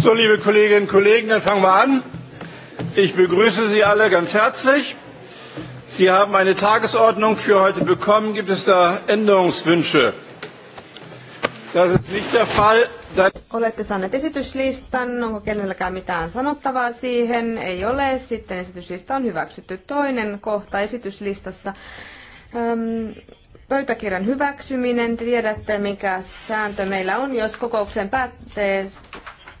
So, liebe Kolleginnen und Kollegen, dann fangen wir an. Ich begrüße Sie alle ganz herzlich. Sie haben eine Tagesordnung für heute bekommen. Gibt es da Änderungswünsche? Das ist nicht der Fall. Dann Olette saaneet esityslistan. Onko kenelläkään mitään sanottavaa siihen? Ei ole. Sitten esityslista on hyväksytty. Toinen kohta esityslistassa. Öm, pöytäkirjan hyväksyminen. Tiedätte, mikä sääntö meillä on. Jos kokouksen päätteestä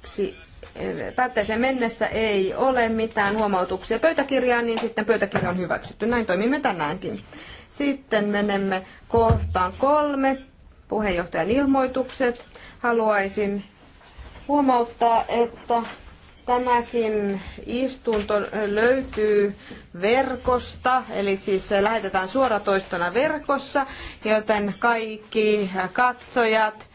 kaksi eh, päätteeseen mennessä ei ole mitään huomautuksia pöytäkirjaan, niin sitten pöytäkirja on hyväksytty. Näin toimimme tänäänkin. Sitten menemme kohtaan kolme, puheenjohtajan ilmoitukset. Haluaisin huomauttaa, että tämäkin istunto löytyy verkosta, eli siis lähetetään suoratoistona verkossa, joten kaikki katsojat,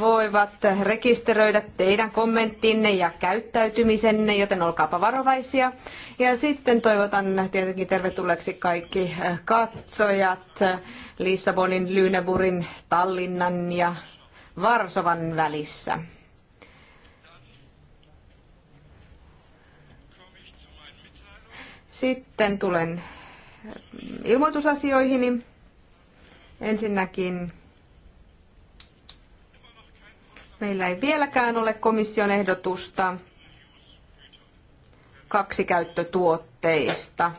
voivat rekisteröidä teidän kommenttinne ja käyttäytymisenne, joten olkaapa varovaisia. Ja sitten toivotan tietenkin tervetulleeksi kaikki katsojat Lissabonin, Lyneburin Tallinnan ja Varsovan välissä. Sitten tulen ilmoitusasioihini. Ensinnäkin Meillä ei vieläkään ole komission ehdotusta kaksikäyttötuotteista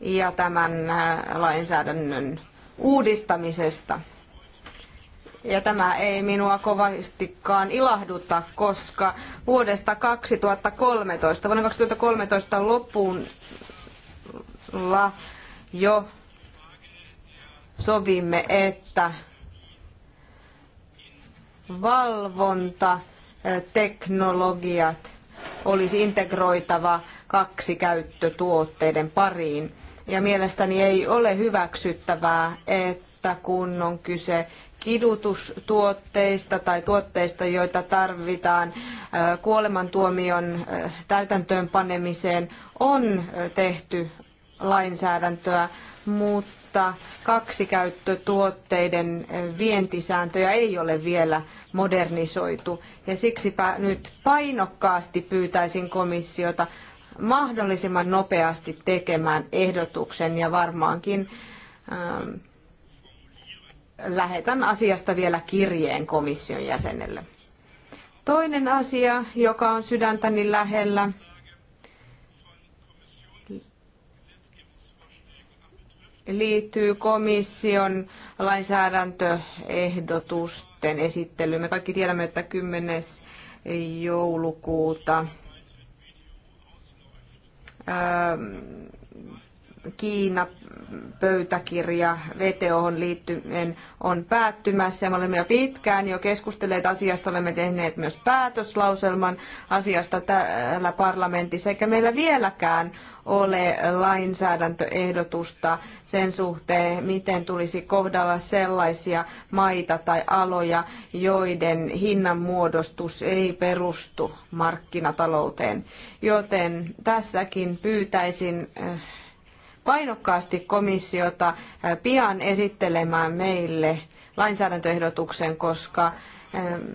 ja tämän äh, lainsäädännön uudistamisesta. Ja tämä ei minua kovastikaan ilahduta, koska vuodesta 2013, vuonna 2013 loppuun jo sovimme, että valvontateknologiat olisi integroitava kaksi käyttötuotteiden pariin. Ja mielestäni ei ole hyväksyttävää, että kun on kyse kidutustuotteista tai tuotteista, joita tarvitaan kuolemantuomion täytäntöönpanemiseen, on tehty lainsäädäntöä, mutta mutta kaksikäyttötuotteiden vientisääntöjä ei ole vielä modernisoitu. Ja siksipä nyt painokkaasti pyytäisin komissiota mahdollisimman nopeasti tekemään ehdotuksen ja varmaankin ähm, lähetän asiasta vielä kirjeen komission jäsenelle. Toinen asia, joka on sydäntäni lähellä, liittyy komission lainsäädäntöehdotusten esittelyyn. Me kaikki tiedämme, että 10. joulukuuta ähm, Kiina pöytäkirja VTOhon liittyen on päättymässä. Me olemme jo pitkään jo keskustelleet asiasta, olemme tehneet myös päätöslauselman asiasta täällä parlamentissa, eikä meillä vieläkään ole lainsäädäntöehdotusta sen suhteen, miten tulisi kohdalla sellaisia maita tai aloja, joiden hinnanmuodostus ei perustu markkinatalouteen. Joten tässäkin pyytäisin eh, painokkaasti komissiota pian esittelemään meille lainsäädäntöehdotuksen, koska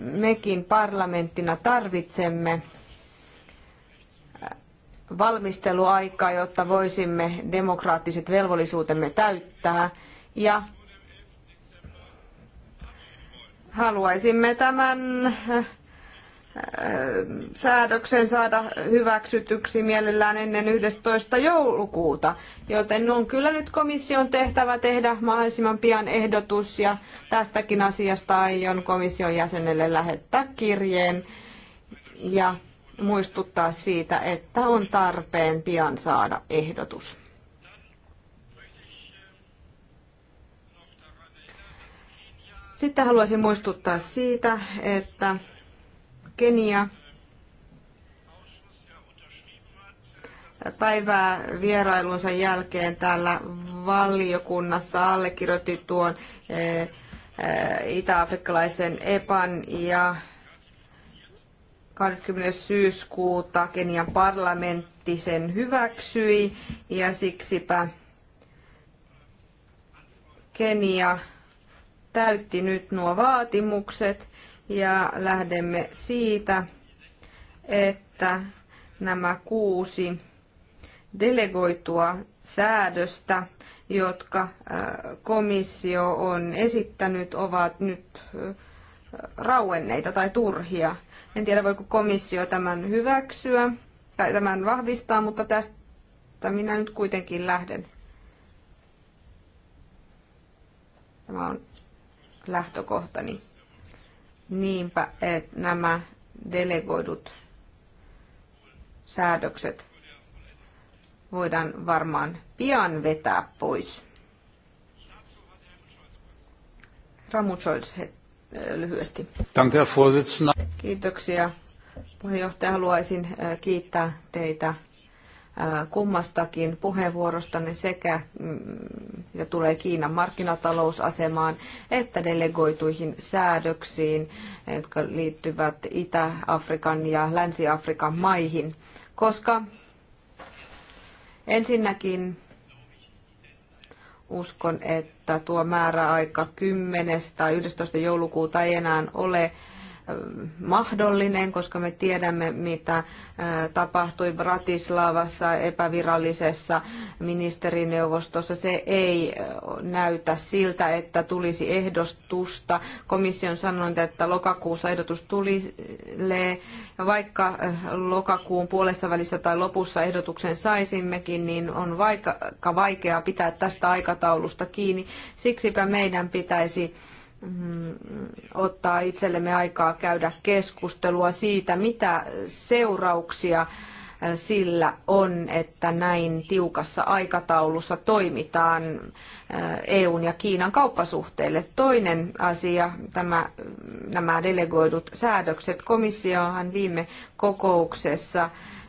mekin parlamenttina tarvitsemme valmisteluaikaa, jotta voisimme demokraattiset velvollisuutemme täyttää. Ja haluaisimme tämän säädöksen saada hyväksytyksi mielellään ennen 11. joulukuuta. Joten on kyllä nyt komission tehtävä tehdä mahdollisimman pian ehdotus ja tästäkin asiasta aion komission jäsenelle lähettää kirjeen ja muistuttaa siitä, että on tarpeen pian saada ehdotus. Sitten haluaisin muistuttaa siitä, että Kenia päivää vierailunsa jälkeen täällä valiokunnassa allekirjoitti tuon eh, eh, itä-afrikkalaisen EPAN ja 20. syyskuuta Kenian parlamentti sen hyväksyi ja siksipä Kenia täytti nyt nuo vaatimukset ja lähdemme siitä, että nämä kuusi delegoitua säädöstä, jotka äh, komissio on esittänyt, ovat nyt äh, rauenneita tai turhia. En tiedä, voiko komissio tämän hyväksyä tai tämän vahvistaa, mutta tästä minä nyt kuitenkin lähden. Tämä on lähtökohtani niinpä, että nämä delegoidut säädökset voidaan varmaan pian vetää pois. Ramu Scholz äh, lyhyesti. Kiitoksia. Puheenjohtaja, haluaisin äh, kiittää teitä kummastakin puheenvuorostanne sekä mitä mm, tulee Kiinan markkinatalousasemaan että delegoituihin säädöksiin, jotka liittyvät Itä-Afrikan ja Länsi-Afrikan maihin, koska ensinnäkin uskon, että tuo määräaika 10. tai 11. joulukuuta ei enää ole mahdollinen, koska me tiedämme, mitä äh, tapahtui Bratislavassa epävirallisessa ministerineuvostossa. Se ei äh, näytä siltä, että tulisi ehdostusta. Komissio on sanonut, että lokakuussa ehdotus tuli, vaikka äh, lokakuun puolessa välissä tai lopussa ehdotuksen saisimmekin, niin on vaikka vaikeaa pitää tästä aikataulusta kiinni. Siksipä meidän pitäisi Mm, ottaa itsellemme aikaa käydä keskustelua siitä, mitä seurauksia äh, sillä on, että näin tiukassa aikataulussa toimitaan äh, EUn ja Kiinan kauppasuhteille. Toinen asia, tämä, nämä delegoidut säädökset. Komissiohan viime kokouksessa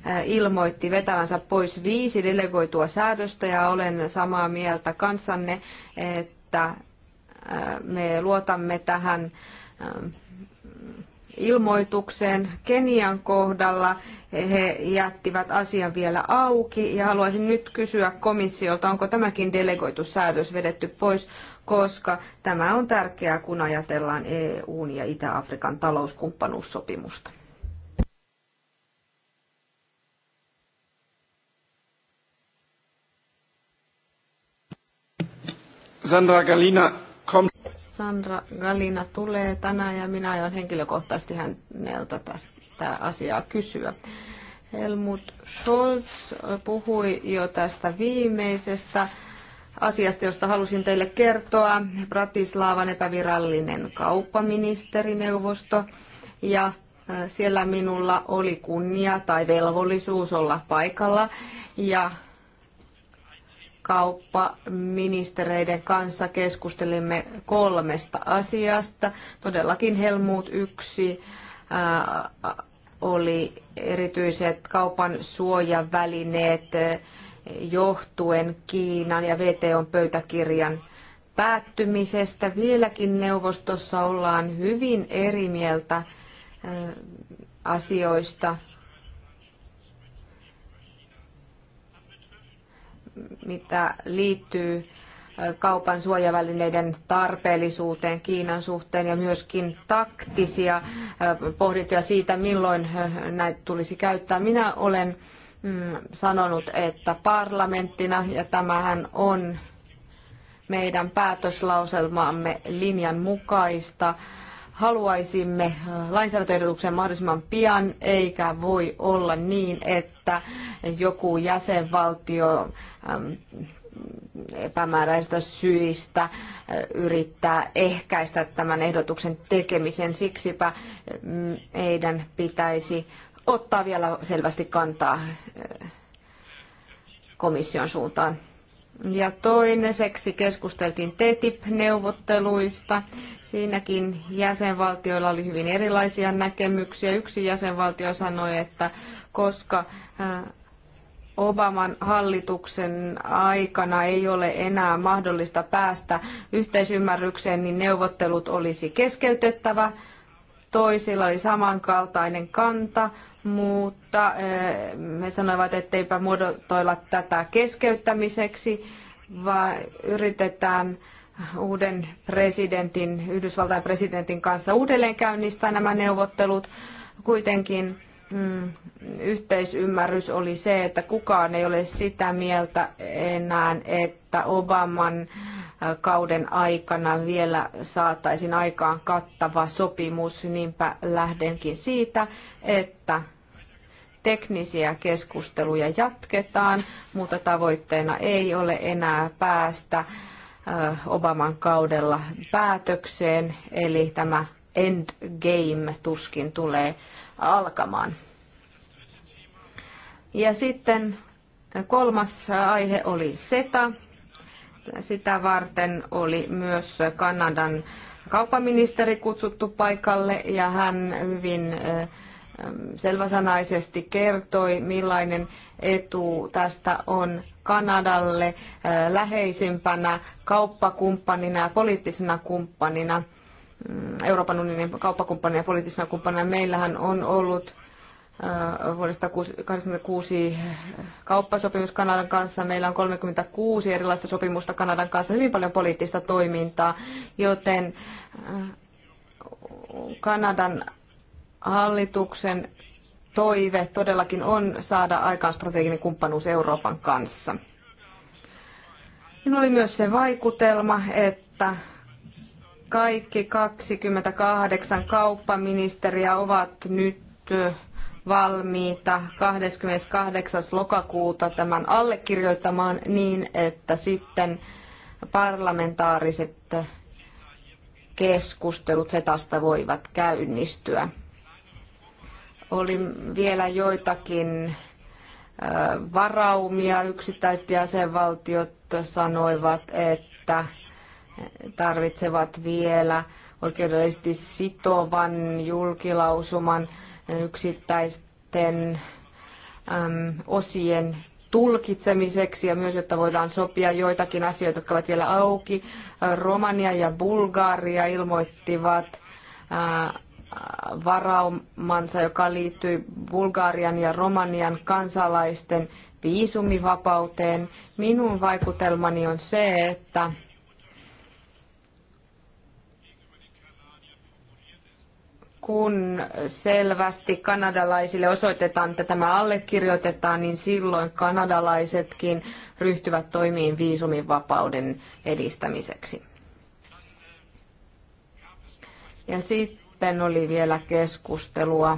äh, ilmoitti vetävänsä pois viisi delegoitua säädöstä ja olen samaa mieltä kanssanne, että me luotamme tähän ähm, ilmoitukseen Kenian kohdalla. He jättivät asian vielä auki ja haluaisin nyt kysyä komissiolta, onko tämäkin delegoitu säädös vedetty pois, koska tämä on tärkeää, kun ajatellaan EUn ja Itä-Afrikan talouskumppanuussopimusta. Sandra Galina Sandra Galina tulee tänään ja minä aion henkilökohtaisesti häneltä tästä asiaa kysyä. Helmut Scholz puhui jo tästä viimeisestä asiasta, josta halusin teille kertoa. Bratislaavan epävirallinen kauppaministerineuvosto ja siellä minulla oli kunnia tai velvollisuus olla paikalla ja kauppaministereiden kanssa keskustelimme kolmesta asiasta. Todellakin Helmut yksi äh, oli erityiset kaupan suojavälineet äh, johtuen Kiinan ja VTOn pöytäkirjan päättymisestä. Vieläkin neuvostossa ollaan hyvin eri mieltä äh, asioista mitä liittyy kaupan suojavälineiden tarpeellisuuteen Kiinan suhteen ja myöskin taktisia pohdintoja siitä, milloin näitä tulisi käyttää. Minä olen mm, sanonut, että parlamenttina, ja tämähän on meidän päätöslauselmaamme linjan mukaista, haluaisimme äh, lainsäädäntöehdotuksen mahdollisimman pian, eikä voi olla niin, että joku jäsenvaltio epämääräisistä syistä äh, yrittää ehkäistä tämän ehdotuksen tekemisen. Siksipä mm, meidän pitäisi ottaa vielä selvästi kantaa äh, komission suuntaan. Ja toiseksi keskusteltiin TTIP-neuvotteluista. Siinäkin jäsenvaltioilla oli hyvin erilaisia näkemyksiä. Yksi jäsenvaltio sanoi, että koska äh, Obaman hallituksen aikana ei ole enää mahdollista päästä yhteisymmärrykseen, niin neuvottelut olisi keskeytettävä toisilla oli samankaltainen kanta, mutta eh, he sanoivat, etteipä muodotoilla tätä keskeyttämiseksi, vaan yritetään uuden presidentin, Yhdysvaltain presidentin kanssa uudelleen käynnistää nämä neuvottelut. Kuitenkin mm, yhteisymmärrys oli se, että kukaan ei ole sitä mieltä enää, että Obaman kauden aikana vielä saataisiin aikaan kattava sopimus, niinpä lähdenkin siitä, että teknisiä keskusteluja jatketaan, mutta tavoitteena ei ole enää päästä Obaman kaudella päätökseen, eli tämä endgame tuskin tulee alkamaan. Ja sitten kolmas aihe oli SETA. Sitä varten oli myös Kanadan kauppaministeri kutsuttu paikalle ja hän hyvin selväsanaisesti kertoi, millainen etu tästä on Kanadalle läheisimpänä kauppakumppanina ja poliittisena kumppanina. Mm, Euroopan unionin kauppakumppanina ja poliittisena kumppanina. Meillähän on ollut äh, vuodesta 1986 kauppasopimus Kanadan kanssa. Meillä on 36 erilaista sopimusta Kanadan kanssa, hyvin paljon poliittista toimintaa, joten äh, Kanadan hallituksen toive todellakin on saada aikaan strateginen kumppanuus Euroopan kanssa. Minulla oli myös se vaikutelma, että kaikki 28 kauppaministeriä ovat nyt valmiita 28. lokakuuta tämän allekirjoittamaan niin, että sitten parlamentaariset keskustelut setasta voivat käynnistyä. Oli vielä joitakin varaumia. Yksittäiset jäsenvaltiot sanoivat, että tarvitsevat vielä oikeudellisesti sitovan julkilausuman yksittäisten äm, osien tulkitsemiseksi ja myös, jotta voidaan sopia joitakin asioita, jotka ovat vielä auki. Romania ja Bulgaria ilmoittivat ää, varaumansa, joka liittyy Bulgarian ja Romanian kansalaisten viisumivapauteen. Minun vaikutelmani on se, että kun selvästi kanadalaisille osoitetaan, että tämä allekirjoitetaan, niin silloin kanadalaisetkin ryhtyvät toimiin viisumivapauden vapauden edistämiseksi. Ja sitten oli vielä keskustelua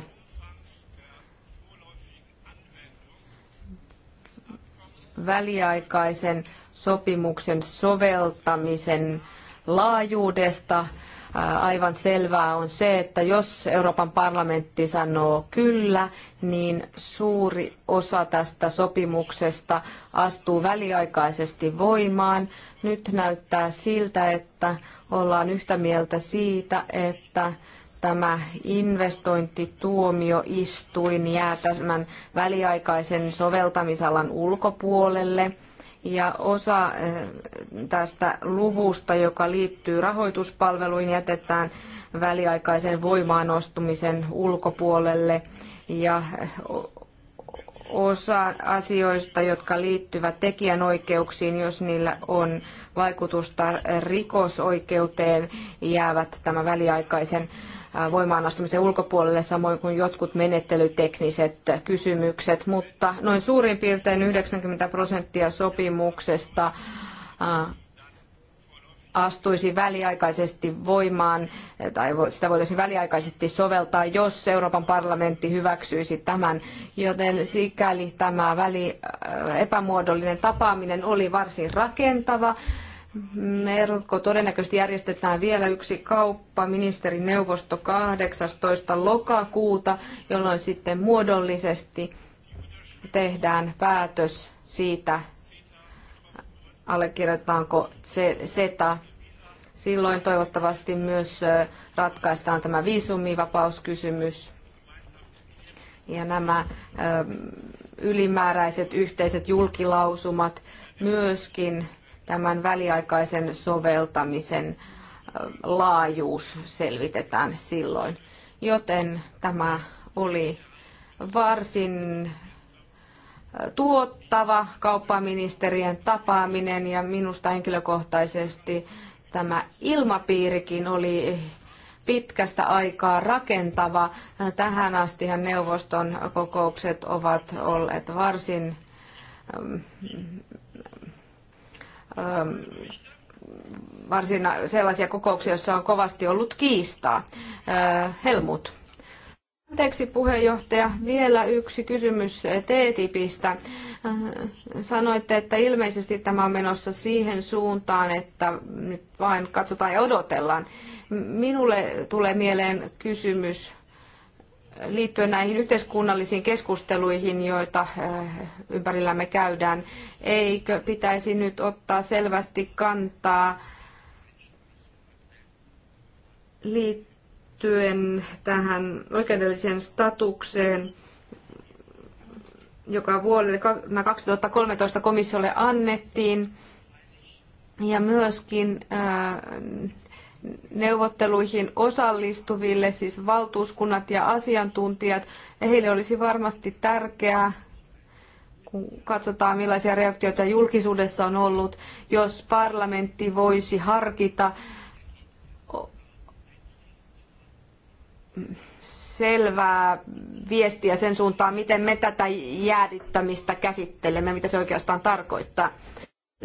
väliaikaisen sopimuksen soveltamisen laajuudesta aivan selvää on se, että jos Euroopan parlamentti sanoo kyllä, niin suuri osa tästä sopimuksesta astuu väliaikaisesti voimaan. Nyt näyttää siltä, että ollaan yhtä mieltä siitä, että tämä investointituomioistuin jää tämän väliaikaisen soveltamisalan ulkopuolelle – ja osa eh, tästä luvusta, joka liittyy rahoituspalveluihin, jätetään väliaikaisen voimaanostumisen ulkopuolelle. Ja eh, osa asioista, jotka liittyvät tekijänoikeuksiin, jos niillä on vaikutusta rikosoikeuteen, jäävät tämän väliaikaisen Äh, voimaanastumisen ulkopuolelle, samoin kuin jotkut menettelytekniset kysymykset, mutta noin suurin piirtein 90 prosenttia sopimuksesta äh, astuisi väliaikaisesti voimaan, tai sitä voitaisiin väliaikaisesti soveltaa, jos Euroopan parlamentti hyväksyisi tämän. Joten sikäli tämä väli, äh, epämuodollinen tapaaminen oli varsin rakentava Melko todennäköisesti järjestetään vielä yksi kauppa, ministerineuvosto 18. lokakuuta, jolloin sitten muodollisesti tehdään päätös siitä, allekirjoitetaanko SETA. Silloin toivottavasti myös ratkaistaan tämä viisumivapauskysymys ja nämä ylimääräiset yhteiset julkilausumat myöskin tämän väliaikaisen soveltamisen laajuus selvitetään silloin. Joten tämä oli varsin tuottava kauppaministerien tapaaminen ja minusta henkilökohtaisesti tämä ilmapiirikin oli pitkästä aikaa rakentava. Tähän astihan neuvoston kokoukset ovat olleet varsin Ähm, varsin sellaisia kokouksia, joissa on kovasti ollut kiistaa. Äh, Helmut. Anteeksi puheenjohtaja, vielä yksi kysymys TTIPistä. Äh, sanoitte, että ilmeisesti tämä on menossa siihen suuntaan, että nyt vain katsotaan ja odotellaan. Minulle tulee mieleen kysymys liittyen näihin yhteiskunnallisiin keskusteluihin, joita eh, ympärillämme käydään, eikö pitäisi nyt ottaa selvästi kantaa liittyen tähän oikeudelliseen statukseen, joka vuodelle 2013 komissiolle annettiin, ja myöskin eh, neuvotteluihin osallistuville, siis valtuuskunnat ja asiantuntijat. Ja heille olisi varmasti tärkeää, kun katsotaan millaisia reaktioita julkisuudessa on ollut, jos parlamentti voisi harkita selvää viestiä sen suuntaan, miten me tätä jäädyttämistä käsittelemme, mitä se oikeastaan tarkoittaa.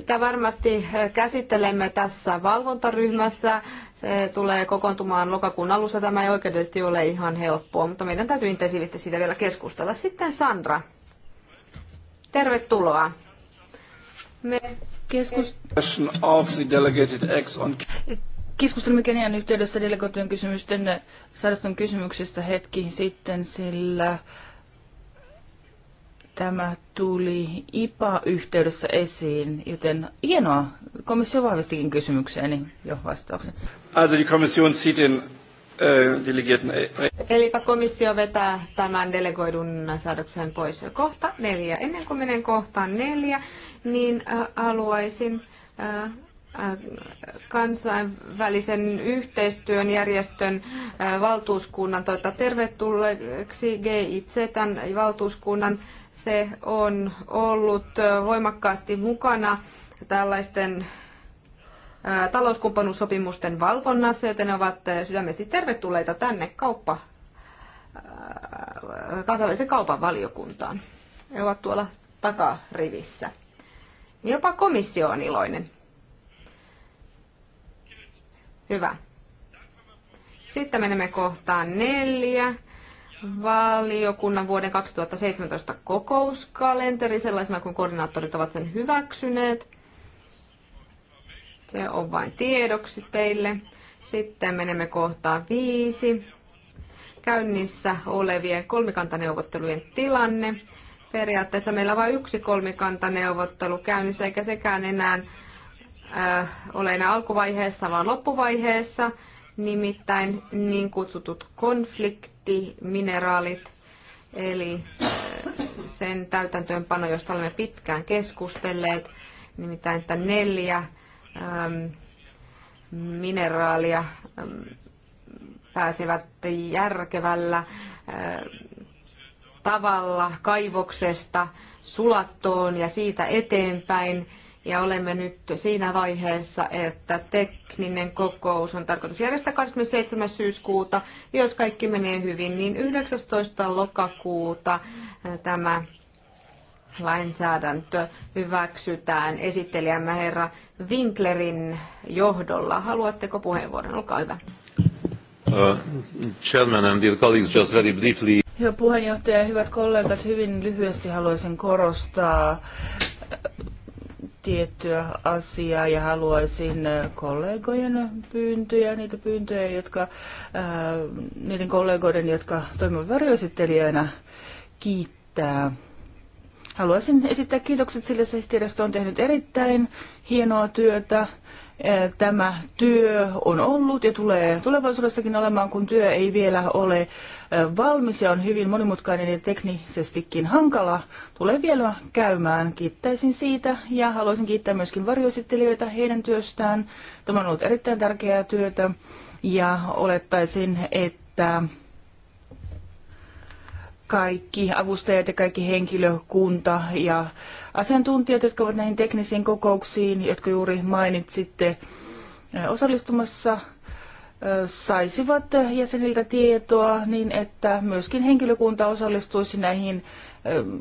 Mitä varmasti eh, käsittelemme tässä valvontaryhmässä. Se tulee kokoontumaan lokakuun alussa. Tämä ei oikeudellisesti ole ihan helppoa, mutta meidän täytyy intensiivisesti siitä vielä keskustella. Sitten Sandra, tervetuloa. Me keskus... Keskustelimme Kenian yhteydessä delegoitujen kysymysten eh, sairaston kysymyksestä hetki sitten, sillä Tämä tuli IPA-yhteydessä esiin, joten hienoa. Komissio vahvistikin kysymykseeni jo vastauksen. Also die Kommission sieht den äh, delegierten... E- e- Eli komissio vetää tämän delegoidun säädöksen pois kohta neljä. Ennen kuin menen kohtaan neljä, niin äh, haluaisin äh, kansainvälisen yhteistyön järjestön valtuuskunnan toivottaa tervetulleeksi GIZ valtuuskunnan se on ollut voimakkaasti mukana tällaisten talouskumppanuussopimusten valvonnassa, joten ne ovat sydämesti tervetulleita tänne kauppa, kansainvälisen kaupan valiokuntaan. Ne ovat tuolla takarivissä. Jopa komissio on iloinen. Hyvä. Sitten menemme kohtaan neljä valiokunnan vuoden 2017 kokouskalenteri sellaisena kuin koordinaattorit ovat sen hyväksyneet. Se on vain tiedoksi teille. Sitten menemme kohtaan viisi. Käynnissä olevien kolmikantaneuvottelujen tilanne. Periaatteessa meillä on vain yksi kolmikantaneuvottelu käynnissä, eikä sekään enää äh, ole enää alkuvaiheessa, vaan loppuvaiheessa nimittäin niin kutsutut konfliktimineraalit, eli eh, sen täytäntöönpano, josta olemme pitkään keskustelleet, nimittäin että neljä ähm, mineraalia ähm, pääsevät järkevällä äh, tavalla kaivoksesta sulattoon ja siitä eteenpäin ja olemme nyt siinä vaiheessa, että tekninen kokous on tarkoitus järjestää 27. syyskuuta. Jos kaikki menee hyvin, niin 19. lokakuuta äh, tämä lainsäädäntö hyväksytään esittelijämme herra Winklerin johdolla. Haluatteko puheenvuoron? Olkaa hyvä. Uh, chairman and dear colleagues, just very briefly. Hyvä puheenjohtaja ja hyvät kollegat, hyvin lyhyesti haluaisin korostaa tiettyä asiaa ja haluaisin äh, kollegojen pyyntöjä, niitä pyyntöjä, jotka ää, äh, niiden kollegoiden, jotka toimivat varjoesittelijöinä, kiittää. Haluaisin esittää kiitokset, sillä se on tehnyt erittäin hienoa työtä tämä työ on ollut ja tulee tulevaisuudessakin olemaan, kun työ ei vielä ole valmis ja on hyvin monimutkainen ja teknisestikin hankala, tulee vielä käymään. Kiittäisin siitä ja haluaisin kiittää myöskin varjoesittelijöitä heidän työstään. Tämä on ollut erittäin tärkeää työtä ja olettaisin, että kaikki avustajat ja kaikki henkilökunta ja asiantuntijat, jotka ovat näihin teknisiin kokouksiin, jotka juuri mainitsitte osallistumassa, saisivat jäseniltä tietoa niin, että myöskin henkilökunta osallistuisi näihin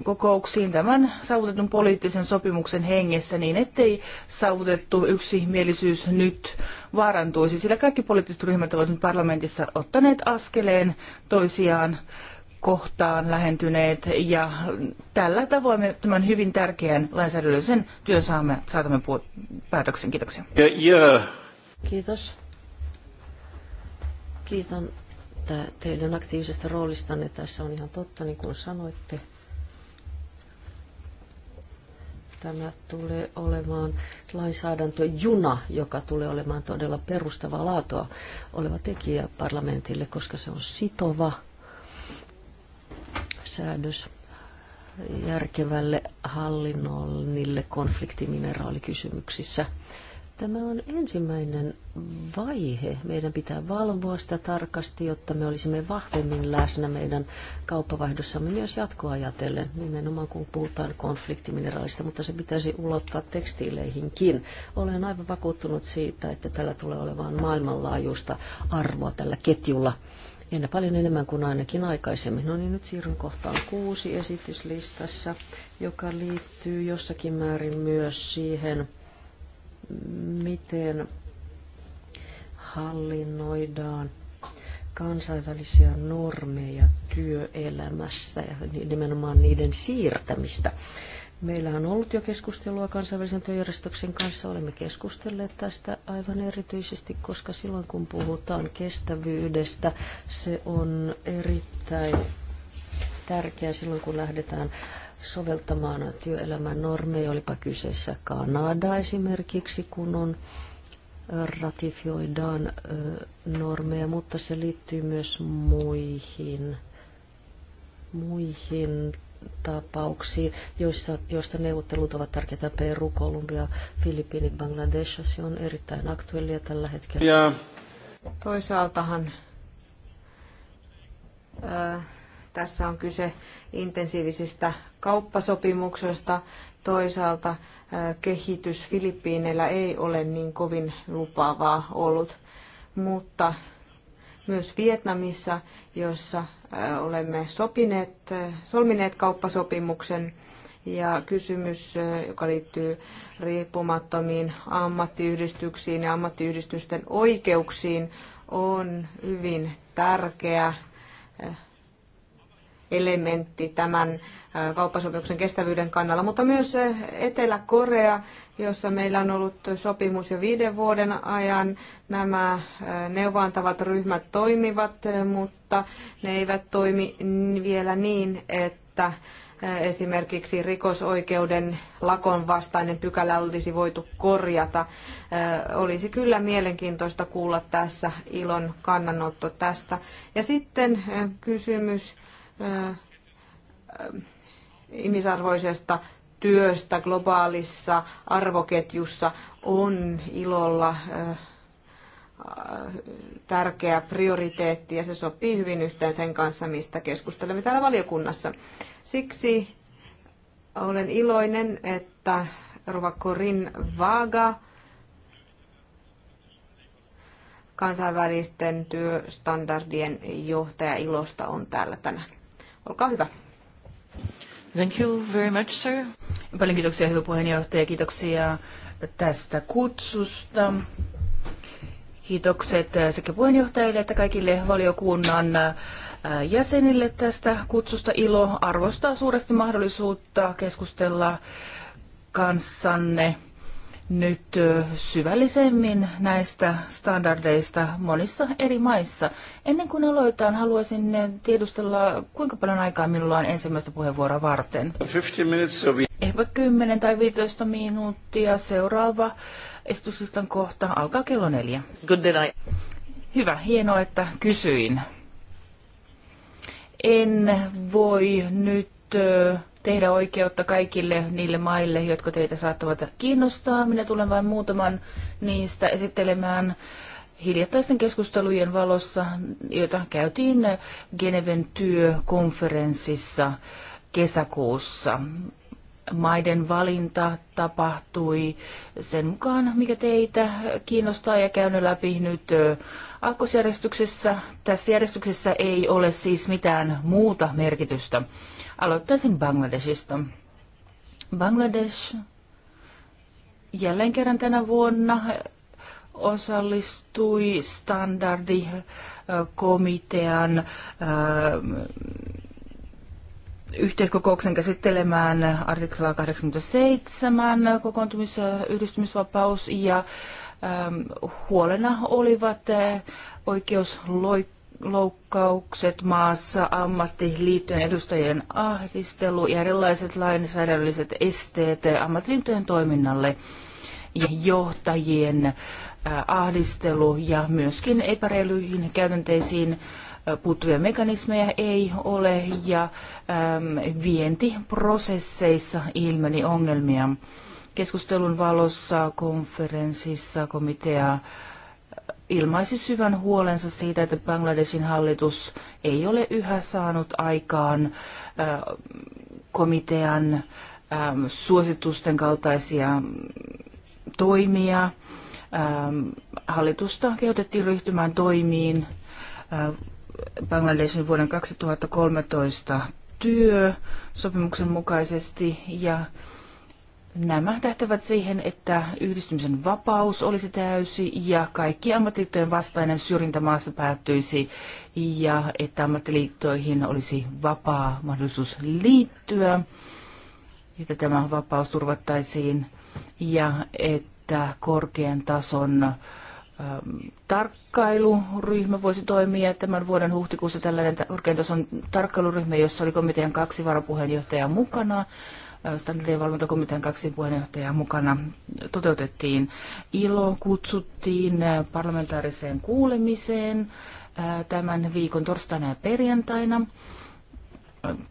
kokouksiin tämän saavutetun poliittisen sopimuksen hengessä niin, ettei saavutettu yksimielisyys nyt vaarantuisi, sillä kaikki poliittiset ryhmät ovat nyt parlamentissa ottaneet askeleen toisiaan kohtaan lähentyneet ja tällä tavoin me tämän hyvin tärkeän lainsäädännöllisen työn saamme, saatamme pu- päätöksen. Kiitoksia. Ja, Kiitos. Kiitän teidän aktiivisesta roolistanne. Tässä on ihan totta, niin kuin sanoitte. Tämä tulee olemaan lainsäädäntöjuna, joka tulee olemaan todella perustavaa laatua oleva tekijä parlamentille, koska se on sitova säädös järkevälle hallinnollille konfliktimineraalikysymyksissä. Tämä on ensimmäinen vaihe. Meidän pitää valvoa sitä tarkasti, jotta me olisimme vahvemmin läsnä meidän kauppavaihdossamme myös jatkoa ajatellen, nimenomaan kun puhutaan konfliktimineraalista, mutta se pitäisi ulottaa tekstiileihinkin. Olen aivan vakuuttunut siitä, että tällä tulee olemaan maailmanlaajuista arvoa tällä ketjulla – ja paljon enemmän kuin ainakin aikaisemmin. No niin, nyt siirryn kohtaan kuusi esityslistassa, joka liittyy jossakin määrin myös siihen, miten hallinnoidaan kansainvälisiä normeja työelämässä ja nimenomaan niiden siirtämistä Meillä on ollut jo keskustelua kansainvälisen työjärjestöksen kanssa. Olemme keskustelleet tästä aivan erityisesti, koska silloin kun puhutaan kestävyydestä, se on erittäin tärkeää silloin kun lähdetään soveltamaan työelämän normeja, olipa kyseessä Kanada esimerkiksi, kun on ratifioidaan normeja, mutta se liittyy myös muihin, muihin tapauksia, joissa, joista neuvottelut ovat tärkeitä. Peru, Kolumbia, Filippiinit, Bangladesh, se on erittäin aktuellia tällä hetkellä. Ja. Toisaaltahan ää, tässä on kyse intensiivisistä kauppasopimuksesta. Toisaalta ää, kehitys Filippiineillä ei ole niin kovin lupaavaa ollut, mutta myös Vietnamissa, jossa Äh, olemme sopineet, äh, solmineet kauppasopimuksen ja kysymys, äh, joka liittyy riippumattomiin ammattiyhdistyksiin ja ammattiyhdistysten oikeuksiin, on hyvin tärkeä elementti tämän kauppasopimuksen kestävyyden kannalla, mutta myös Etelä-Korea, jossa meillä on ollut sopimus jo viiden vuoden ajan. Nämä neuvontavat ryhmät toimivat, mutta ne eivät toimi vielä niin, että esimerkiksi rikosoikeuden lakon vastainen pykälä olisi voitu korjata. Olisi kyllä mielenkiintoista kuulla tässä ilon kannanotto tästä. Ja sitten kysymys ihmisarvoisesta työstä globaalissa arvoketjussa on ilolla äh, tärkeä prioriteetti ja se sopii hyvin yhteen sen kanssa, mistä keskustelemme täällä valiokunnassa. Siksi olen iloinen, että Rova Corin Vaga kansainvälisten työstandardien johtaja Ilosta on täällä tänään. Olkaa hyvä. Thank you very much, sir. Paljon kiitoksia, hyvä puheenjohtaja. Kiitoksia tästä kutsusta. Kiitokset sekä puheenjohtajille että kaikille valiokunnan äh, jäsenille tästä kutsusta. Ilo arvostaa suuresti mahdollisuutta keskustella kanssanne nyt syvällisemmin näistä standardeista monissa eri maissa. Ennen kuin aloitan, haluaisin tiedustella, kuinka paljon aikaa minulla on ensimmäistä puheenvuoroa varten. Ehkä 10 tai 15 minuuttia. Seuraava esitysistan kohta alkaa kello neljä. Good day. Hyvä, hienoa, että kysyin. En voi nyt tehdä oikeutta kaikille niille maille, jotka teitä saattavat kiinnostaa. Minä tulen vain muutaman niistä esittelemään hiljattaisten keskustelujen valossa, joita käytiin Geneven työkonferenssissa kesäkuussa. Maiden valinta tapahtui sen mukaan, mikä teitä kiinnostaa ja käynyt läpi nyt Aakkosjärjestyksessä, tässä järjestyksessä ei ole siis mitään muuta merkitystä. Aloittaisin Bangladesista. Bangladesh jälleen kerran tänä vuonna osallistui standardikomitean äh, yhteiskokouksen käsittelemään artiklaa 87 kokoontumis- ja yhdistymisvapaus ja Ähm, huolena olivat äh, oikeusloukkaukset maassa, ammattiliittojen edustajien ahdistelu ja erilaiset lainsäädännölliset esteet ammattiliittojen toiminnalle ja johtajien äh, ahdistelu ja myöskin epäreilyihin käytänteisiin äh, puuttuvia mekanismeja ei ole ja äm, vientiprosesseissa ilmeni ongelmia keskustelun valossa konferenssissa komitea ilmaisi syvän huolensa siitä, että Bangladesin hallitus ei ole yhä saanut aikaan komitean suositusten kaltaisia toimia. Hallitusta kehotettiin ryhtymään toimiin Bangladesin vuoden 2013 työ sopimuksen mukaisesti ja Nämä tähtävät siihen, että yhdistymisen vapaus olisi täysi ja kaikki ammattiliittojen vastainen syrjintä maassa päättyisi ja että ammattiliittoihin olisi vapaa mahdollisuus liittyä, että tämä vapaus turvattaisiin ja että korkean tason ähm, tarkkailuryhmä voisi toimia. Tämän vuoden huhtikuussa tällainen korkean tason tarkkailuryhmä, jossa oli komitean kaksi varapuheenjohtajaa mukana, stanley valvontakomitean kaksi puheenjohtajaa mukana toteutettiin. ILO kutsuttiin parlamentaariseen kuulemiseen tämän viikon torstaina ja perjantaina.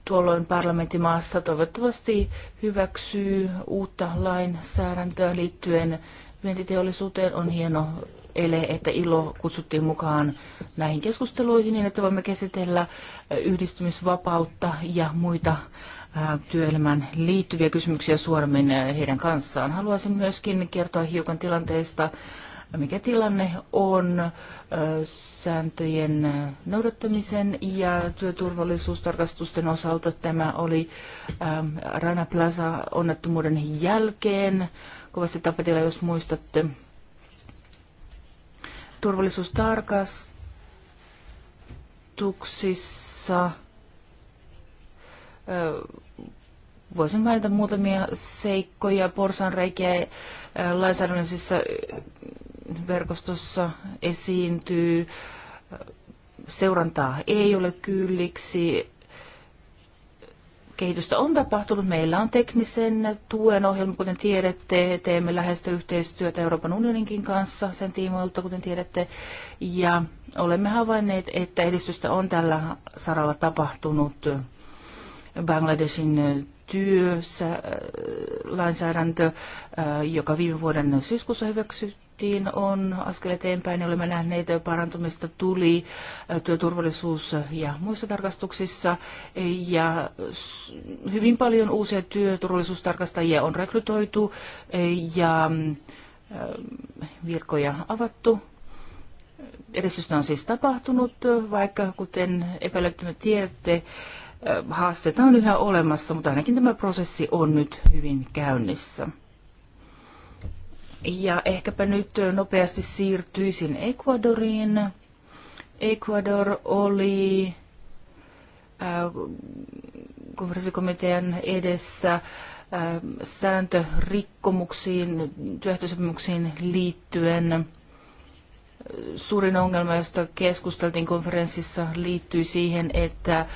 Tuolloin parlamenttimaassa toivottavasti hyväksyy uutta lainsäädäntöä liittyen vientiteollisuuteen. On hieno ele, että ILO kutsuttiin mukaan näihin keskusteluihin niin, että voimme käsitellä yhdistymisvapautta ja muita Äh, työelämään liittyviä kysymyksiä suoremmin äh, heidän kanssaan. Haluaisin myöskin kertoa hiukan tilanteesta, mikä tilanne on äh, sääntöjen noudattamisen ja työturvallisuustarkastusten osalta. Tämä oli ähm, Rana Plaza onnettomuuden jälkeen kovasti tapetilla, jos muistatte. Turvallisuustarkastuksissa voisin mainita muutamia seikkoja, porsanreikiä lainsäädännöllisessä verkostossa esiintyy, seurantaa ei ole kylliksi, kehitystä on tapahtunut. Meillä on teknisen tuen ohjelma, kuten tiedätte. Teemme läheistä yhteistyötä Euroopan unioninkin kanssa sen tiimoilta, kuten tiedätte. Ja olemme havainneet, että edistystä on tällä saralla tapahtunut. Bangladesin työssä lainsäädäntö, joka viime vuoden syyskuussa hyväksyttiin, on askel eteenpäin. Olemme nähneet parantumista tuli työturvallisuus- ja muissa tarkastuksissa. Ja hyvin paljon uusia työturvallisuustarkastajia on rekrytoitu ja virkoja avattu edistystä on siis tapahtunut, vaikka kuten epäilyttömät tiedätte, haasteita on yhä olemassa, mutta ainakin tämä prosessi on nyt hyvin käynnissä. Ja ehkäpä nyt nopeasti siirtyisin Ecuadoriin. Ecuador oli konferenssikomitean edessä sääntörikkomuksiin, työehtosopimuksiin liittyen. Suurin ongelma, josta keskusteltiin konferenssissa, liittyy siihen, että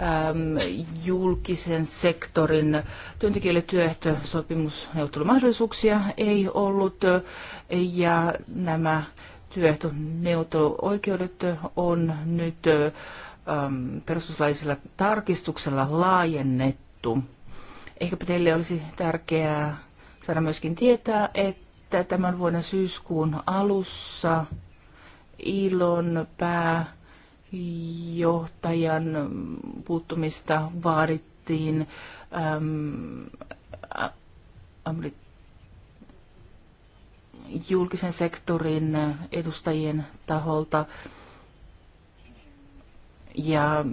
Ähm, julkisen sektorin työntekijöille työehtosopimusneuvottelumahdollisuuksia ei ollut ja nämä työehtoneuvotteluoikeudet on nyt äm, perustuslaillisella tarkistuksella laajennettu. Ehkäpä teille olisi tärkeää saada myöskin tietää, että tämän vuoden syyskuun alussa ILON pää johtajan puuttumista vaadittiin. Ähm, julkisen sektorin edustajien taholta. Ja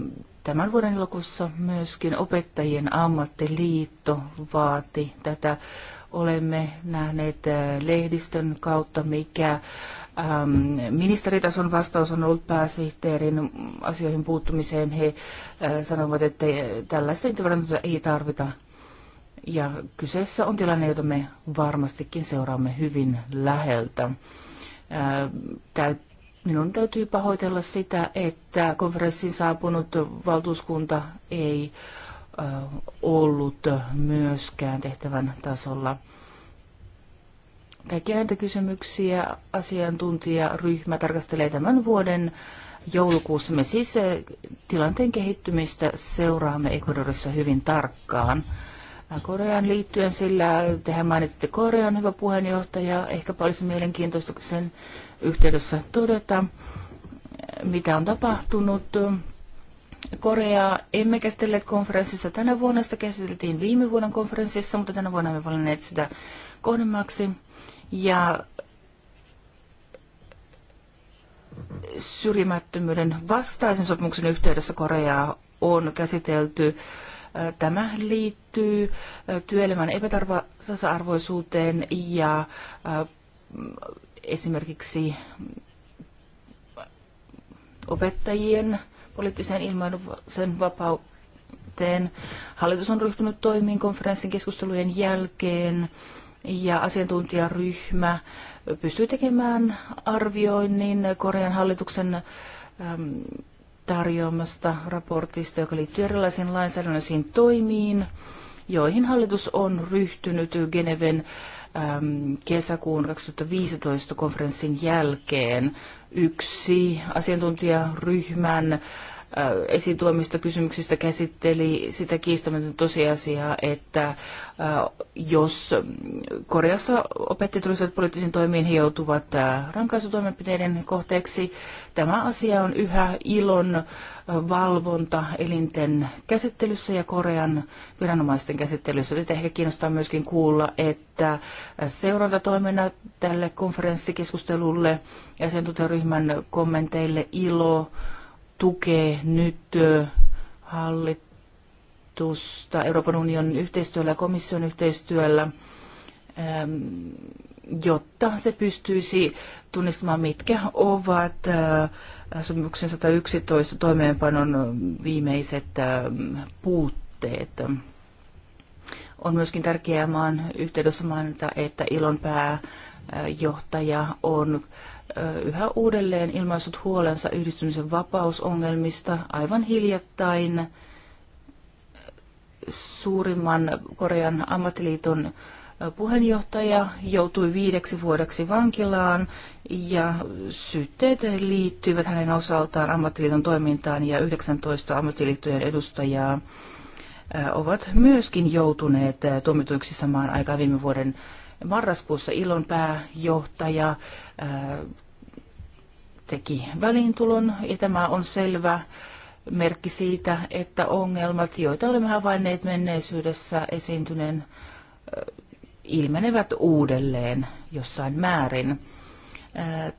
Tämän vuoden elokuussa myöskin opettajien ammattiliitto vaati tätä. Olemme nähneet äh, lehdistön kautta, mikä ähm, ministeritason vastaus on ollut pääsihteerin asioihin puuttumiseen. He äh, sanovat, että äh, tällaista interventiota ei tarvita. Ja kyseessä on tilanne, jota me varmastikin seuraamme hyvin läheltä. Täyt- Minun täytyy pahoitella sitä, että konferenssin saapunut valtuuskunta ei ollut myöskään tehtävän tasolla. Kaikkia näitä kysymyksiä asiantuntijaryhmä tarkastelee tämän vuoden joulukuussa. Me siis tilanteen kehittymistä seuraamme Ecuadorissa hyvin tarkkaan. Koreaan liittyen, sillä tehän mainitsitte Korean hyvä puheenjohtaja. ehkä olisi mielenkiintoista sen yhteydessä todeta, mitä on tapahtunut. Koreaa emme käsitelleet konferenssissa tänä vuonna, sitä käsiteltiin viime vuoden konferenssissa, mutta tänä vuonna emme valinneet sitä kohdemmaksi. Ja syrjimättömyyden vastaisen sopimuksen yhteydessä Koreaa on käsitelty. Tämä liittyy työelämän epätarvoisuuteen ja esimerkiksi opettajien poliittiseen ilmaisen vapauteen. Hallitus on ryhtynyt toimiin konferenssin keskustelujen jälkeen ja asiantuntijaryhmä pystyy tekemään arvioinnin Korean hallituksen tarjoamasta raportista, joka liittyy erilaisiin lainsäädännöllisiin toimiin, joihin hallitus on ryhtynyt Geneven Ähm, kesäkuun 2015 konferenssin jälkeen yksi asiantuntijaryhmän Äh, esiin kysymyksistä käsitteli sitä kiistämätön tosiasiaa, että äh, jos mm, Koreassa opettajat ryhtyvät poliittisiin toimiin, he joutuvat äh, rankaisutoimenpiteiden kohteeksi. Tämä asia on yhä ilon valvonta elinten käsittelyssä ja Korean viranomaisten käsittelyssä. Nyt ehkä kiinnostaa myöskin kuulla, että seurantatoimena tälle konferenssikeskustelulle ja sen kommenteille ILO tukee nyt hallitusta Euroopan unionin yhteistyöllä ja komission yhteistyöllä, ähm, jotta se pystyisi tunnistamaan, mitkä ovat äh, sopimuksen 111 toimeenpanon viimeiset ähm, puutteet. On myöskin tärkeää maan yhteydessä mainita, että ilon pääjohtaja on yhä uudelleen ilmaissut huolensa yhdistymisen vapausongelmista aivan hiljattain suurimman Korean ammattiliiton puheenjohtaja joutui viideksi vuodeksi vankilaan ja syytteet liittyivät hänen osaltaan ammattiliiton toimintaan ja 19 ammattiliittojen edustajaa ovat myöskin joutuneet tuomituiksi samaan aikaan viime vuoden marraskuussa Ilon pääjohtaja teki väliintulon ja tämä on selvä merkki siitä, että ongelmat, joita olemme havainneet menneisyydessä esiintyneen, ilmenevät uudelleen jossain määrin.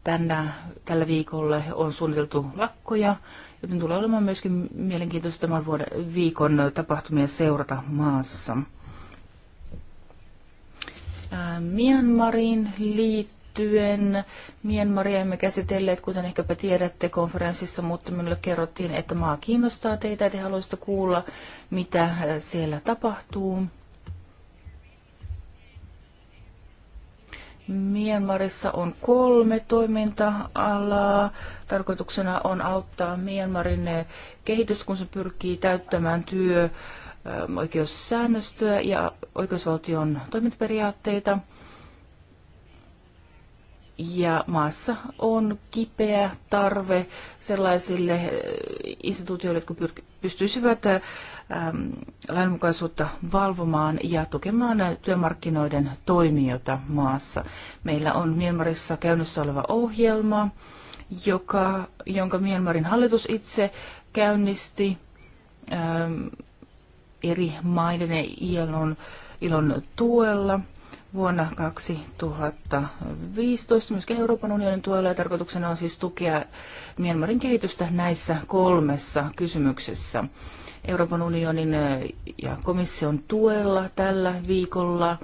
Tänä, tällä viikolla on suunniteltu lakkoja, joten tulee olemaan myöskin mielenkiintoista tämän vuoden, viikon tapahtumia seurata maassa. Myanmarin liitto liittyen. Myanmaria emme käsitelleet, kuten ehkäpä tiedätte konferenssissa, mutta minulle kerrottiin, että maa kiinnostaa teitä että te haluaisitte kuulla, mitä äh, siellä tapahtuu. Myanmarissa on kolme toiminta-alaa. Tarkoituksena on auttaa Myanmarin äh, kehitys, kun se pyrkii täyttämään työ, äh, oikeussäännöstöä ja oikeusvaltion toimintaperiaatteita. Ja maassa on kipeä tarve sellaisille eh, instituutioille, jotka pystyisivät eh, lainmukaisuutta valvomaan ja tukemaan eh, työmarkkinoiden toimijoita maassa. Meillä on Myanmarissa käynnissä oleva ohjelma, joka, jonka Myanmarin hallitus itse käynnisti eri maiden ja ilon, ilon tuella – vuonna 2015 myöskin Euroopan unionin tuella ja tarkoituksena on siis tukea Myanmarin kehitystä näissä kolmessa kysymyksessä. Euroopan unionin ja komission tuella tällä viikolla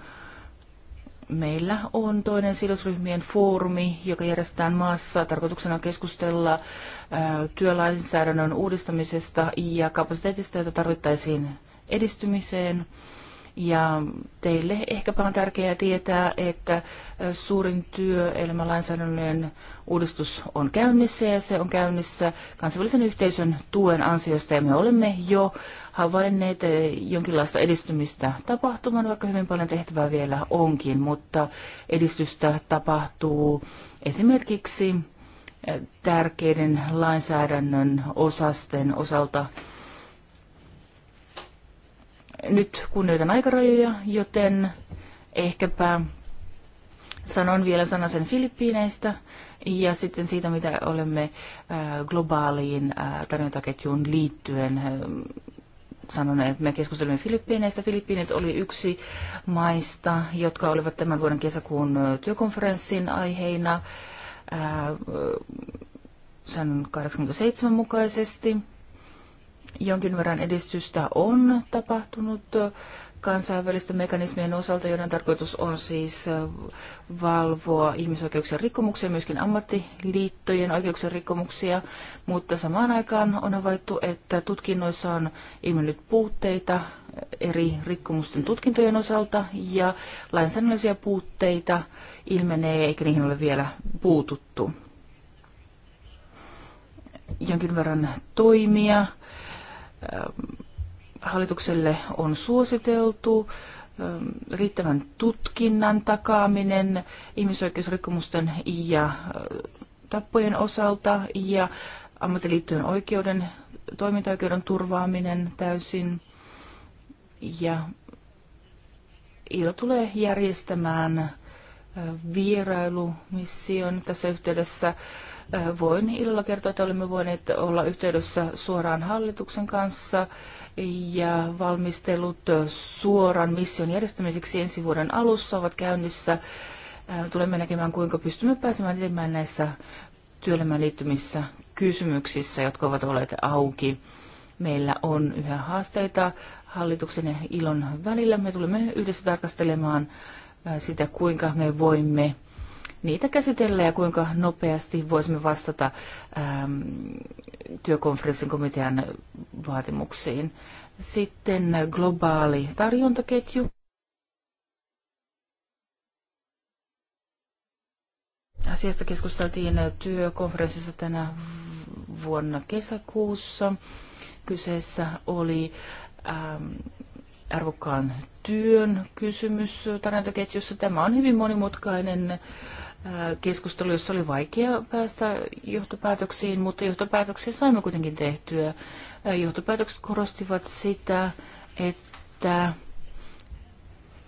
meillä on toinen sidosryhmien foorumi, joka järjestetään maassa. Tarkoituksena on keskustella työlainsäädännön uudistamisesta ja kapasiteetista, jota tarvittaisiin edistymiseen. Ja teille ehkäpä on tärkeää tietää, että suurin työelämälainsäädännön uudistus on käynnissä ja se on käynnissä kansainvälisen yhteisön tuen ansiosta. Ja me olemme jo havainneet jonkinlaista edistymistä tapahtuman, vaikka hyvin paljon tehtävää vielä onkin, mutta edistystä tapahtuu esimerkiksi tärkeiden lainsäädännön osasten osalta – nyt kunnioitan aikarajoja, joten ehkäpä sanon vielä sanasen Filippiineistä ja sitten siitä, mitä olemme globaaliin tarjontaketjuun liittyen Sanon, että me keskustelimme Filippiineistä. Filippiinit oli yksi maista, jotka olivat tämän vuoden kesäkuun työkonferenssin aiheina säännön 87 mukaisesti jonkin verran edistystä on tapahtunut kansainvälisten mekanismien osalta, joiden tarkoitus on siis valvoa ihmisoikeuksien rikkomuksia, myöskin ammattiliittojen oikeuksien rikkomuksia, mutta samaan aikaan on havaittu, että tutkinnoissa on ilmennyt puutteita eri rikkomusten tutkintojen osalta ja lainsäädännöllisiä puutteita ilmenee eikä niihin ole vielä puututtu. Jonkin verran toimia hallitukselle on suositeltu, riittävän tutkinnan takaaminen ihmisoikeusrikkomusten ja tappojen osalta ja ammattiliittojen oikeuden, toimintaoikeuden turvaaminen täysin. Ja ILO tulee järjestämään vierailumission tässä yhteydessä Voin ilolla kertoa, että olemme voineet olla yhteydessä suoraan hallituksen kanssa ja valmistelut suoran mission järjestämiseksi ensi vuoden alussa ovat käynnissä. Äh, tulemme näkemään, kuinka pystymme pääsemään etenemään näissä työelämään liittymissä kysymyksissä, jotka ovat olleet auki. Meillä on yhä haasteita hallituksen ja ilon välillä. Me tulemme yhdessä tarkastelemaan äh, sitä, kuinka me voimme niitä käsitellä ja kuinka nopeasti voisimme vastata ähm, työkonferenssin komitean vaatimuksiin. Sitten globaali tarjontaketju. Asiasta keskusteltiin työkonferenssissa tänä vuonna kesäkuussa. Kyseessä oli ähm, arvokkaan työn kysymys tarjontaketjussa. Tämä on hyvin monimutkainen keskustelu, jossa oli vaikea päästä johtopäätöksiin, mutta johtopäätöksiä saimme kuitenkin tehtyä. Johtopäätökset korostivat sitä, että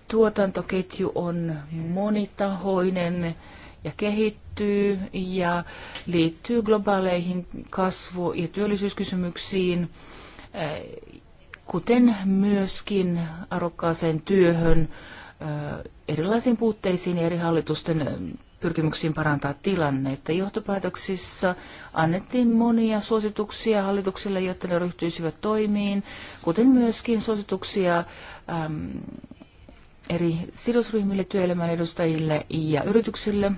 tuotantoketju on monitahoinen ja kehittyy ja liittyy globaaleihin kasvu- ja työllisyyskysymyksiin, kuten myöskin arvokkaaseen työhön, erilaisiin puutteisiin ja eri hallitusten pyrkimyksiin parantaa tilannetta. Johtopäätöksissä annettiin monia suosituksia hallituksille, jotta ne ryhtyisivät toimiin, kuten myöskin suosituksia äm, eri sidosryhmille, työelämän edustajille ja yrityksille.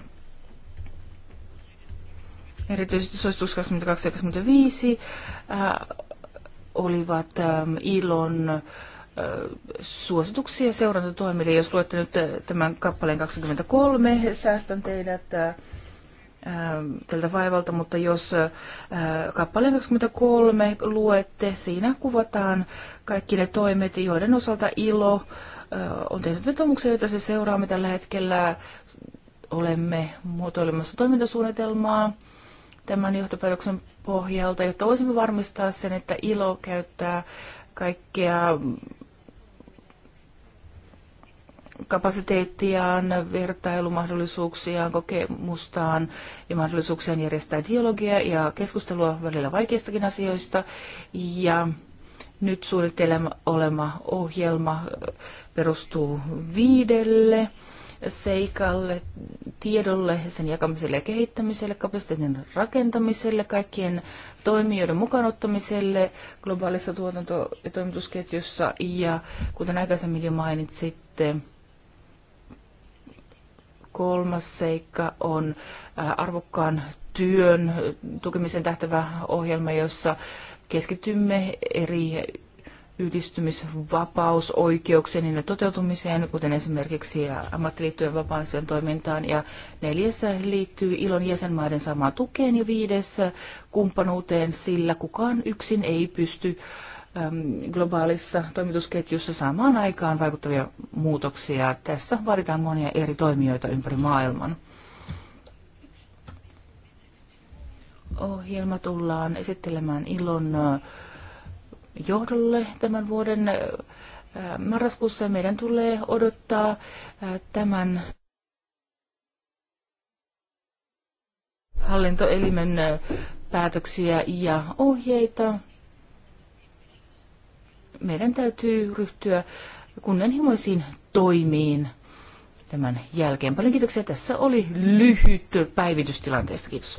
Erityisesti suositus 22 ja 25 äh, olivat ähm, ILON äh, suosituksia seurantatoimille. Jos luette nyt tämän kappaleen 23, säästän teidät tältä vaivalta, mutta jos kappaleen 23 luette, siinä kuvataan kaikki ne toimet, joiden osalta ILO on tehnyt vetomuksia, joita se seuraamme tällä hetkellä. Olemme muotoilemassa toimintasuunnitelmaa tämän johtopäätöksen pohjalta, jotta voisimme varmistaa sen, että ILO käyttää kaikkea kapasiteettiaan, vertailumahdollisuuksiaan, kokemustaan ja mahdollisuuksiaan järjestää dialogia ja keskustelua välillä vaikeistakin asioista. Ja nyt suunnittelema olema ohjelma perustuu viidelle seikalle, tiedolle, sen jakamiselle ja kehittämiselle, kapasiteetin rakentamiselle, kaikkien toimijoiden mukaanottamiselle globaalissa tuotanto- ja toimitusketjussa ja kuten aikaisemmin jo mainitsitte, Kolmas seikka on äh, arvokkaan työn äh, tukemisen tähtävä ohjelma, jossa keskitymme eri yhdistymisvapausoikeuksien niin toteutumiseen, kuten esimerkiksi ammattiliittojen vapaaseen toimintaan. Ja neljäs liittyy ilon jäsenmaiden saamaan tukeen ja viides kumppanuuteen, sillä kukaan yksin ei pysty äh, globaalissa toimitusketjussa saamaan aikaan vaikuttavia muutoksia. Tässä vaaditaan monia eri toimijoita ympäri maailman. Ohjelma tullaan esittelemään ilon äh, johdolle tämän vuoden äh, marraskuussa. Meidän tulee odottaa äh, tämän hallintoelimen päätöksiä ja ohjeita meidän täytyy ryhtyä kunnianhimoisiin toimiin tämän jälkeen. Paljon kiitoksia. Tässä oli lyhyt päivitystilanteesta. Kiitos.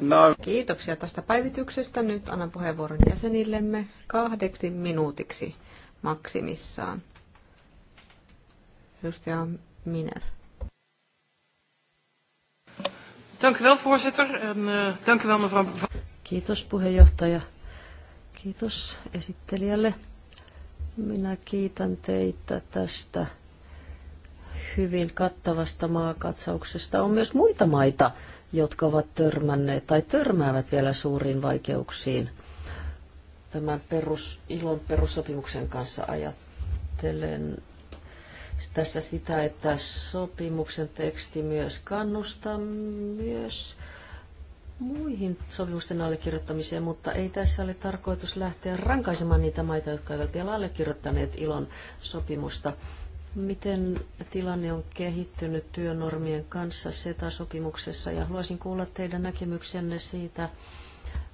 No. Kiitoksia tästä päivityksestä. Nyt annan puheenvuoron jäsenillemme kahdeksi minuutiksi maksimissaan. Edustaja Miner. Dank u wel, voorzitter. En, uh, dank u wel, mevrouw. Kiitos puheenjohtaja. Kiitos esittelijälle. Minä kiitän teitä tästä hyvin kattavasta maakatsauksesta. On myös muita maita, jotka ovat törmänneet tai törmäävät vielä suuriin vaikeuksiin tämän perus, ilon perussopimuksen kanssa ajattelen tässä sitä, että sopimuksen teksti myös kannustaa myös muihin sopimusten allekirjoittamiseen, mutta ei tässä ole tarkoitus lähteä rankaisemaan niitä maita, jotka eivät vielä allekirjoittaneet ilon sopimusta. Miten tilanne on kehittynyt työnormien kanssa SETA-sopimuksessa ja haluaisin kuulla teidän näkemyksenne siitä,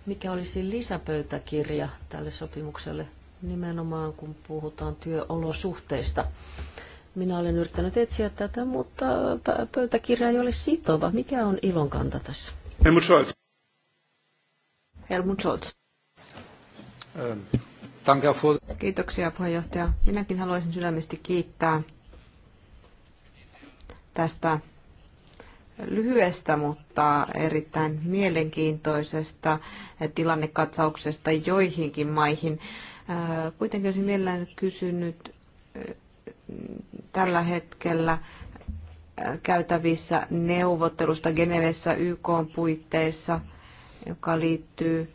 mikä olisi lisäpöytäkirja tälle sopimukselle nimenomaan, kun puhutaan työolosuhteista. Minä olen yrittänyt etsiä tätä, mutta pöytäkirja ei ole sitova. Mikä on ilon kanta tässä? Helmut Scholz. Helmut Scholz. Ähm, Kiitoksia puheenjohtaja. Minäkin haluaisin sydämesti kiittää tästä lyhyestä, mutta erittäin mielenkiintoisesta tilannekatsauksesta joihinkin maihin. Äh, kuitenkin olisin mielelläni kysynyt äh, tällä hetkellä käytävissä neuvottelusta Genevessä YK puitteissa, joka liittyy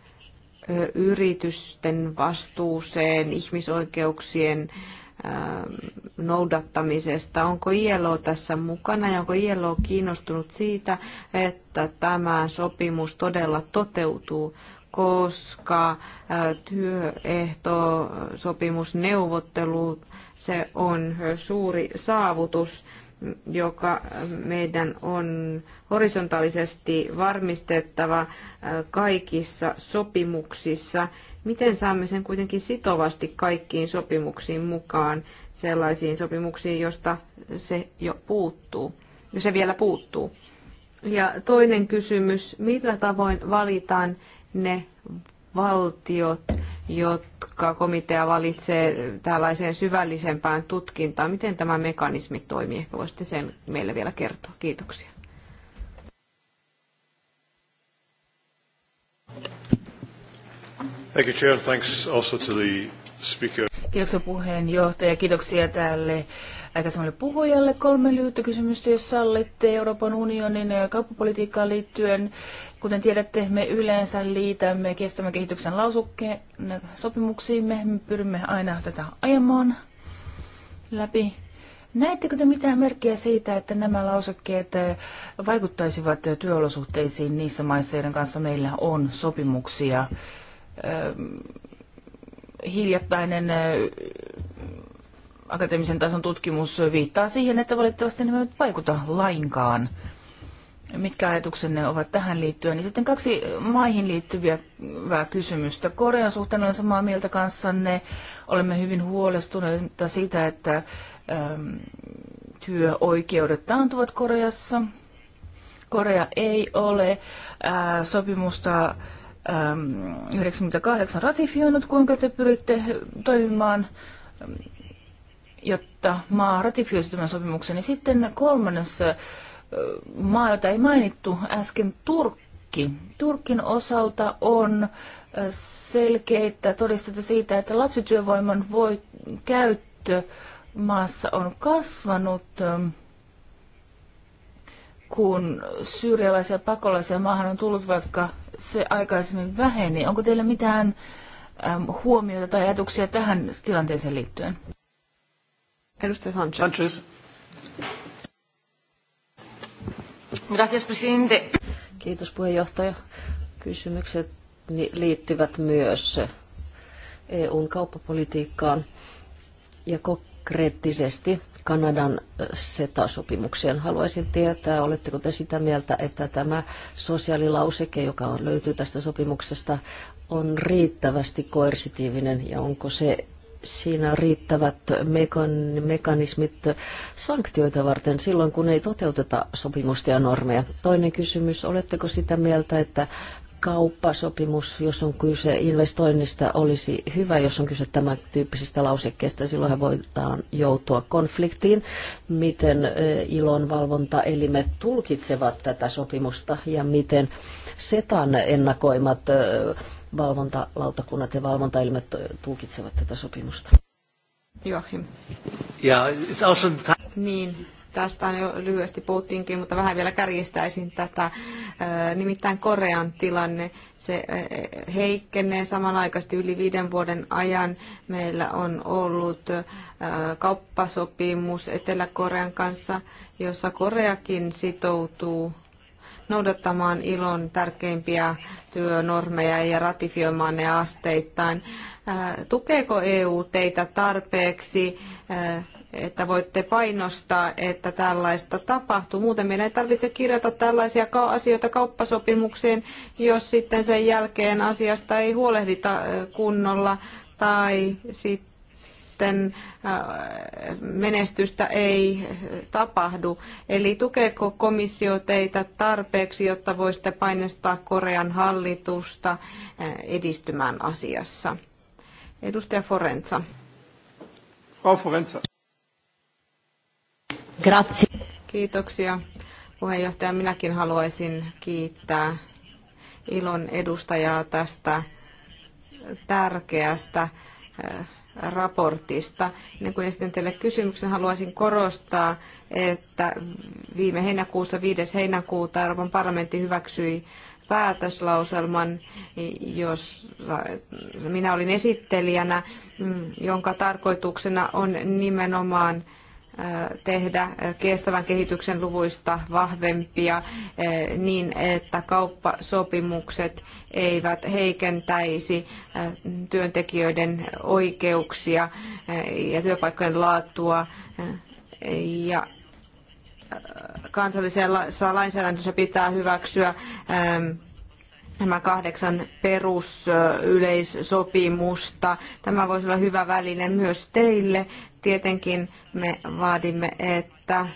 yritysten vastuuseen, ihmisoikeuksien noudattamisesta. Onko ILO tässä mukana ja onko ILO kiinnostunut siitä, että tämä sopimus todella toteutuu, koska työehtosopimusneuvottelu se on suuri saavutus joka meidän on horisontaalisesti varmistettava äh, kaikissa sopimuksissa. Miten saamme sen kuitenkin sitovasti kaikkiin sopimuksiin mukaan, sellaisiin sopimuksiin, josta se jo puuttuu, jo se vielä puuttuu? Ja toinen kysymys, millä tavoin valitaan ne valtiot, jotka komitea valitsee tällaiseen syvällisempään tutkintaan. Miten tämä mekanismi toimii? Ehkä voisitte sen meille vielä kertoa. Kiitoksia. Thank you, Chair. Thanks also to the speaker. Kiitoksia puheenjohtaja. Kiitoksia tälle aikaisemmalle puhujalle kolme lyhyttä kysymystä, jos sallitte Euroopan unionin kauppapolitiikkaan liittyen. Kuten tiedätte, me yleensä liitämme kestävän kehityksen lausukkeen sopimuksiimme. Me pyrimme aina tätä ajamaan läpi. Näettekö te mitään merkkejä siitä, että nämä lausekkeet vaikuttaisivat työolosuhteisiin niissä maissa, joiden kanssa meillä on sopimuksia? Öö, hiljattainen akateemisen tason tutkimus viittaa siihen, että valitettavasti ne eivät vaikuta lainkaan. Mitkä ajatuksenne ovat tähän liittyen? Niin sitten kaksi maihin liittyviä kysymystä. Korean suhteen olen samaa mieltä kanssanne. Olemme hyvin huolestuneita siitä, että ähm, työoikeudet taantuvat Koreassa. Korea ei ole äh, sopimusta 98 ähm, ratifioinut, kuinka te pyritte toimimaan jotta maa ratifioisi tämän sopimuksen. Niin sitten kolmannes maa, jota ei mainittu äsken, Turkki. Turkin osalta on selkeitä todisteita siitä, että lapsityövoiman voi käyttö maassa on kasvanut, kun syyrialaisia pakolaisia maahan on tullut, vaikka se aikaisemmin väheni. Onko teillä mitään huomiota tai ajatuksia tähän tilanteeseen liittyen? Edustaja Sanchez. Sanchez. Gracias, presidente. Kiitos puheenjohtaja. Kysymykset liittyvät myös EUn kauppapolitiikkaan ja konkreettisesti Kanadan ceta sopimukseen Haluaisin tietää, oletteko te sitä mieltä, että tämä sosiaalilauseke, joka on, löytyy tästä sopimuksesta, on riittävästi koersitiivinen ja onko se siinä riittävät mekanismit sanktioita varten silloin, kun ei toteuteta sopimusta ja normeja. Toinen kysymys, oletteko sitä mieltä, että kauppasopimus, jos on kyse investoinnista, olisi hyvä, jos on kyse tämän tyyppisistä lausekkeista. Silloinhan voidaan joutua konfliktiin, miten e, ilon valvontaelimet tulkitsevat tätä sopimusta ja miten SETAn ennakoimat e, valvontalautakunnat ja valvontaelimet tulkitsevat tätä sopimusta. Joachim. Ja, also... Niin, tästä jo lyhyesti puhuttiinkin, mutta vähän vielä kärjistäisin tätä. Nimittäin Korean tilanne, se heikkenee samanaikaisesti yli viiden vuoden ajan. Meillä on ollut kauppasopimus Etelä-Korean kanssa, jossa Koreakin sitoutuu noudattamaan ilon tärkeimpiä työnormeja ja ratifioimaan ne asteittain. Äh, tukeeko EU teitä tarpeeksi, äh, että voitte painostaa, että tällaista tapahtuu? Muuten meidän ei tarvitse kirjata tällaisia asioita kauppasopimukseen, jos sitten sen jälkeen asiasta ei huolehdita äh, kunnolla tai sitten sitten menestystä ei tapahdu. Eli tukeeko komissio teitä tarpeeksi, jotta voisitte painostaa Korean hallitusta edistymään asiassa? Edustaja Forenza. Frau Forenza. Grazie. Kiitoksia puheenjohtaja. Minäkin haluaisin kiittää Ilon edustajaa tästä tärkeästä raportista. Ennen kuin esitän teille kysymyksen, haluaisin korostaa, että viime heinäkuussa 5. heinäkuuta Euroopan parlamentti hyväksyi päätöslauselman, jos minä olin esittelijänä, mm, jonka tarkoituksena on nimenomaan tehdä kestävän kehityksen luvuista vahvempia niin, että kauppasopimukset eivät heikentäisi työntekijöiden oikeuksia ja työpaikkojen laatua ja kansallisella lainsäädännössä pitää hyväksyä nämä kahdeksan perusyleissopimusta. Tämä voisi olla hyvä väline myös teille. Tietenkin me vaadimme, että äh,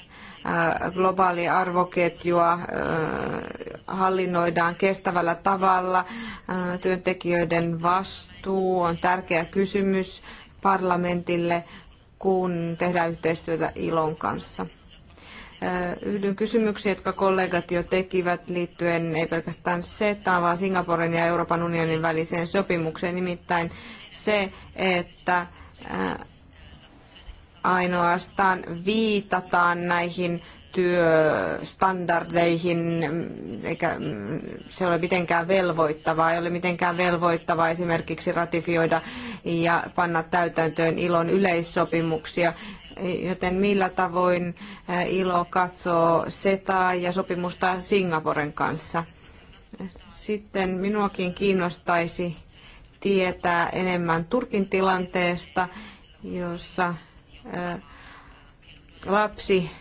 globaali arvoketjua äh, hallinnoidaan kestävällä tavalla. Äh, työntekijöiden vastuu on tärkeä kysymys parlamentille, kun tehdään yhteistyötä ILON kanssa. Yhdyn kysymyksiin, jotka kollegat jo tekivät liittyen ei pelkästään SETAan, vaan Singaporen ja Euroopan unionin väliseen sopimukseen, nimittäin se, että ainoastaan viitataan näihin työstandardeihin, eikä se ole mitenkään velvoittavaa, ei ole mitenkään velvoittavaa esimerkiksi ratifioida ja panna täytäntöön ilon yleissopimuksia joten millä tavoin eh, ILO katsoo SETAa ja sopimusta Singaporen kanssa. Sitten minuakin kiinnostaisi tietää enemmän Turkin tilanteesta, jossa eh, lapsi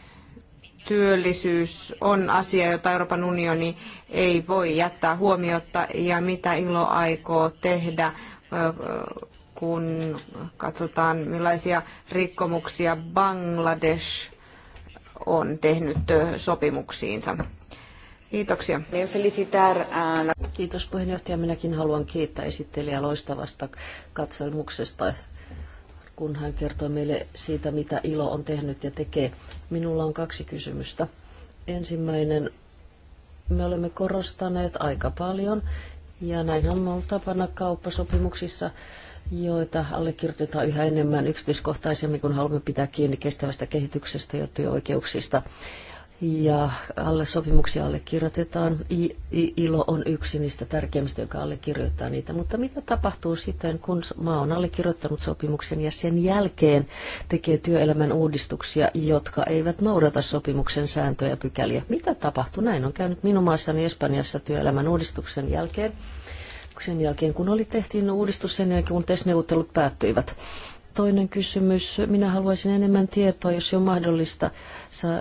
työllisyys on asia, jota Euroopan unioni ei voi jättää huomiotta ja mitä ILO aikoo tehdä eh, kun katsotaan millaisia rikkomuksia Bangladesh on tehnyt sopimuksiinsa. Kiitoksia. Äh, Kiitos puheenjohtaja. Minäkin haluan kiittää esittelijä loistavasta katselmuksesta, kun hän kertoi meille siitä, mitä ILO on tehnyt ja tekee. Minulla on kaksi kysymystä. Ensimmäinen, me olemme korostaneet aika paljon, ja näin on ollut tapana kauppasopimuksissa joita allekirjoitetaan yhä enemmän yksityiskohtaisemmin, kun haluamme pitää kiinni kestävästä kehityksestä ja työoikeuksista. Ja alle sopimuksia allekirjoitetaan. I, ILO on yksi niistä tärkeimmistä, joka allekirjoittaa niitä. Mutta mitä tapahtuu sitten, kun maa on allekirjoittanut sopimuksen ja sen jälkeen tekee työelämän uudistuksia, jotka eivät noudata sopimuksen sääntöjä ja pykäliä? Mitä tapahtuu? Näin on käynyt minun maassani Espanjassa työelämän uudistuksen jälkeen sen jälkeen, kun oli tehtiin uudistus, sen jälkeen, kun TES-neuvottelut päättyivät. Toinen kysymys. Minä haluaisin enemmän tietoa, jos on mahdollista,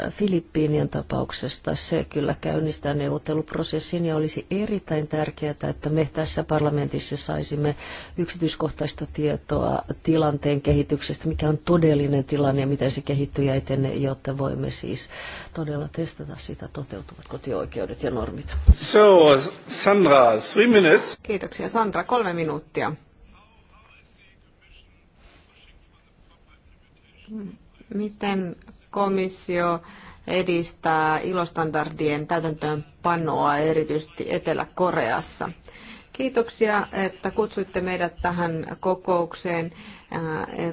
Filippiinien tapauksesta. Se kyllä käynnistää neuvotteluprosessin ja olisi erittäin tärkeää, että me tässä parlamentissa saisimme yksityiskohtaista tietoa tilanteen kehityksestä, mikä on todellinen tilanne ja miten se kehittyy ja etenee, jotta voimme siis todella testata sitä, toteutuvatko työoikeudet ja normit. So, Sandra, three minutes. Kiitoksia Sandra, kolme minuuttia. Miten komissio edistää ilostandardien täytäntöönpanoa erityisesti Etelä-Koreassa? Kiitoksia, että kutsuitte meidät tähän kokoukseen. Äh,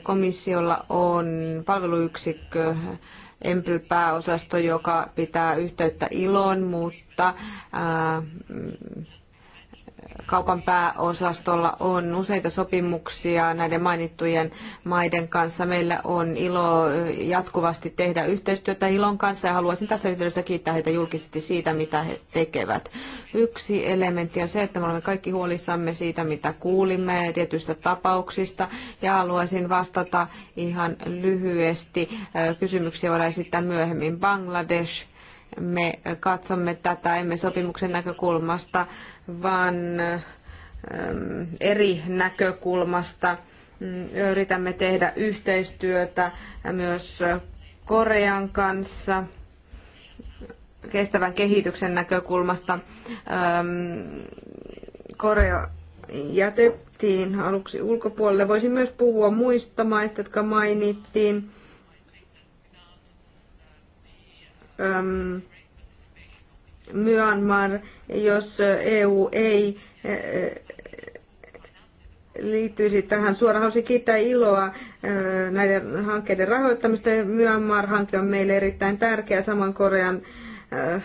komissiolla on palveluyksikkö Empl-pääosasto, joka pitää yhteyttä iloon, mutta mutta äh, kaupan pääosastolla on useita sopimuksia näiden mainittujen maiden kanssa. Meillä on ilo jatkuvasti tehdä yhteistyötä ilon kanssa ja haluaisin tässä yhteydessä kiittää heitä julkisesti siitä, mitä he tekevät. Yksi elementti on se, että me olemme kaikki huolissamme siitä, mitä kuulimme tietyistä tapauksista ja haluaisin vastata ihan lyhyesti. Kysymyksiä voidaan esittää myöhemmin. Bangladesh, me katsomme tätä, emme sopimuksen näkökulmasta vaan ähm, eri näkökulmasta. Mm, yritämme tehdä yhteistyötä myös Korean kanssa kestävän kehityksen näkökulmasta. Ähm, Korea jätettiin aluksi ulkopuolelle. Voisin myös puhua muista maista, jotka mainittiin. Öm, ähm, Myanmar, jos EU ei eh, liittyisi tähän suoraan. Haluaisin kiittää iloa eh, näiden hankkeiden rahoittamista. Myanmar-hanke on meille erittäin tärkeä, saman Korean eh,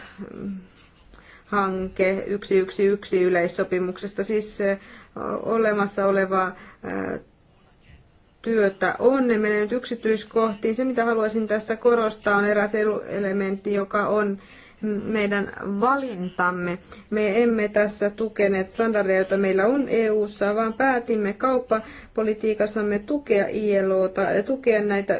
hanke 111 yleissopimuksesta. Siis olemassa olevaa työtä on. Ne menee nyt yksityiskohtiin. Se, mitä haluaisin tässä korostaa, on eräs elementti, joka on meidän valintamme. Me emme tässä tukeneet standardeja, joita meillä on EU:ssa, vaan päätimme kauppapolitiikassamme tukea ILOta ja tukea näitä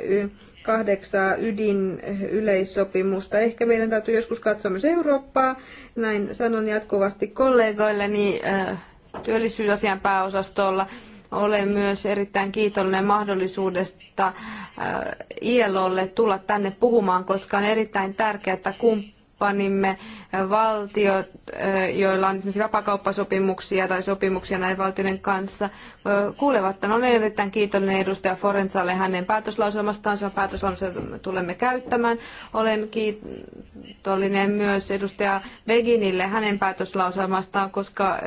kahdeksaa ydin yleissopimusta. Ehkä meidän täytyy joskus katsoa myös Eurooppaa. Näin sanon jatkuvasti kollegoilleni äh, työllisyysasian pääosastolla. Olen myös erittäin kiitollinen mahdollisuudesta äh, ILOlle tulla tänne puhumaan, koska on erittäin tärkeää, että kumppanit kumppanimme, valtiot, joilla on esimerkiksi vapakauppasopimuksia tai sopimuksia näiden valtioiden kanssa, kuulevat tämän. Olen erittäin kiitollinen edustaja Forensalle hänen päätöslauselmastaan. Se on päätöslauselma, jota tulemme käyttämään. Olen kiitollinen myös edustaja Beginille hänen päätöslauselmastaan, koska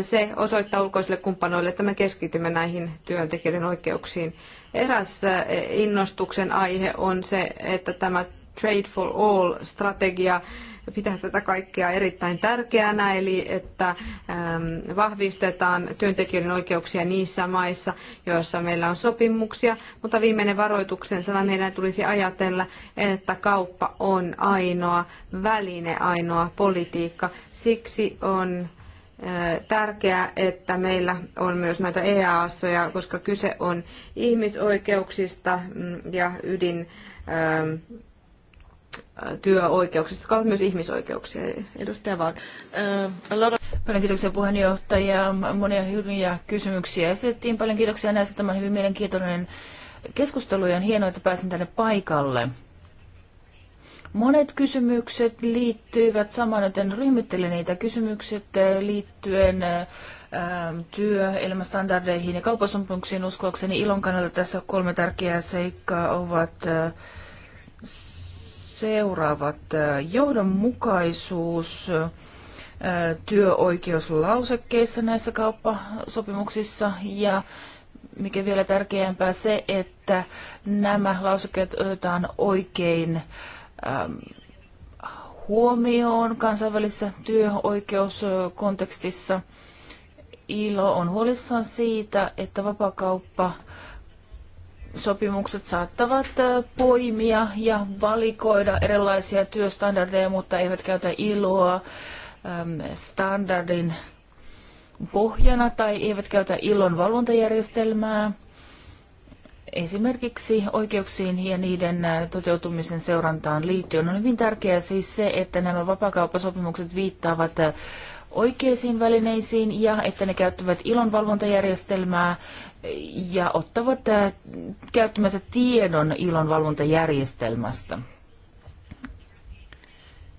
se osoittaa ulkoisille kumppanoille, että me keskitymme näihin työntekijöiden oikeuksiin. Eräs innostuksen aihe on se, että tämä Trade for All-strategia pitää tätä kaikkea erittäin tärkeänä, eli että ähm, vahvistetaan työntekijöiden oikeuksia niissä maissa, joissa meillä on sopimuksia. Mutta viimeinen varoituksen sana meidän tulisi ajatella, että kauppa on ainoa väline, ainoa politiikka. Siksi on äh, tärkeää, että meillä on myös näitä EASoja, koska kyse on ihmisoikeuksista mm, ja ydin ähm, työoikeuksista, jotka ovat myös ihmisoikeuksia. Edustaja Vaak. Uh, Paljon kiitoksia puheenjohtaja. Monia hyviä kysymyksiä esitettiin. Paljon kiitoksia näistä. Tämä on hyvin mielenkiintoinen keskustelu ja on hienoa, että pääsin tänne paikalle. Monet kysymykset liittyivät samaan, joten ryhmittelen niitä kysymykset liittyen työelämästandardeihin ja kauppasopimuksiin. Uskoakseni ilon kannalta tässä kolme tärkeää seikkaa ovat seuraavat. Äh, johdonmukaisuus äh, työoikeuslausekkeissa näissä kauppasopimuksissa ja mikä vielä tärkeämpää se, että nämä lausekkeet otetaan oikein ähm, huomioon kansainvälisessä työoikeuskontekstissa. ILO on huolissaan siitä, että vapakauppa sopimukset saattavat poimia ja valikoida erilaisia työstandardeja, mutta eivät käytä iloa standardin pohjana tai eivät käytä ilon valvontajärjestelmää esimerkiksi oikeuksiin ja niiden toteutumisen seurantaan liittyen. On hyvin tärkeää siis se, että nämä vapakauppasopimukset viittaavat oikeisiin välineisiin ja että ne käyttävät ilonvalvontajärjestelmää ja ottavat äh, käyttämänsä tiedon ilonvalvontajärjestelmästä.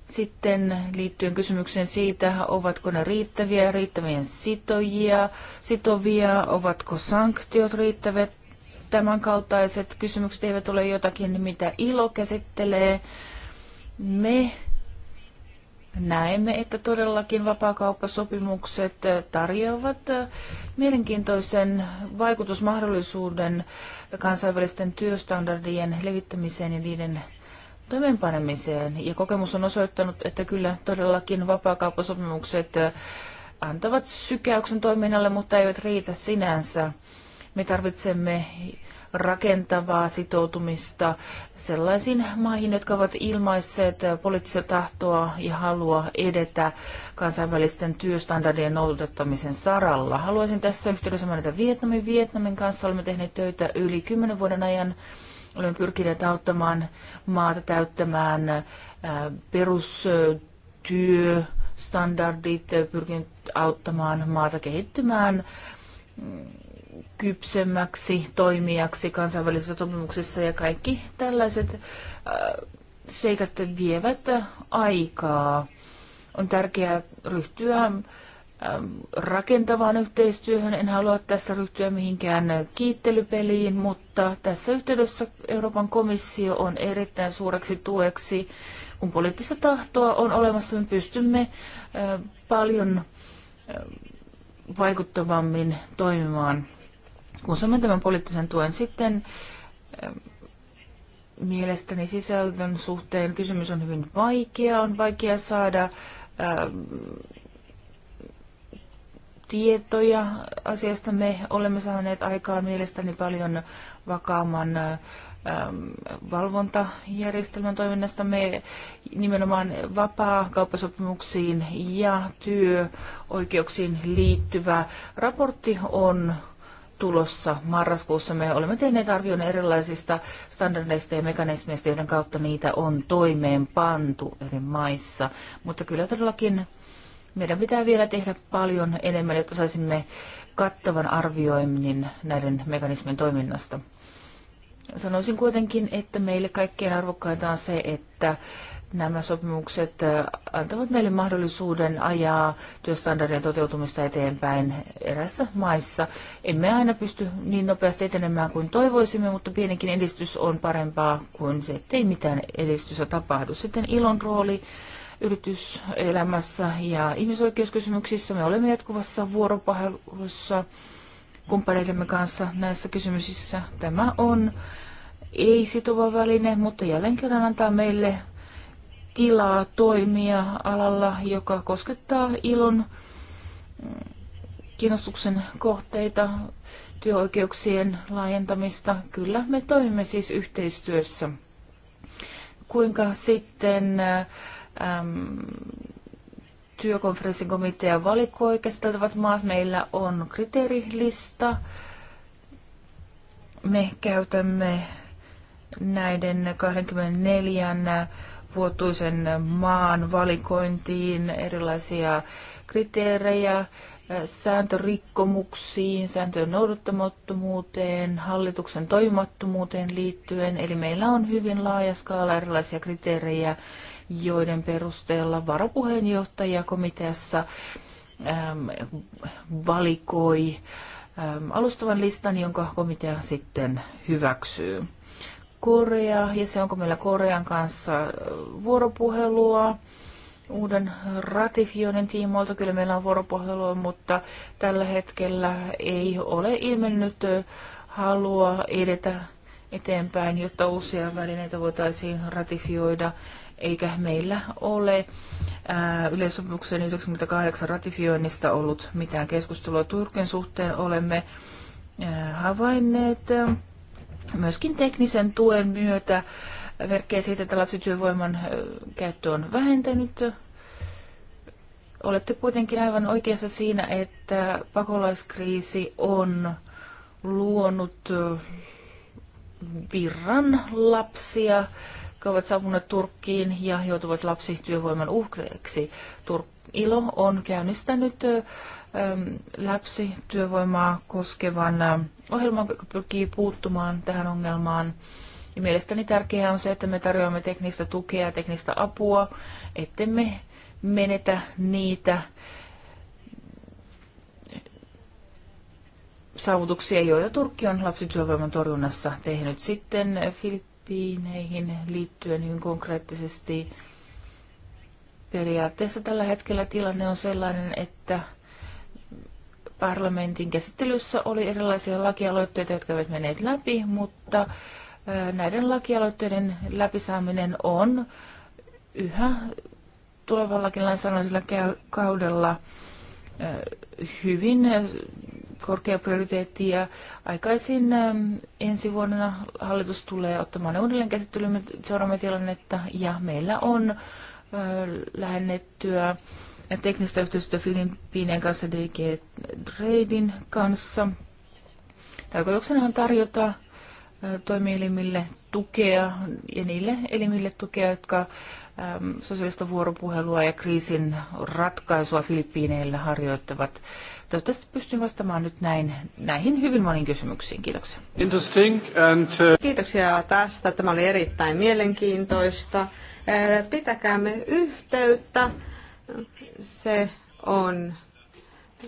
Sitten liittyen kysymykseen siitä, ovatko ne riittäviä, riittävien sitojia, sitovia, ovatko sanktiot riittävät, tämänkaltaiset kysymykset eivät ole jotakin, mitä ILO käsittelee. Me näemme, että todellakin vapaakauppasopimukset eh, tarjoavat eh, mielenkiintoisen vaikutusmahdollisuuden kansainvälisten työstandardien levittämiseen ja niiden toimeenpanemiseen. Ja kokemus on osoittanut, että kyllä todellakin vapaakauppasopimukset eh, antavat sykäyksen toiminnalle, mutta eivät riitä sinänsä. Me tarvitsemme rakentavaa sitoutumista sellaisiin maihin, jotka ovat ilmaisseet poliittista tahtoa ja halua edetä kansainvälisten työstandardien noudattamisen saralla. Haluaisin tässä yhteydessä mainita Vietnamin. Vietnamin kanssa olemme tehneet töitä yli kymmenen vuoden ajan. Olemme pyrkineet auttamaan maata täyttämään perustyöstandardit, pyrkineet auttamaan maata kehittymään kypsemmäksi toimijaksi kansainvälisissä sopimuksissa ja kaikki tällaiset äh, seikat vievät aikaa. On tärkeää ryhtyä ähm, rakentavaan yhteistyöhön. En halua tässä ryhtyä mihinkään kiittelypeliin, mutta tässä yhteydessä Euroopan komissio on erittäin suureksi tueksi. Kun poliittista tahtoa on olemassa, me pystymme äh, paljon äh, vaikuttavammin toimimaan. Kun saamme tämän poliittisen tuen sitten, ähm, mielestäni sisältön suhteen kysymys on hyvin vaikea. On vaikea saada ähm, tietoja asiasta. Me olemme saaneet aikaa mielestäni paljon vakaamman ähm, valvontajärjestelmän toiminnasta. Me nimenomaan vapaa kauppasopimuksiin ja työoikeuksiin liittyvä raportti on tulossa marraskuussa. Me olemme tehneet arvion erilaisista standardeista ja mekanismeista, joiden kautta niitä on toimeenpantu eri maissa. Mutta kyllä todellakin meidän pitää vielä tehdä paljon enemmän, jotta saisimme kattavan arvioinnin näiden mekanismien toiminnasta. Sanoisin kuitenkin, että meille kaikkein arvokkaita on se, että Nämä sopimukset antavat meille mahdollisuuden ajaa työstandardien toteutumista eteenpäin erässä maissa. Emme aina pysty niin nopeasti etenemään kuin toivoisimme, mutta pienikin edistys on parempaa kuin se, ettei mitään edistystä tapahdu. Sitten ilon rooli yrityselämässä ja ihmisoikeuskysymyksissä. Me olemme jatkuvassa vuoropuhelussa kumppaneidemme kanssa näissä kysymyksissä. Tämä on ei-sitova väline, mutta jälleen kerran antaa meille tilaa toimia alalla, joka koskettaa ilon mm, kiinnostuksen kohteita, työoikeuksien laajentamista. Kyllä, me toimimme siis yhteistyössä. Kuinka sitten äm, työkonferenssin komitea valikoi käsiteltävät maat? Meillä on kriteerilista. Me käytämme näiden 24 vuotuisen maan valikointiin erilaisia kriteerejä sääntörikkomuksiin, sääntöjen noudattamattomuuteen, hallituksen toimimattomuuteen liittyen. Eli meillä on hyvin laaja skaala erilaisia kriteerejä, joiden perusteella varapuheenjohtaja komiteassa valikoi alustavan listan, jonka komitea sitten hyväksyy. Korea ja se, onko meillä Korean kanssa äh, vuoropuhelua uuden ratifioinnin tiimoilta. Kyllä meillä on vuoropuhelua, mutta tällä hetkellä ei ole ilmennyt äh, halua edetä eteenpäin, jotta uusia välineitä voitaisiin ratifioida, eikä meillä ole äh, yleissopimuksen 98 ratifioinnista ollut mitään keskustelua Turkin suhteen. Olemme havainneet myöskin teknisen tuen myötä merkkejä siitä, että lapsityövoiman käyttö on vähentänyt. Olette kuitenkin aivan oikeassa siinä, että pakolaiskriisi on luonut virran lapsia, jotka ovat saapuneet Turkkiin ja joutuvat lapsityövoiman uhreiksi. Tur- ILO on käynnistänyt lapsityövoimaa koskevan ähm, ohjelman, joka pyrkii puuttumaan tähän ongelmaan. Ja mielestäni tärkeää on se, että me tarjoamme teknistä tukea ja teknistä apua, ettemme menetä niitä saavutuksia, joita Turkki on lapsityövoiman torjunnassa tehnyt. Sitten äh, Filippiineihin liittyen hyvin konkreettisesti periaatteessa tällä hetkellä tilanne on sellainen, että parlamentin käsittelyssä oli erilaisia lakialoitteita, jotka eivät menneet läpi, mutta näiden lakialoitteiden läpisaaminen on yhä tulevallakin lainsäädännöllisellä kaudella hyvin korkea prioriteetti ja aikaisin ensi vuonna hallitus tulee ottamaan ne uudelleen käsittelyyn, seuraamme tilannetta ja meillä on lähennettyä teknistä yhteistyötä Filippiinien kanssa DG Tradin kanssa. Tarkoituksena on tarjota toimielimille tukea ja niille elimille tukea, jotka sosiaalista vuoropuhelua ja kriisin ratkaisua Filippiineillä harjoittavat. Toivottavasti pystyn vastaamaan nyt näin, näihin hyvin moniin kysymyksiin. Kiitoksia. Interesting and, uh... Kiitoksia tästä. Tämä oli erittäin mielenkiintoista. Pitäkäämme yhteyttä se on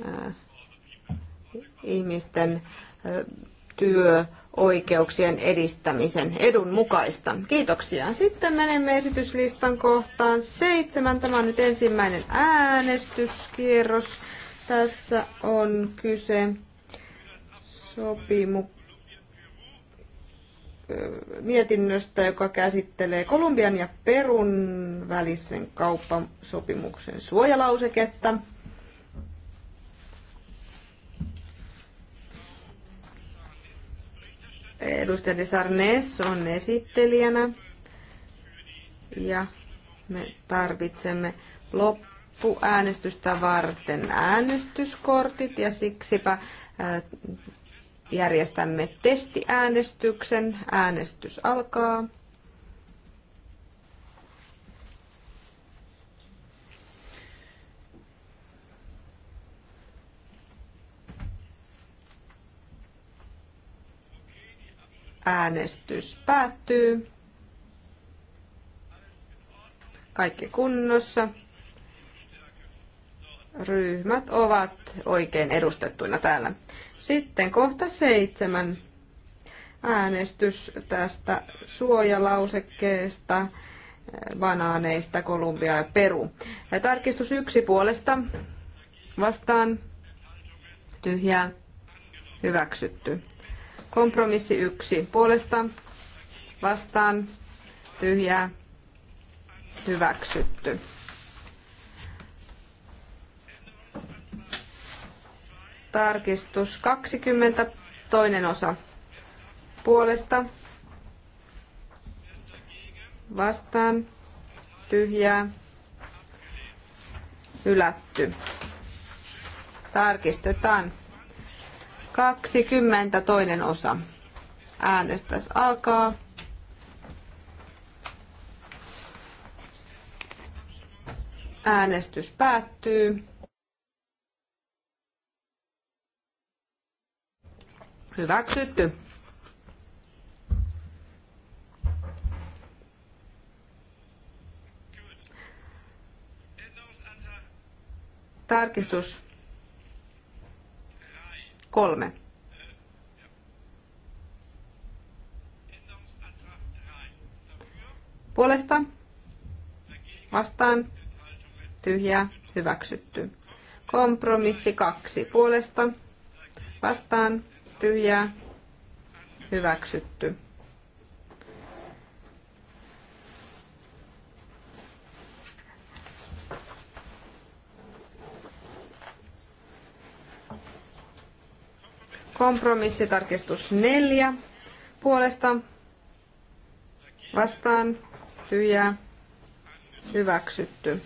äh, ihmisten äh, työoikeuksien edistämisen edun mukaista. Kiitoksia. Sitten menemme esityslistan kohtaan seitsemän. Tämä on nyt ensimmäinen äänestyskierros. Tässä on kyse sopimuksesta mietinnöstä, joka käsittelee Kolumbian ja Perun välisen kauppasopimuksen suojalauseketta. Edustaja Sarnes on esittelijänä ja me tarvitsemme loppuäänestystä varten äänestyskortit ja siksipä äh, järjestämme testiäänestyksen. Äänestys alkaa. Äänestys päättyy. Kaikki kunnossa. Ryhmät ovat oikein edustettuina täällä. Sitten kohta seitsemän äänestys tästä suojalausekkeesta eh, banaaneista Kolumbia ja Peru. Ja tarkistus yksi puolesta vastaan tyhjää hyväksytty. Kompromissi yksi puolesta vastaan tyhjää hyväksytty. Tarkistus 20, toinen osa puolesta. Vastaan. Tyhjää. Hylätty. Tarkistetaan. 20 toinen osa. Äänestäs alkaa. Äänestys päättyy. Hyväksytty. Tarkistus kolme. Puolesta vastaan tyhjä hyväksytty. Kompromissi kaksi puolesta vastaan tyhjää, hyväksytty. Kompromissitarkistus neljä puolesta vastaan tyhjää hyväksytty.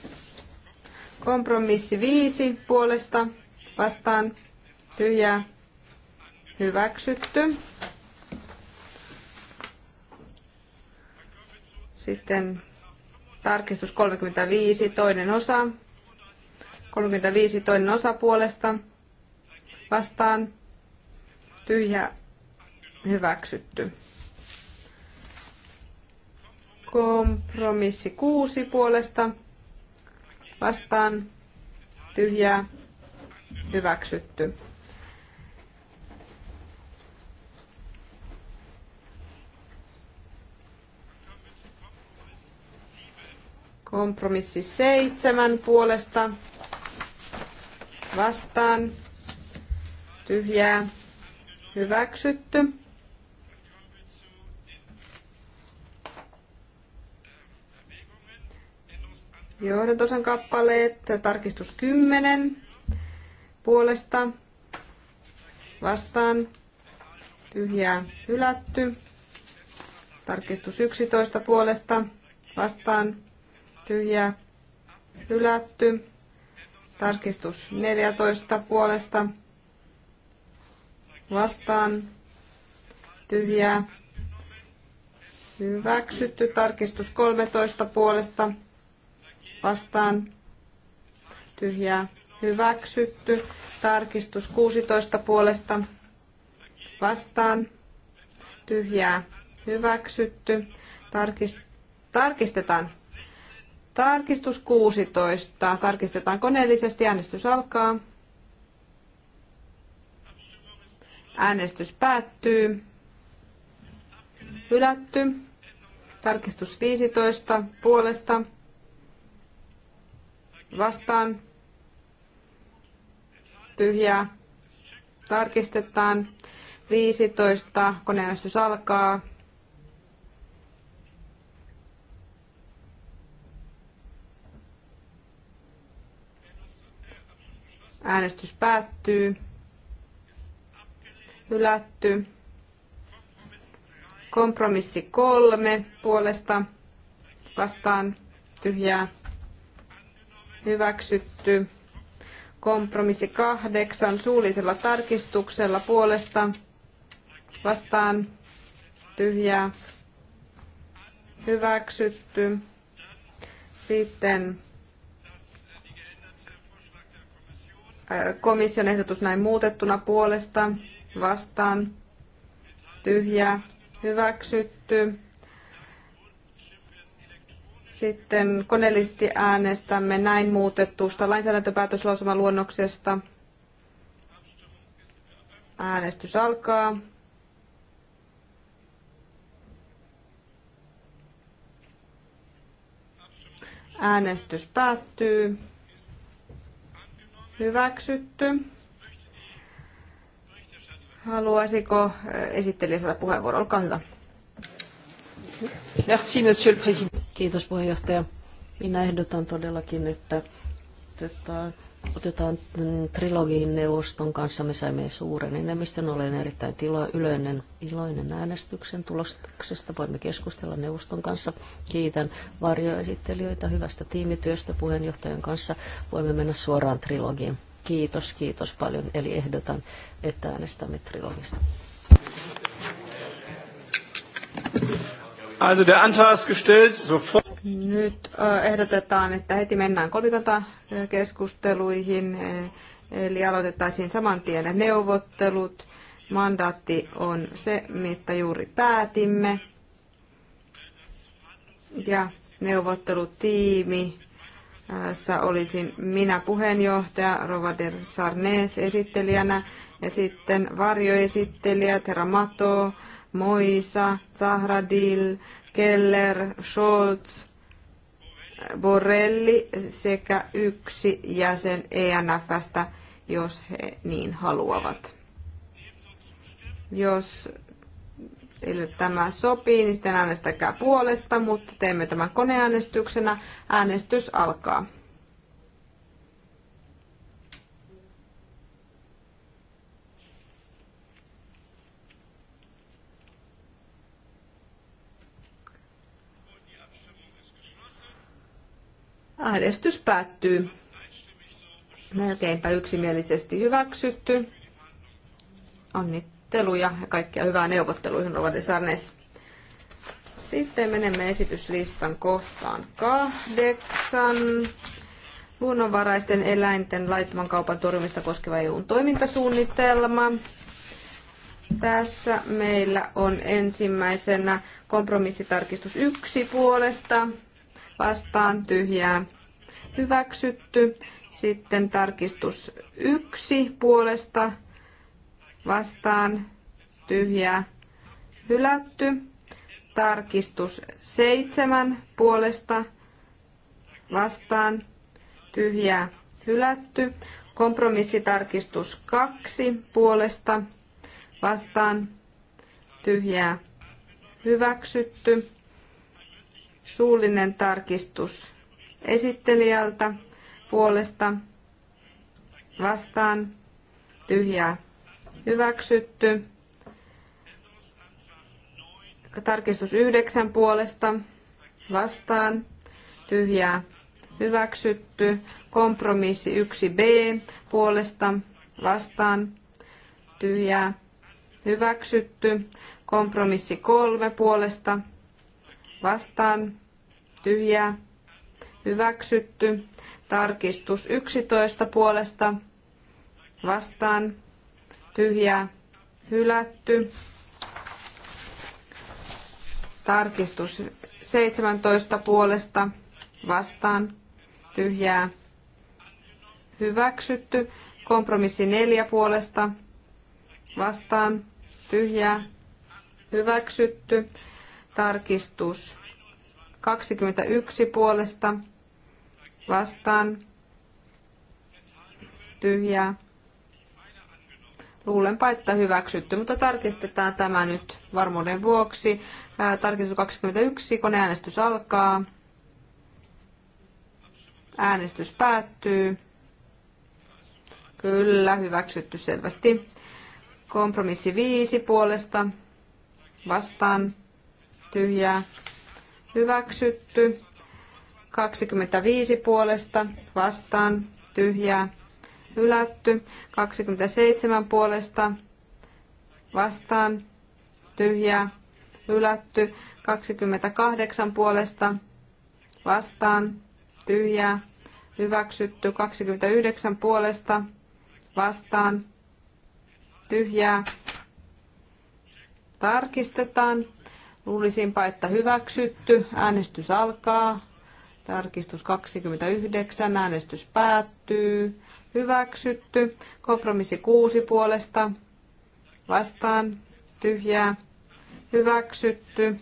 Kompromissi viisi puolesta vastaan tyhjää Hyväksytty. Sitten tarkistus 35, toinen osa. 35, toinen osa puolesta. Vastaan. Tyhjä. Hyväksytty. Kompromissi 6 puolesta. Vastaan. Tyhjää. Hyväksytty. Kompromissi seitsemän puolesta vastaan. Tyhjää hyväksytty. Johdantosan kappaleet, tarkistus 10 puolesta vastaan tyhjää hylätty. Tarkistus 11 puolesta vastaan tyhjä, hylätty. Tarkistus 14 puolesta vastaan, tyhjä, hyväksytty. Tarkistus 13 puolesta vastaan, tyhjä, hyväksytty. Tarkistus 16 puolesta vastaan, tyhjää, hyväksytty. Tarkist- tarkistetaan Tarkistus 16. Tarkistetaan koneellisesti. Äänestys alkaa. Äänestys päättyy. Hylätty. Tarkistus 15. Puolesta. Vastaan. Tyhjää. Tarkistetaan. 15. Koneäänestys alkaa. Äänestys päättyy. Hylätty. Kompromissi kolme puolesta vastaan tyhjää hyväksytty. Kompromissi kahdeksan suullisella tarkistuksella puolesta vastaan tyhjää hyväksytty. Sitten komission ehdotus näin muutettuna puolesta vastaan tyhjää hyväksytty. Sitten koneellisesti äänestämme näin muutettusta lainsäädäntöpäätöslausuman luonnoksesta. Äänestys alkaa. Äänestys päättyy hyväksytty. Haluaisiko äh, esittelijä saada puheenvuoron? Olkaa hyvä. Merci, monsieur le président. Kiitos puheenjohtaja. Minä ehdotan todellakin, että että otetaan mm, trilogiin neuvoston kanssa, me saimme suuren enemmistön. Olen erittäin tilo, yleinen, iloinen äänestyksen tuloksesta. Voimme keskustella neuvoston kanssa. Kiitän varjoesittelijöitä hyvästä tiimityöstä puheenjohtajan kanssa. Voimme mennä suoraan trilogiin. Kiitos, kiitos paljon. Eli ehdotan, että äänestämme trilogista. Also der Antrag ist gestellt, sofort. Nyt ehdotetaan, että heti mennään kolikantakeskusteluihin, e, eli aloitettaisiin saman tien neuvottelut. Mandaatti on se, mistä juuri päätimme. Ja neuvottelutiimi Tässä olisin minä puheenjohtaja, Rovader Sarnes esittelijänä ja sitten varjoesittelijät, herra Mato, Moisa, Zahradil, Keller, Scholz, Borrelli sekä yksi jäsen ENFstä, jos he niin haluavat. Jos teille tämä sopii, niin sitten äänestäkää puolesta, mutta teemme tämän koneäänestyksenä. Äänestys alkaa. Äänestys päättyy. Melkeinpä yksimielisesti hyväksytty. Onnitteluja ja kaikkia hyvää neuvotteluihin, Rovade Sarnes. Sitten menemme esityslistan kohtaan kahdeksan. Luonnonvaraisten eläinten laittoman kaupan torjumista koskeva EUn toimintasuunnitelma. Tässä meillä on ensimmäisenä kompromissitarkistus yksi puolesta vastaan tyhjää hyväksytty. Sitten tarkistus yksi puolesta vastaan tyhjää hylätty. Tarkistus seitsemän puolesta vastaan tyhjää hylätty. Kompromissitarkistus kaksi puolesta vastaan tyhjää hyväksytty. Suullinen tarkistus esittelijältä puolesta vastaan tyhjää hyväksytty. Tarkistus yhdeksän puolesta vastaan tyhjää hyväksytty. Kompromissi 1b puolesta vastaan tyhjää hyväksytty. Kompromissi kolme puolesta vastaan tyhjää hyväksytty. Tarkistus 11 puolesta vastaan tyhjää hylätty. Tarkistus 17 puolesta vastaan tyhjää hyväksytty. Kompromissi 4 puolesta vastaan tyhjää hyväksytty. Tarkistus 21 puolesta vastaan tyhjä. Luulenpa, että hyväksytty, mutta tarkistetaan tämä nyt varmuuden vuoksi. Tarkistus 21, koneäänestys alkaa. Äänestys päättyy. Kyllä, hyväksytty selvästi. Kompromissi 5 puolesta. Vastaan. Tyhjää. Hyväksytty. 25 puolesta vastaan tyhjää hylätty. 27 puolesta vastaan tyhjää hylätty. 28 puolesta vastaan tyhjää hyväksytty. 29 puolesta vastaan tyhjää tarkistetaan. Luulisinpa, että hyväksytty. Äänestys alkaa. Tarkistus 29. Äänestys päättyy. Hyväksytty. Kompromissi 6 puolesta. Vastaan. Tyhjää. Hyväksytty.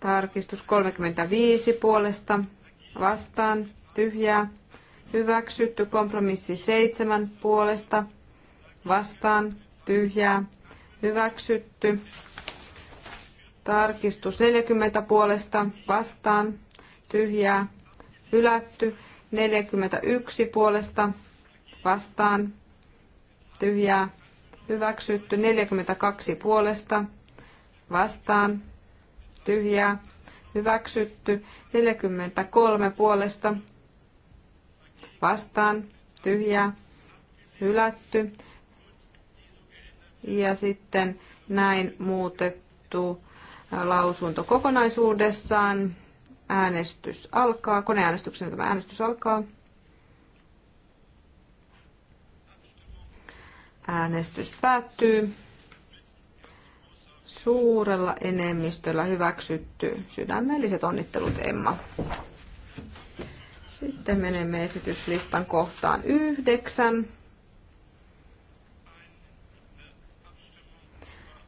Tarkistus 35 puolesta. Vastaan. Tyhjää. Hyväksytty. Kompromissi 7 puolesta. Vastaan. Tyhjää. Hyväksytty. Tarkistus 40 puolesta. Vastaan tyhjää, hylätty. 41 puolesta vastaan, tyhjää, hyväksytty. 42 puolesta vastaan, tyhjää, hyväksytty. 43 puolesta vastaan, tyhjää, hylätty. Ja sitten näin muutettu äh, lausunto kokonaisuudessaan. Äänestys alkaa. koneäänestyksen tämä äänestys alkaa. Äänestys päättyy. Suurella enemmistöllä hyväksytty. Sydämelliset onnittelut, Emma. Sitten menemme esityslistan kohtaan yhdeksän.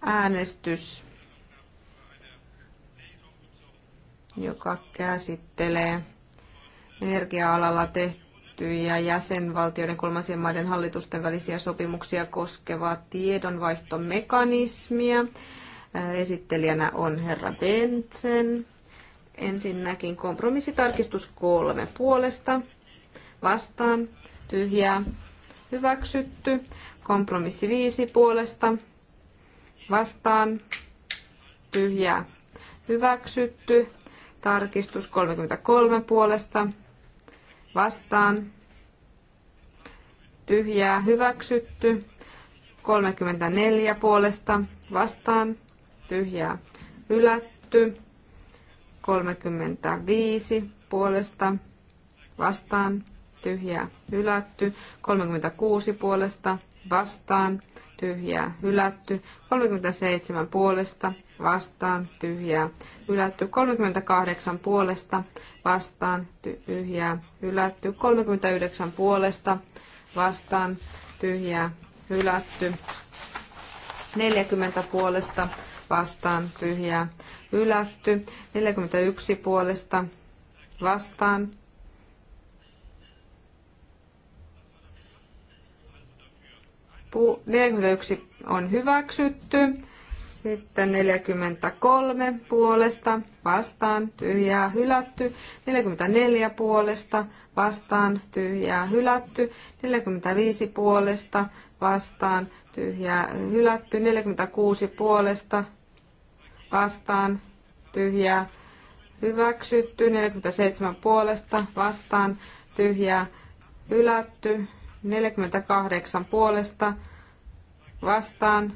Äänestys joka käsittelee energia-alalla tehtyjä jäsenvaltioiden kolmansien maiden hallitusten välisiä sopimuksia koskevaa tiedonvaihtomekanismia. Äh, esittelijänä on herra Bentsen. Ensinnäkin kompromissitarkistus kolme puolesta. Vastaan. Tyhjää. Hyväksytty. Kompromissi viisi puolesta. Vastaan. Tyhjää. Hyväksytty. Tarkistus 33 puolesta vastaan. Tyhjää hyväksytty. 34 puolesta vastaan. Tyhjää hylätty. 35 puolesta vastaan. Tyhjää hylätty. 36 puolesta vastaan. Tyhjää hylätty. 37 puolesta vastaan. Tyhjää hylätty 38 puolesta vastaan tyhjää hylätty 39 puolesta vastaan tyhjää hylätty 40 puolesta vastaan tyhjää hylätty 41 puolesta vastaan Pu- 41 on hyväksytty. Sitten 43 puolesta vastaan tyhjää hylätty. 44 puolesta vastaan tyhjää hylätty. 45 puolesta vastaan tyhjää hylätty. 46 puolesta vastaan tyhjää hyväksytty. 47 puolesta vastaan tyhjää hylätty. 48 puolesta vastaan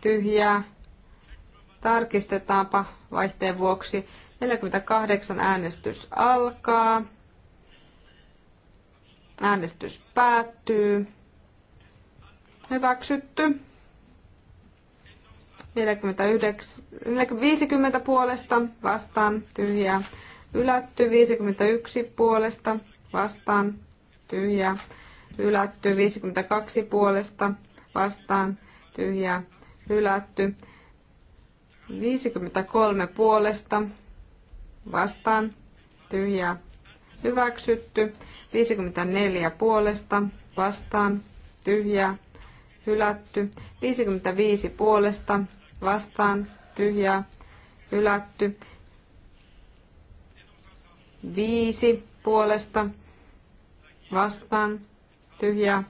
tyhjää. Tarkistetaanpa vaihteen vuoksi. 48 äänestys alkaa. Äänestys päättyy. Hyväksytty. 49, 50 puolesta vastaan tyhjää. Ylätty 51 puolesta vastaan tyhjää. Ylätty 52 puolesta vastaan tyhjää hylätty. 53 puolesta vastaan tyhjä. hyväksytty. 54 puolesta vastaan tyhjä. hylätty. 55 puolesta vastaan tyhjä. hylätty. 5 puolesta vastaan tyhjä.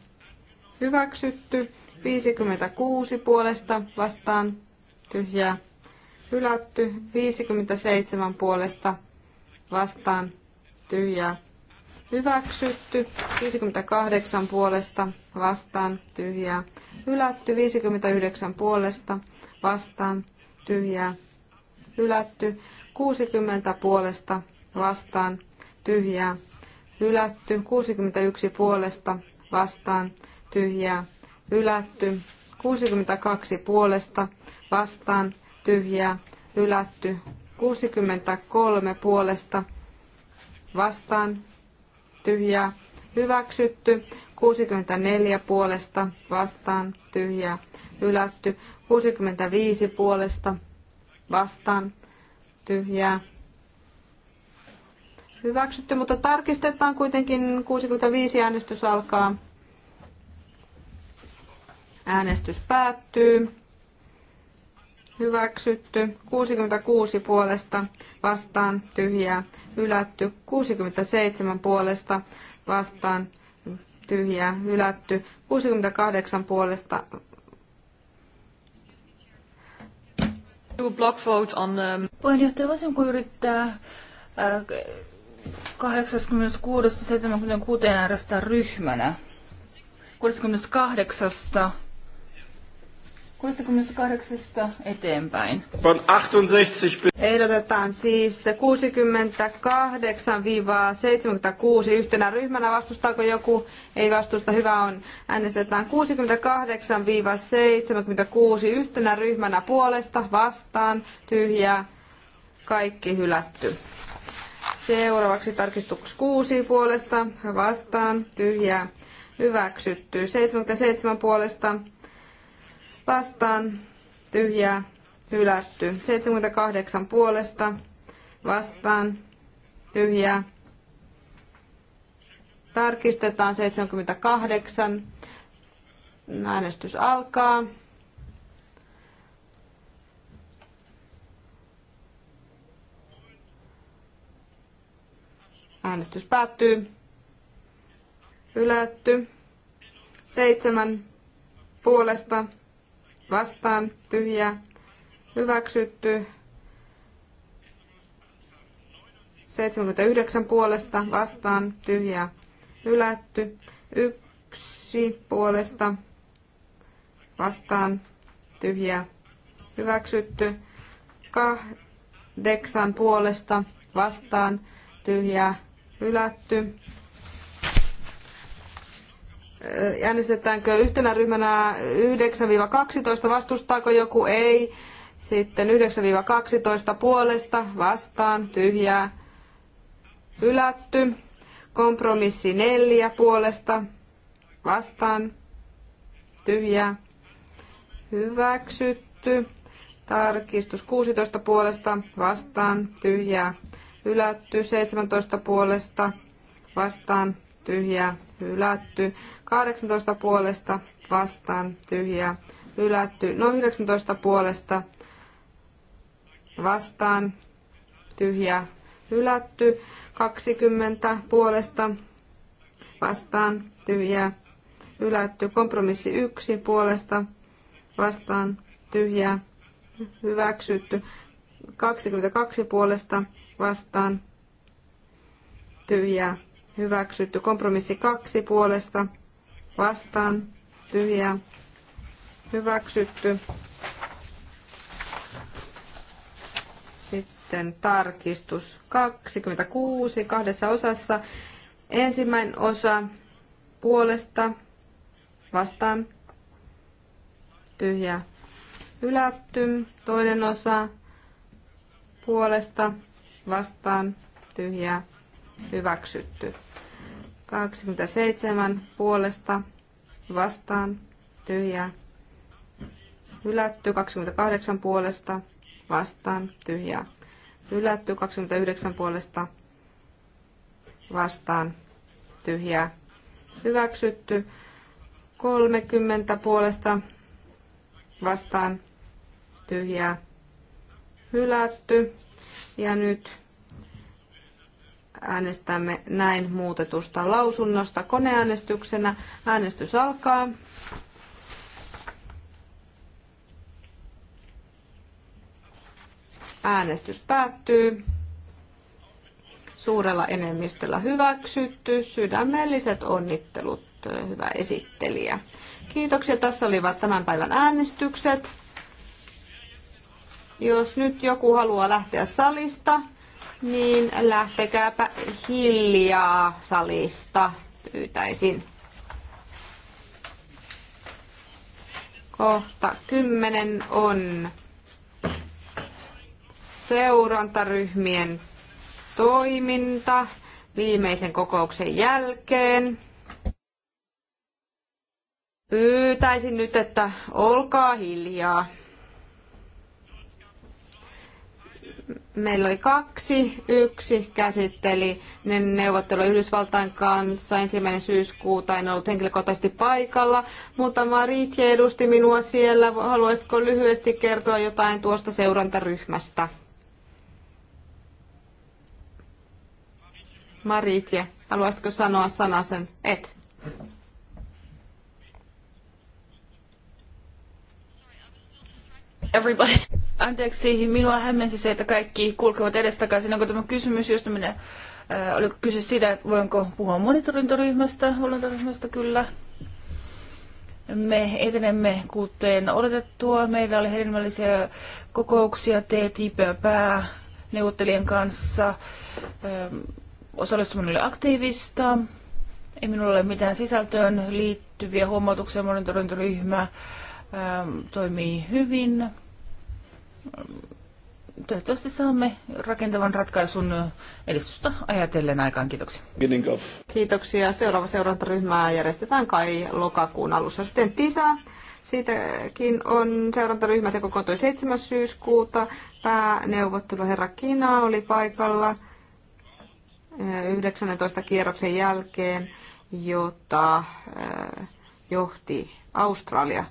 hyväksytty. 56 puolesta vastaan tyhjää hylätty. 57 puolesta vastaan tyhjää hyväksytty. 58 puolesta vastaan tyhjää hylätty. 59 puolesta vastaan tyhjää hylätty. 60 puolesta vastaan tyhjää hylätty. 61 puolesta vastaan tyhjää hylätty. 62 puolesta vastaan tyhjää hylätty. 63 puolesta vastaan tyhjää hyväksytty. 64 puolesta vastaan tyhjää hylätty. 65 puolesta vastaan tyhjää hyväksytty, mutta tarkistetaan kuitenkin 65 äänestys alkaa. Äänestys päättyy. Hyväksytty. 66 puolesta vastaan tyhjää. Hylätty. 67 puolesta vastaan tyhjää. Hylätty. 68 puolesta block vote on... Um... Puheenjohtaja, voisinko yrittää äh, 86-76 äänestää ryhmänä? 68 68 eteenpäin. Von 68 Ehdotetaan siis 68-76 yhtenä ryhmänä. Vastustaako joku? Ei vastusta. Hyvä on. Äänestetään 68-76 yhtenä ryhmänä puolesta. Vastaan. Tyhjää. Kaikki hylätty. Seuraavaksi tarkistus 6 puolesta. Vastaan. Tyhjää. Hyväksytty. 77 puolesta vastaan tyhjää hylätty. 78 puolesta vastaan tyhjää. Tarkistetaan 78. Äänestys alkaa. Äänestys päättyy. Hylätty. Seitsemän puolesta vastaan tyhjä hyväksytty. 79 puolesta vastaan tyhjä hylätty. Yksi puolesta vastaan tyhjä hyväksytty. Kahdeksan puolesta vastaan tyhjä hylätty äänestetäänkö yhtenä ryhmänä 9-12, vastustaako joku, ei. Sitten 9-12 puolesta, vastaan, tyhjää, hylätty. Kompromissi 4 puolesta, vastaan, tyhjää, hyväksytty. Tarkistus 16 puolesta, vastaan, tyhjää, hylätty. 17 puolesta, vastaan, tyhjää, hylätty. 18 puolesta vastaan, tyhjää, hylätty. No 19 puolesta vastaan, tyhjää, hylätty. 20 puolesta vastaan, tyhjää, hylätty. Kompromissi 1 puolesta vastaan, tyhjää, hyväksytty. 22 puolesta vastaan, tyhjää, hyväksytty. Kompromissi kaksi puolesta vastaan tyhjää hyväksytty. Sitten tarkistus 26 kahdessa osassa. Ensimmäinen osa puolesta vastaan tyhjää hylätty. Toinen osa puolesta vastaan tyhjää hyväksytty. 27 puolesta vastaan tyhjää. Hylätty 28 puolesta vastaan tyhjää. Hylätty 29 puolesta vastaan tyhjää. Hyväksytty 30 puolesta vastaan tyhjää. Hylätty. Ja nyt äänestämme näin muutetusta lausunnosta koneäänestyksenä. Äänestys alkaa. Äänestys päättyy. Suurella enemmistöllä hyväksytty. Sydämelliset onnittelut, hyvä esittelijä. Kiitoksia. Tässä olivat tämän päivän äänestykset. Jos nyt joku haluaa lähteä salista, niin lähtekääpä hiljaa salista, pyytäisin. Kohta kymmenen on seurantaryhmien toiminta viimeisen kokouksen jälkeen. Pyytäisin nyt, että olkaa hiljaa. meillä oli kaksi. Yksi käsitteli ne neuvottelu Yhdysvaltain kanssa ensimmäinen syyskuuta. En ollut henkilökohtaisesti paikalla, mutta Maritje edusti minua siellä. Haluaisitko lyhyesti kertoa jotain tuosta seurantaryhmästä? Maritje, haluaisitko sanoa sanasen? Et. Everybody. Anteeksi, minua hämmensi se, että kaikki kulkevat edestakaisin. Onko tämä kysymys, josta minä, äh, oliko kyse siitä, että voinko puhua monitorintoryhmästä, valintaryhmästä kyllä. Me etenemme kuuteen odotettua. Meillä oli hedelmällisiä kokouksia TTIP-pää neuvottelijan kanssa. Ähm, osallistuminen oli aktiivista. Ei minulla ole mitään sisältöön liittyviä huomautuksia monitorointiryhmää Ähm, toimii hyvin. Ähm, toivottavasti saamme rakentavan ratkaisun äh, edistystä ajatellen aikaan. Kiitoksia. Kiitoksia. Seuraava seurantaryhmää järjestetään kai lokakuun alussa. Sitten TISA. Siitäkin on seurantaryhmä, se kokoontui 7. syyskuuta. Pääneuvottelu herra Kina oli paikalla 19 äh, kierroksen jälkeen, jota äh, johti Australia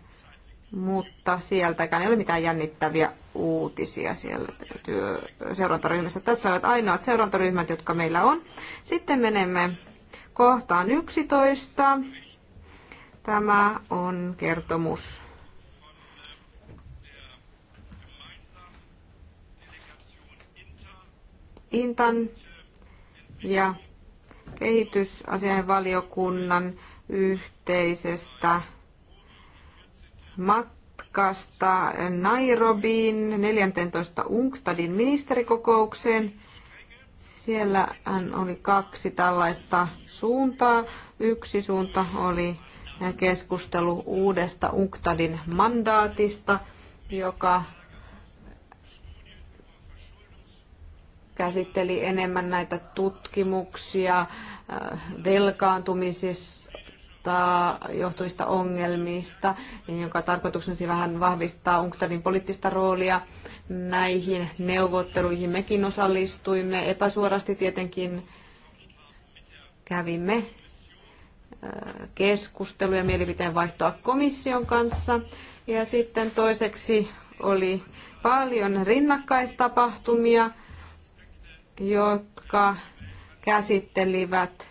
mutta sieltäkään ei ole mitään jännittäviä uutisia siellä työ, seurantaryhmässä. Tässä ovat ainoat seurantaryhmät, jotka meillä on. Sitten menemme kohtaan 11. Tämä on kertomus Intan ja kehitysasian valiokunnan yhteisestä matkasta Nairobiin 14. UNCTADin ministerikokoukseen. Siellä hän oli kaksi tällaista suuntaa. Yksi suunta oli keskustelu uudesta UNCTADin mandaatista, joka käsitteli enemmän näitä tutkimuksia äh, velkaantumisessa johtuvista, johtuvista ongelmista, jonka tarkoituksena vähän vahvistaa UNCTADin poliittista roolia. Näihin neuvotteluihin mekin osallistuimme epäsuorasti tietenkin kävimme äh, keskusteluja, mielipiteen vaihtoa komission kanssa. Ja sitten toiseksi oli paljon rinnakkaistapahtumia, jotka käsittelivät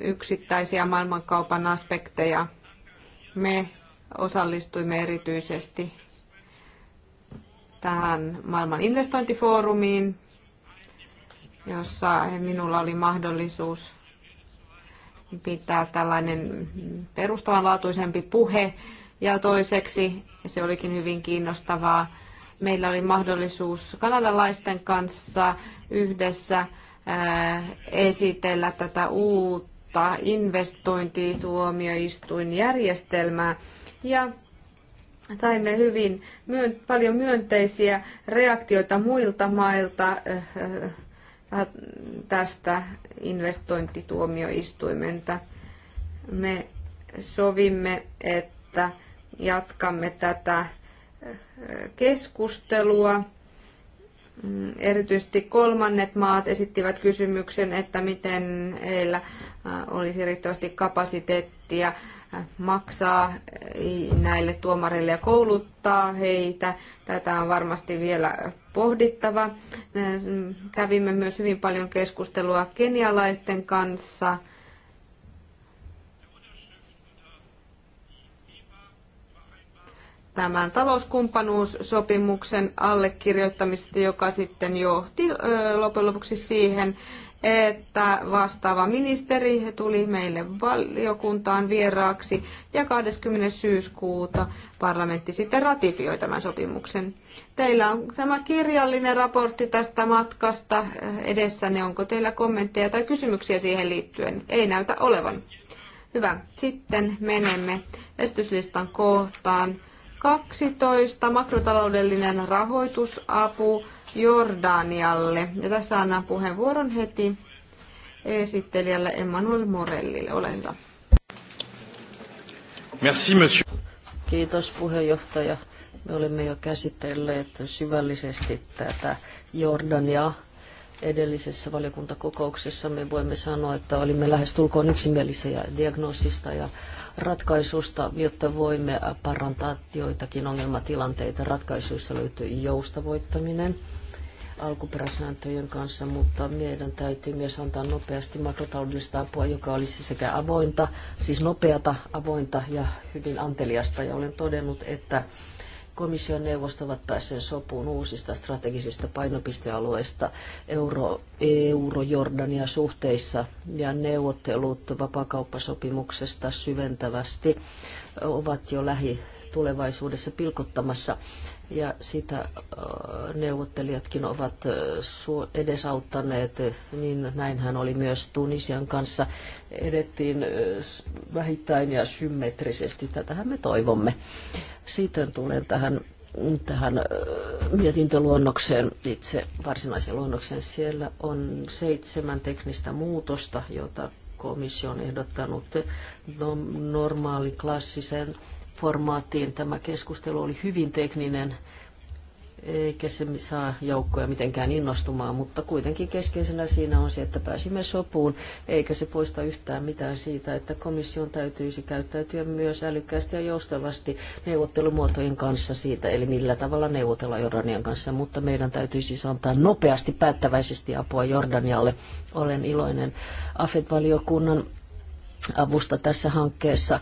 yksittäisiä maailmankaupan aspekteja. Me osallistuimme erityisesti tähän maailman investointifoorumiin, jossa minulla oli mahdollisuus pitää tällainen perustavanlaatuisempi puhe. Ja toiseksi, ja se olikin hyvin kiinnostavaa, meillä oli mahdollisuus kanadalaisten kanssa yhdessä esitellä tätä uutta investointituomioistuinjärjestelmää. Ja saimme hyvin myön, paljon myönteisiä reaktioita muilta mailta tästä investointituomioistuimenta. Me sovimme, että jatkamme tätä keskustelua Mm, erityisesti kolmannet maat esittivät kysymyksen, että miten heillä äh, olisi riittävästi kapasiteettia äh, maksaa äh, näille tuomareille ja kouluttaa heitä. Tätä on varmasti vielä pohdittava. Kävimme myös hyvin paljon keskustelua kenialaisten kanssa tämän talouskumppanuussopimuksen allekirjoittamista, joka sitten johti loppujen lopuksi siihen, että vastaava ministeri tuli meille valiokuntaan vieraaksi ja 20. syyskuuta parlamentti sitten ratifioi tämän sopimuksen. Teillä on tämä kirjallinen raportti tästä matkasta edessäne. Onko teillä kommentteja tai kysymyksiä siihen liittyen? Ei näytä olevan. Hyvä. Sitten menemme esityslistan kohtaan 12. Makrotaloudellinen rahoitusapu Jordanialle. Ja tässä annan puheenvuoron heti esittelijälle Emmanuel Morellille. Ole hyvä. Merci, monsieur. Kiitos puheenjohtaja. Me olemme jo käsitelleet syvällisesti tätä Jordania edellisessä valiokuntakokouksessa. Me voimme sanoa, että olimme lähes tulkoon yksimielisiä diagnoosista ja ratkaisusta, jotta voimme parantaa joitakin ongelmatilanteita. Ratkaisuissa löytyy joustavoittaminen alkuperäsääntöjen kanssa, mutta meidän täytyy myös antaa nopeasti makrotaloudellista apua, joka olisi sekä avointa, siis nopeata, avointa ja hyvin anteliasta. Ja olen todennut, että Komission neuvosto ovat päässeet sopuun uusista strategisista painopistealueista euro, euro-Jordania suhteissa ja neuvottelut vapakauppasopimuksesta syventävästi ovat jo lähi tulevaisuudessa pilkottamassa ja sitä äh, neuvottelijatkin ovat äh, edesauttaneet, niin näinhän oli myös Tunisian kanssa. Edettiin äh, vähittäin ja symmetrisesti, tätähän me toivomme. Sitten tulen tähän, tähän mietintöluonnokseen, itse varsinaisen luonnokseen Siellä on seitsemän teknistä muutosta, jota komissio on ehdottanut normaali klassisen formaattiin. Tämä keskustelu oli hyvin tekninen, eikä se saa joukkoja mitenkään innostumaan, mutta kuitenkin keskeisenä siinä on se, että pääsimme sopuun, eikä se poista yhtään mitään siitä, että komission täytyisi käyttäytyä myös älykkäästi ja joustavasti neuvottelumuotojen kanssa siitä, eli millä tavalla neuvotella Jordanian kanssa, mutta meidän täytyisi siis antaa nopeasti päättäväisesti apua Jordanialle. Olen iloinen AFET-valiokunnan avusta tässä hankkeessa.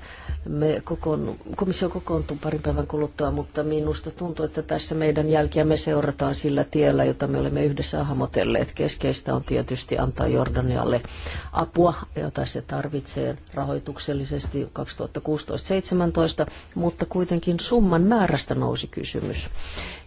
Me kokoon, komissio kokoontuu parin päivän kuluttua, mutta minusta tuntuu, että tässä meidän me seurataan sillä tiellä, jota me olemme yhdessä hahmotelleet. Keskeistä on tietysti antaa Jordanialle apua, jota se tarvitsee rahoituksellisesti 2016-2017, mutta kuitenkin summan määrästä nousi kysymys.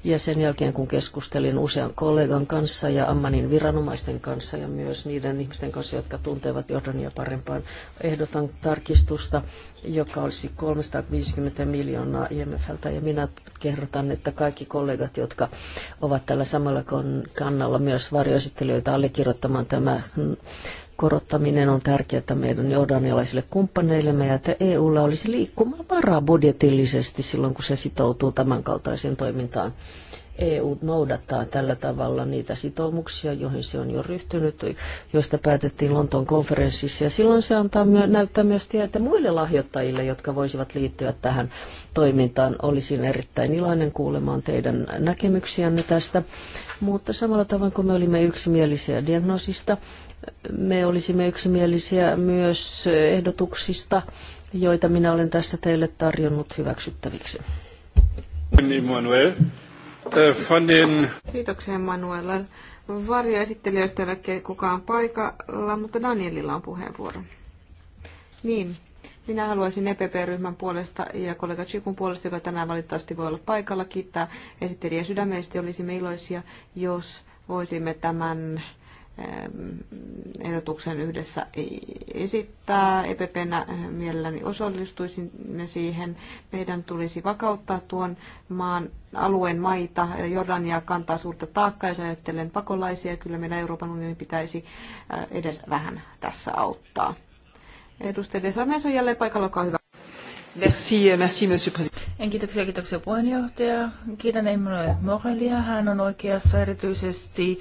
Ja sen jälkeen, kun keskustelin usean kollegan kanssa ja Ammanin viranomaisten kanssa ja myös niiden ihmisten kanssa, jotka tuntevat Jordania parempaan, ehdotan tarkistusta, joka olisi 350 miljoonaa IMFltä. Ja minä kerrotan, että kaikki kollegat, jotka ovat tällä samalla kannalla, myös varjoesittelijöitä allekirjoittamaan tämä korottaminen on tärkeää meidän jordanialaisille kumppaneillemme ja että EUlla olisi liikkumavaraa budjetillisesti silloin, kun se sitoutuu tämänkaltaiseen toimintaan. EU noudattaa tällä tavalla niitä sitoumuksia, joihin se on jo ryhtynyt, joista päätettiin Lontoon konferenssissa. Ja silloin se antaa myö, näyttää myös tietä muille lahjoittajille, jotka voisivat liittyä tähän toimintaan. Olisin erittäin iloinen kuulemaan teidän näkemyksiänne tästä. Mutta samalla tavoin kuin me olimme yksimielisiä diagnoosista, me olisimme yksimielisiä myös ehdotuksista, joita minä olen tässä teille tarjonnut hyväksyttäviksi. Emmanuel. Äh, Kiitoksia Manuela. Varjoesittelijöistä ei ole kukaan paikalla, mutta Danielilla on puheenvuoro. Niin, minä haluaisin EPP-ryhmän puolesta ja kollega Chikun puolesta, joka tänään valitettavasti voi olla paikalla, kiittää esittelijä sydämellisesti. Olisimme iloisia, jos voisimme tämän ehdotuksen yhdessä esittää. EPPnä mielelläni osallistuisimme siihen. Meidän tulisi vakauttaa tuon maan alueen maita. Jordania kantaa suurta taakkaa, jos ajattelen pakolaisia. Kyllä meidän Euroopan unionin pitäisi edes vähän tässä auttaa. Edustaja Desarnes on jälleen paikalla, olkaa hyvä. Merci, merci, monsieur président. Kiitoksia, kiitoksia puheenjohtaja. Kiitän Emmanuel Morelia. Hän on oikeassa erityisesti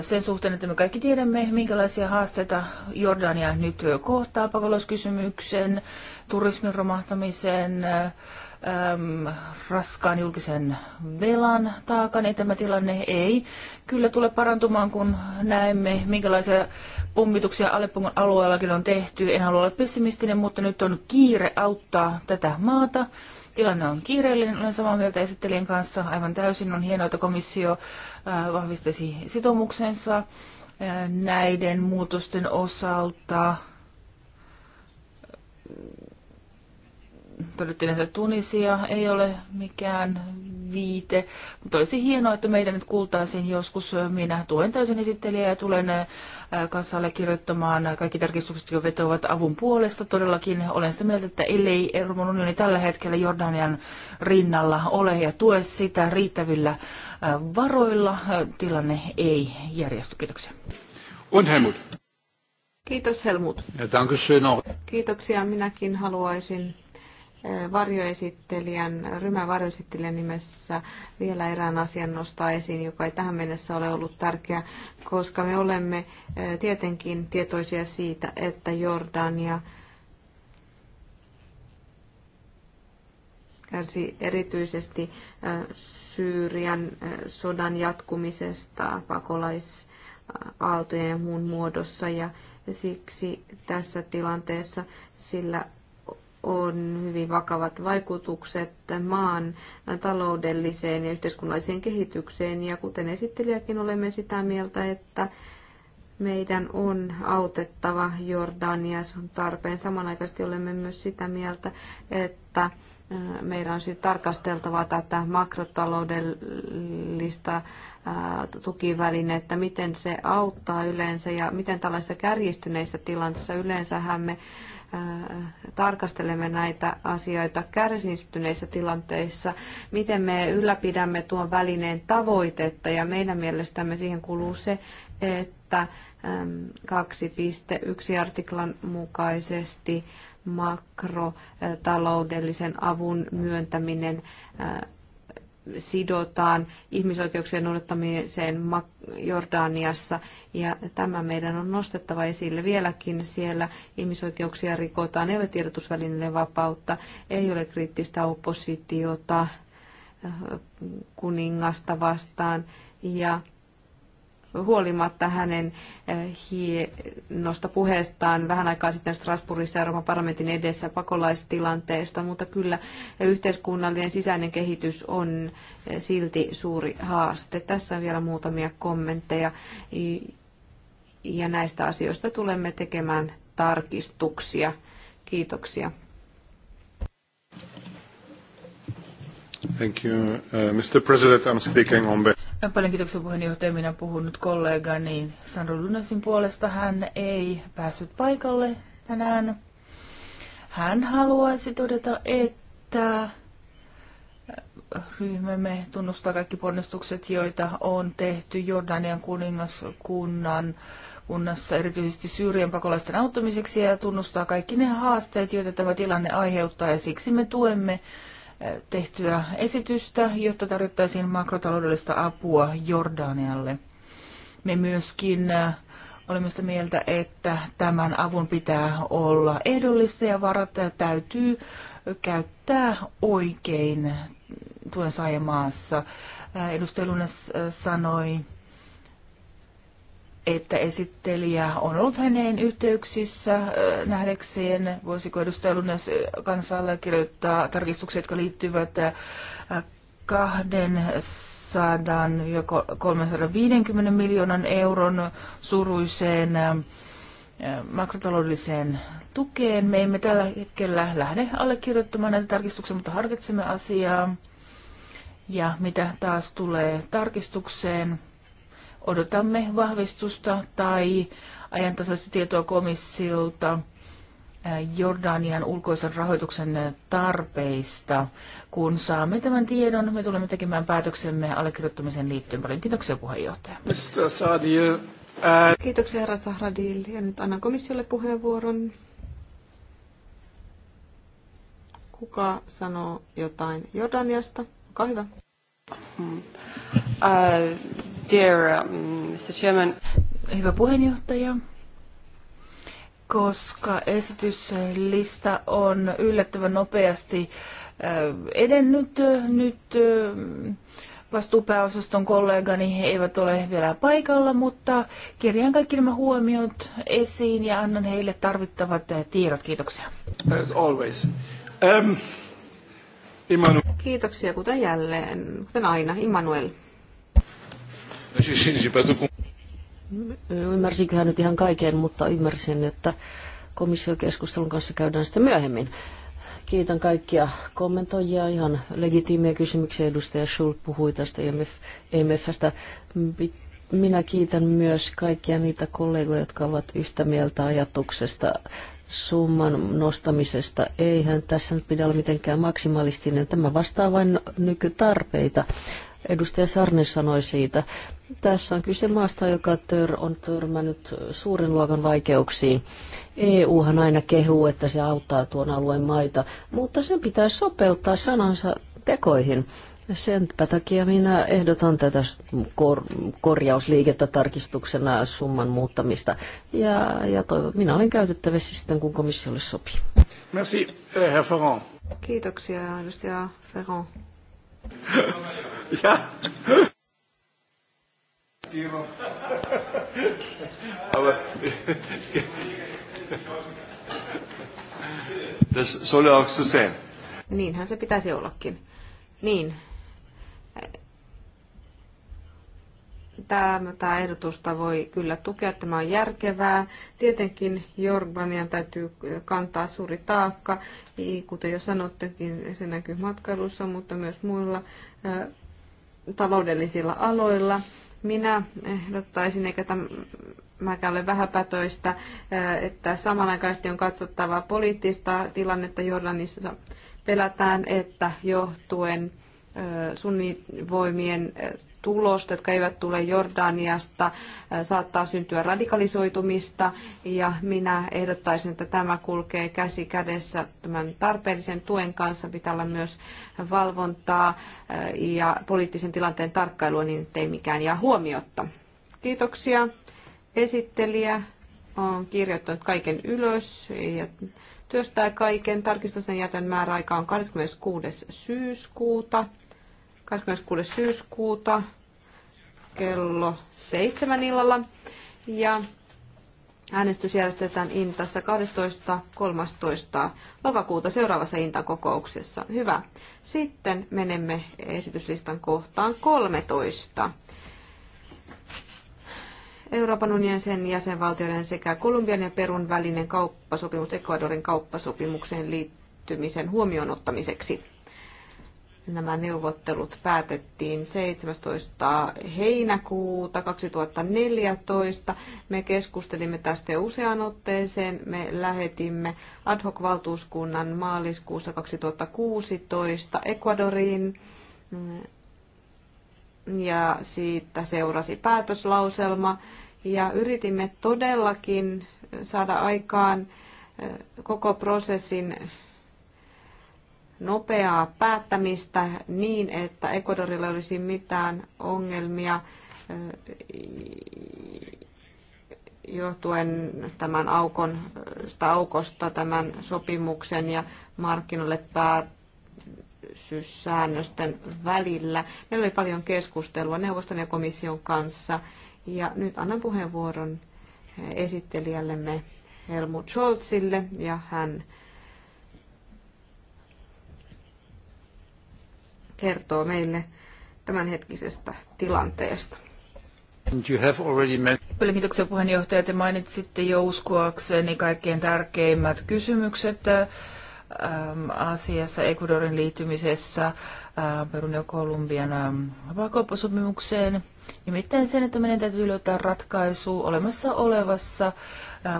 sen suhteen, että me kaikki tiedämme, minkälaisia haasteita Jordania nyt kohtaa pakolaiskysymyksen, turismin romahtamisen, äm, raskaan julkisen velan taakan, että tämä tilanne ei kyllä tule parantumaan, kun näemme, minkälaisia pommituksia Aleppon alueellakin on tehty. En halua olla pessimistinen, mutta nyt on kiire auttaa tätä maata. Tilanne on kiireellinen, olen samaa mieltä esittelijän kanssa aivan täysin. On hienoa, että komissio vahvistaisi sitoumuksensa näiden muutosten osalta todettiin, että Tunisia ei ole mikään viite, mutta olisi hienoa, että meidän nyt kuultaisiin joskus. Minä tuen täysin esittelijä ja tulen kanssalle kirjoittamaan kaikki tarkistukset, jotka vetovat avun puolesta. Todellakin olen sitä mieltä, että ellei Euroopan unioni tällä hetkellä Jordanian rinnalla ole ja tue sitä riittävillä varoilla, tilanne ei järjesty. Kiitoksia. On Helmut. Kiitos Helmut. Ja, Kiitoksia. Minäkin haluaisin Äh, varjoesittelijän, ryhmän varjoesittelijän nimessä vielä erään asian nostaa esiin, joka ei tähän mennessä ole ollut tärkeä, koska me olemme äh, tietenkin tietoisia siitä, että Jordania kärsi erityisesti äh, Syyrian sodan jatkumisesta pakolaisaaltojen ja muun muodossa ja siksi tässä tilanteessa sillä on hyvin vakavat vaikutukset maan taloudelliseen ja yhteiskunnalliseen kehitykseen. Ja kuten esittelijäkin olemme sitä mieltä, että meidän on autettava Jordania, se on tarpeen. Samanaikaisesti olemme myös sitä mieltä, että meidän on sitten siis tarkasteltava tätä makrotaloudellista tukivälinettä, miten se auttaa yleensä ja miten tällaisessa kärjistyneissä tilanteissa yleensähän me Äh, tarkastelemme näitä asioita kärsistyneissä tilanteissa, miten me ylläpidämme tuon välineen tavoitetta ja meidän mielestämme siihen kuuluu se, että 2.1 artiklan mukaisesti makrotaloudellisen avun myöntäminen äh, sidotaan ihmisoikeuksien noudattamiseen Jordaniassa. Ja tämä meidän on nostettava esille vieläkin siellä. Ihmisoikeuksia rikotaan, ei ole tiedotusvälineiden vapautta, ei ole kriittistä oppositiota eh, kuningasta vastaan ja huolimatta hänen eh, hienosta puheestaan vähän aikaa sitten Strasbourgissa Euroopan parlamentin edessä pakolaistilanteesta, mutta kyllä yhteiskunnallinen sisäinen kehitys on eh, silti suuri haaste. Tässä on vielä muutamia kommentteja ja näistä asioista tulemme tekemään tarkistuksia. Kiitoksia. Thank you, uh, Mr. President. I'm speaking on behalf. Paljon kiitoksia puheenjohtaja. Minä puhun nyt kollegani Sandro Lunasin puolesta. Hän ei päässyt paikalle tänään. Hän haluaisi todeta, että ryhmämme tunnustaa kaikki ponnistukset, joita on tehty Jordanian kuningaskunnan kunnassa erityisesti Syyrian pakolaisten auttamiseksi ja tunnustaa kaikki ne haasteet, joita tämä tilanne aiheuttaa ja siksi me tuemme tehtyä esitystä, jotta tarjottaisiin makrotaloudellista apua Jordanialle. Me myöskin äh, olemme sitä mieltä, että tämän avun pitää olla ehdollista ja varat täytyy käyttää oikein tuen saajamaassa. Äh, edustaja Lunes äh, sanoi, että esittelijä on ollut häneen yhteyksissä äh, nähdäkseen, voisiko edustaja Lunas äh, kansalle kirjoittaa tarkistuksia, jotka liittyvät 200 äh, 350 miljoonan euron suruiseen makrotaloudelliseen tukeen. Me emme tällä hetkellä lähde allekirjoittamaan näitä tarkistuksia, mutta harkitsemme asiaa. Ja mitä taas tulee tarkistukseen, odotamme vahvistusta tai ajantasaista tietoa komissiolta äh, Jordanian ulkoisen rahoituksen tarpeista. Kun saamme tämän tiedon, me tulemme tekemään päätöksemme allekirjoittamisen liittyen. Paljon kiitoksia puheenjohtaja. Äh, kiitoksia herra Sahradil. Ja nyt annan komissiolle puheenvuoron. Kuka sanoo jotain Jordaniasta? Olkaa hyvä. Mm. Uh, Dear, Mr. Um, Chairman. Hyvä puheenjohtaja. Koska esityslista on yllättävän nopeasti äh, edennyt äh, nyt äh, vastuupääosaston kollegani eivät ole vielä paikalla, mutta kirjaan kaikki nämä huomiot esiin ja annan heille tarvittavat tiedot. Kiitoksia. As always. Um, Kiitoksia, kuten jälleen, kuten aina, Immanuel. Ymmärsinköhän nyt ihan kaiken, mutta ymmärsin, että komissiokeskustelun kanssa käydään sitä myöhemmin. Kiitän kaikkia kommentoijia. Ihan legitiimiä kysymyksiä. Edustaja Schulz puhui tästä EMF, EMFstä. Minä kiitän myös kaikkia niitä kollegoja, jotka ovat yhtä mieltä ajatuksesta summan nostamisesta. Eihän tässä nyt pidä olla mitenkään maksimalistinen. Tämä vastaa vain nykytarpeita. Edustaja Sarne sanoi siitä. Tässä on kyse maasta, joka tör, on törmännyt suuren luokan vaikeuksiin. EUhan aina kehuu, että se auttaa tuon alueen maita, mutta sen pitää sopeuttaa sanansa tekoihin. Senpä takia minä ehdotan tätä kor- korjausliikettä tarkistuksena summan muuttamista. Ja, ja toivon, minä olen käytettävissä sitten, kun komissiolle sopii. Merci, eh, herr Ferrand. Kiitoksia, edustaja Ferrand. ja. Gesetzgebung. Aber das soll er auch so sein. Niinhän se pitäisi ollakin. Niin. Tämä ehdotusta voi kyllä tukea, tämä on järkevää. Tietenkin Jordanian täytyy kantaa suuri taakka, kuten jo sanottekin, se näkyy matkailussa, mutta myös muilla taloudellisilla aloilla. Minä ehdottaisin, eikä tämäkään ole vähäpätöistä, että samanaikaisesti on katsottava poliittista tilannetta Jordanissa. Pelätään, että johtuen sunnivoimien tulosta, jotka eivät tule Jordaniasta, äh, saattaa syntyä radikalisoitumista ja minä ehdottaisin, että tämä kulkee käsi kädessä tämän tarpeellisen tuen kanssa. Pitää olla myös valvontaa äh, ja poliittisen tilanteen tarkkailua niin, ettei mikään jää huomiotta. Kiitoksia. Esittelijä on kirjoittanut kaiken ylös ja työstää kaiken. Tarkistusten jätön määräaika on 26. syyskuuta. 26. syyskuuta kello 7 illalla. Ja äänestys järjestetään Intassa 12.13. lokakuuta seuraavassa Intan kokouksessa. Hyvä. Sitten menemme esityslistan kohtaan 13. Euroopan unionin sen jäsenvaltioiden sekä Kolumbian ja Perun välinen kauppasopimus Ecuadorin kauppasopimukseen liittymisen huomioon ottamiseksi. Nämä neuvottelut päätettiin 17. heinäkuuta 2014. Me keskustelimme tästä jo useaan otteeseen. Me lähetimme ad hoc-valtuuskunnan maaliskuussa 2016 Ecuadoriin ja siitä seurasi päätöslauselma ja yritimme todellakin saada aikaan eh, koko prosessin nopeaa päättämistä niin, että Ecuadorilla olisi mitään ongelmia johtuen tämän aukon, aukosta tämän sopimuksen ja markkinoille pääsyssäännösten välillä. Meillä oli paljon keskustelua neuvoston ja komission kanssa ja nyt annan puheenvuoron esittelijällemme Helmut Scholzille ja hän kertoo meille tämänhetkisestä tilanteesta. Paljon kiitoksia puheenjohtaja. Te mainitsitte jo uskoakseni kaikkein tärkeimmät kysymykset ähm, asiassa Ecuadorin liittymisessä äh, Perun ja Kolumbian ähm, vapaakauppasopimukseen. Nimittäin sen, että meidän täytyy löytää ratkaisu olemassa olevassa ähm,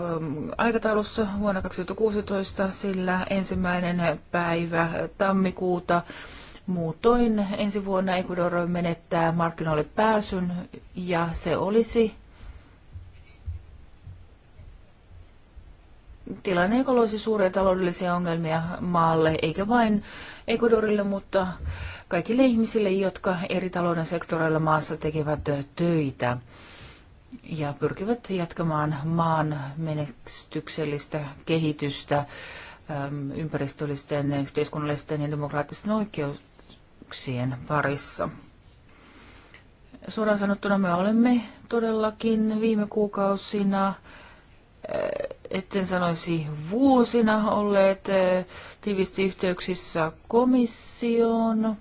aikataulussa vuonna 2016, sillä ensimmäinen päivä tammikuuta Muutoin ensi vuonna Ecuador menettää markkinoille pääsyn ja se olisi tilanne, joka loisi suuria taloudellisia ongelmia maalle, eikä vain Ecuadorille, mutta kaikille ihmisille, jotka eri talouden sektoreilla maassa tekevät töitä ja pyrkivät jatkamaan maan menestyksellistä kehitystä ympäristöllisten, yhteiskunnallisten ja demokraattisten oikeuksien kysymyksien parissa. Suoraan sanottuna me olemme todellakin viime kuukausina, eh, etten sanoisi vuosina, olleet eh, tiivisti yhteyksissä komissioon.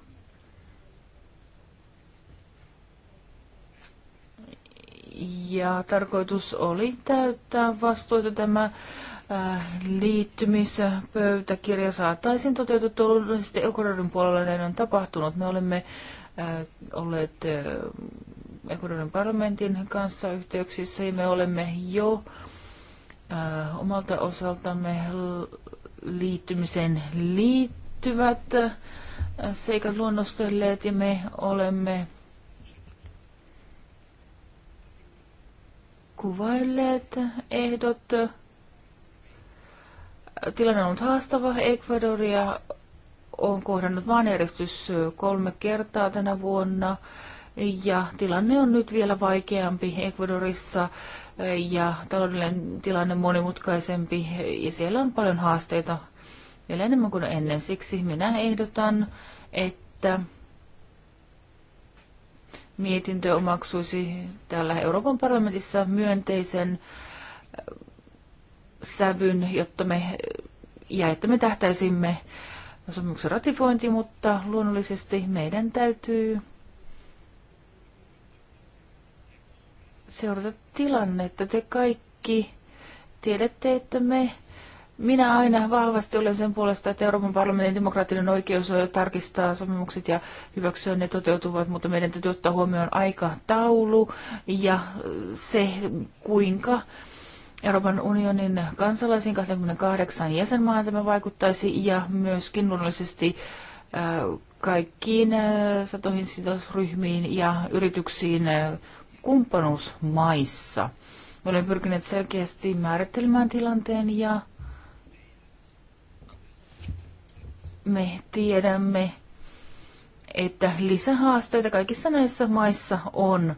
Ja tarkoitus oli täyttää vastuuta tämä Äh, liittymispöytäkirja saataisiin toteutettua luonnollisesti Ecuadorin puolella näin on tapahtunut. Me olemme äh, olleet äh, Ecuadorin parlamentin kanssa yhteyksissä ja me olemme jo omalta osaltamme liittymiseen liittyvät seikat luonnostelleet ja me olemme kuvailleet ehdot Tilanne on ollut haastava. Ecuadoria on kohdannut maanjärjestys kolme kertaa tänä vuonna. Ja tilanne on nyt vielä vaikeampi Ecuadorissa ja taloudellinen tilanne monimutkaisempi ja siellä on paljon haasteita vielä enemmän kuin ennen. Siksi minä ehdotan, että mietintö omaksuisi täällä Euroopan parlamentissa myönteisen sävyn, jotta me ja että me tähtäisimme sopimuksen ratifointi, mutta luonnollisesti meidän täytyy seurata tilannetta. Te kaikki tiedätte, että me, minä aina vahvasti olen sen puolesta, että Euroopan parlamentin demokraattinen oikeus on tarkistaa sopimukset ja hyväksyä ne toteutuvat, mutta meidän täytyy ottaa huomioon aikataulu ja se, kuinka Euroopan unionin kansalaisiin 28 jäsenmaan tämä vaikuttaisi ja myöskin luonnollisesti kaikkiin satoihin sidosryhmiin ja yrityksiin kumppanuusmaissa. Me olemme pyrkineet selkeästi määrittelemään tilanteen ja me tiedämme, että lisähaasteita kaikissa näissä maissa on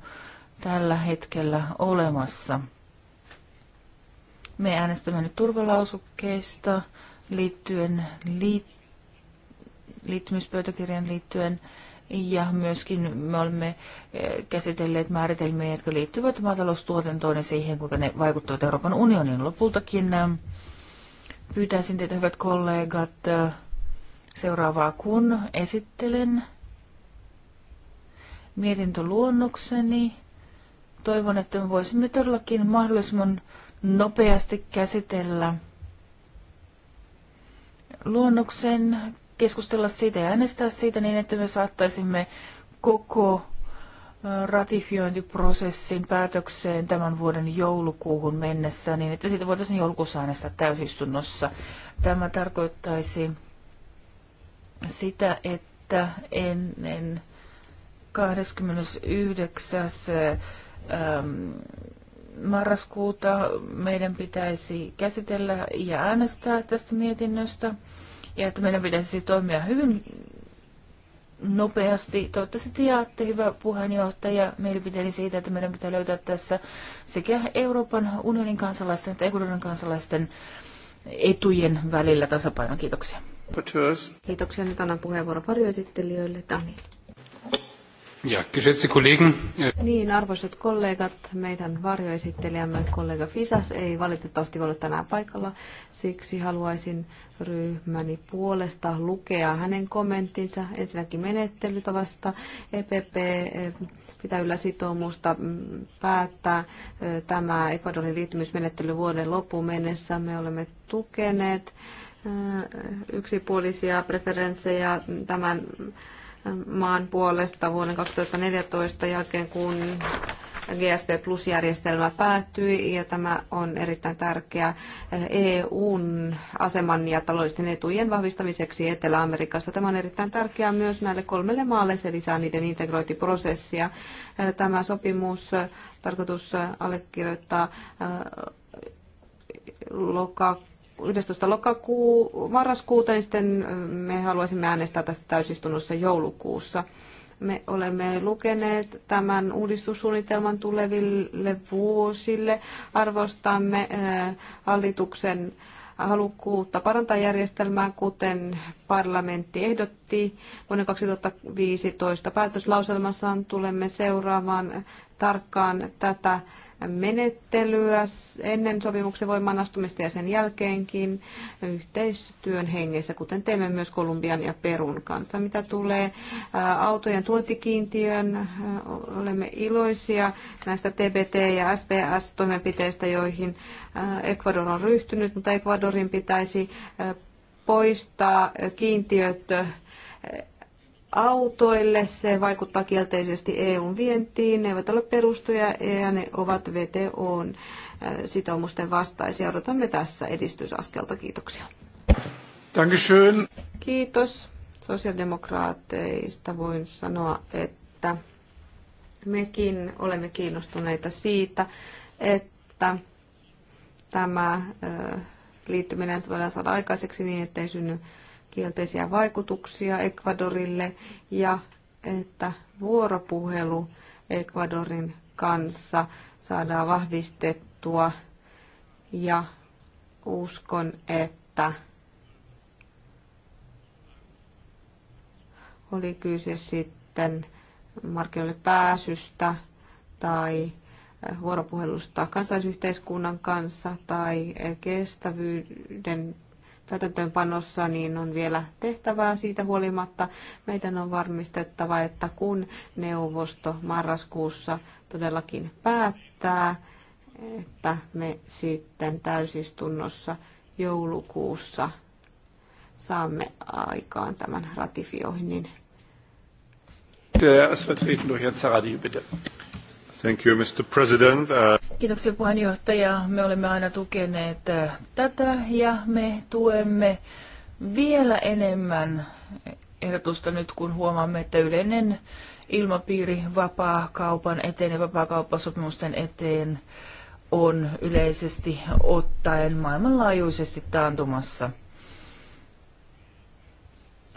tällä hetkellä olemassa. Me äänestämme nyt turvalausukkeista liittyen liit, liittymispöytäkirjan liittyen ja myöskin me olemme eh, käsitelleet määritelmiä, jotka liittyvät maataloustuotantoon ja siihen, kuinka ne vaikuttavat Euroopan unionin lopultakin. Pyytäisin teitä, hyvät kollegat, eh, seuraavaa kun esittelen mietintöluonnokseni. Toivon, että me voisimme todellakin mahdollisimman nopeasti käsitellä luonnoksen, keskustella siitä ja äänestää siitä niin, että me saattaisimme koko ratifiointiprosessin päätökseen tämän vuoden joulukuuhun mennessä, niin että siitä voitaisiin joulukuussa äänestää täysistunnossa. Tämä tarkoittaisi sitä, että ennen 29. Ähm, marraskuuta meidän pitäisi käsitellä ja äänestää tästä mietinnöstä ja että meidän pitäisi toimia hyvin nopeasti. Toivottavasti jaatte, hyvä puheenjohtaja, mielipiteeni siitä, että meidän pitää löytää tässä sekä Euroopan unionin kansalaisten että Ecuadorin kansalaisten etujen välillä tasapaino. Kiitoksia. Kiitoksia. Nyt annan puheenvuoron varjoesittelijöille. Daniel. Ja, äh, Niin, arvoisat kollegat, meidän varjoesittelijämme kollega Fisas ei valitettavasti ole tänään paikalla. Siksi haluaisin ryhmäni puolesta lukea hänen kommenttinsa ensinnäkin menettelytavasta. EPP eh, pitää yllä sitoumusta mm, päättää eh, tämä Ecuadorin liittymismenettely vuoden loppuun mennessä. Me olemme tukeneet eh, yksipuolisia preferenssejä tämän maan puolesta vuonna 2014 jälkeen, kun GSP Plus-järjestelmä päättyi ja tämä on erittäin tärkeä EUn aseman ja taloudellisten etujen vahvistamiseksi Etelä-Amerikassa. Tämä on erittäin tärkeää myös näille kolmelle maalle, se lisää niiden integrointiprosessia. Tämä sopimus tarkoitus allekirjoittaa äh, lokakuun 11. lokakuu, marraskuuta ja sitten me haluaisimme äänestää tästä täysistunnossa joulukuussa. Me olemme lukeneet tämän uudistussuunnitelman tuleville vuosille. Arvostamme hallituksen halukkuutta parantaa järjestelmää, kuten parlamentti ehdotti vuonna 2015 päätöslauselmassaan. Tulemme seuraamaan tarkkaan tätä menettelyä ennen sopimuksen voimaan astumista ja sen jälkeenkin yhteistyön hengessä, kuten teemme myös Kolumbian ja Perun kanssa. Mitä tulee autojen tuotikiintiön, olemme iloisia näistä TBT- ja SPS-toimenpiteistä, joihin Ecuador on ryhtynyt, mutta Ecuadorin pitäisi poistaa kiintiöt autoille. Se vaikuttaa kielteisesti EUn vientiin. Ne eivät ole perustuja ja ne ovat VTOn äh, sitoumusten vastaisia. Odotamme tässä edistysaskelta. Kiitoksia. Dankeschön. Kiitos. Sosiaalidemokraateista voin sanoa, että mekin olemme kiinnostuneita siitä, että tämä äh, liittyminen voidaan saada aikaiseksi niin, ettei synny kielteisiä vaikutuksia Ecuadorille ja että vuoropuhelu Ecuadorin kanssa saadaan vahvistettua ja uskon, että oli kyse sitten markkinoille pääsystä tai vuoropuhelusta kansalaisyhteiskunnan kanssa tai kestävyyden täytäntöönpanossa niin on vielä tehtävää siitä huolimatta. Meidän on varmistettava, että kun neuvosto marraskuussa todellakin päättää, että me sitten täysistunnossa joulukuussa saamme aikaan tämän ratifioinnin. Thank you, Mr. President. Uh... Kiitoksia puheenjohtaja. Me olemme aina tukeneet äh, tätä ja me tuemme vielä enemmän ehdotusta nyt, kun huomaamme, että yleinen ilmapiiri vapaa kaupan eteen ja vapaa kauppasopimusten eteen on yleisesti ottaen maailmanlaajuisesti taantumassa.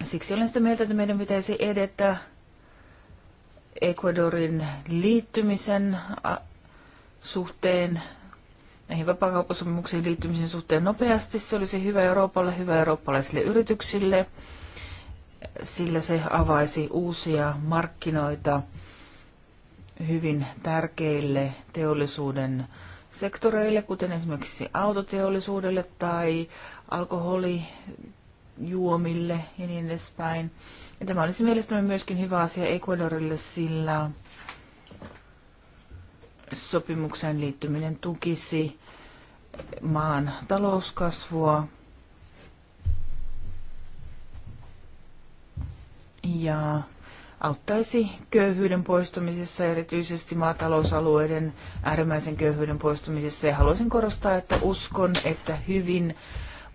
Siksi olen sitä mieltä, että meidän pitäisi edetä Ecuadorin liittymisen suhteen, näihin vapaakauppasopimuksiin liittymisen suhteen nopeasti. Se olisi hyvä Euroopalle, hyvä eurooppalaisille yrityksille, sillä se avaisi uusia markkinoita hyvin tärkeille teollisuuden sektoreille, kuten esimerkiksi autoteollisuudelle tai alkoholijuomille ja niin edespäin. Ja tämä olisi mielestäni myöskin hyvä asia Ecuadorille, sillä sopimukseen liittyminen tukisi maan talouskasvua ja auttaisi köyhyyden poistumisessa, erityisesti maatalousalueiden äärimmäisen köyhyyden poistumisessa. Ja haluaisin korostaa, että uskon, että hyvin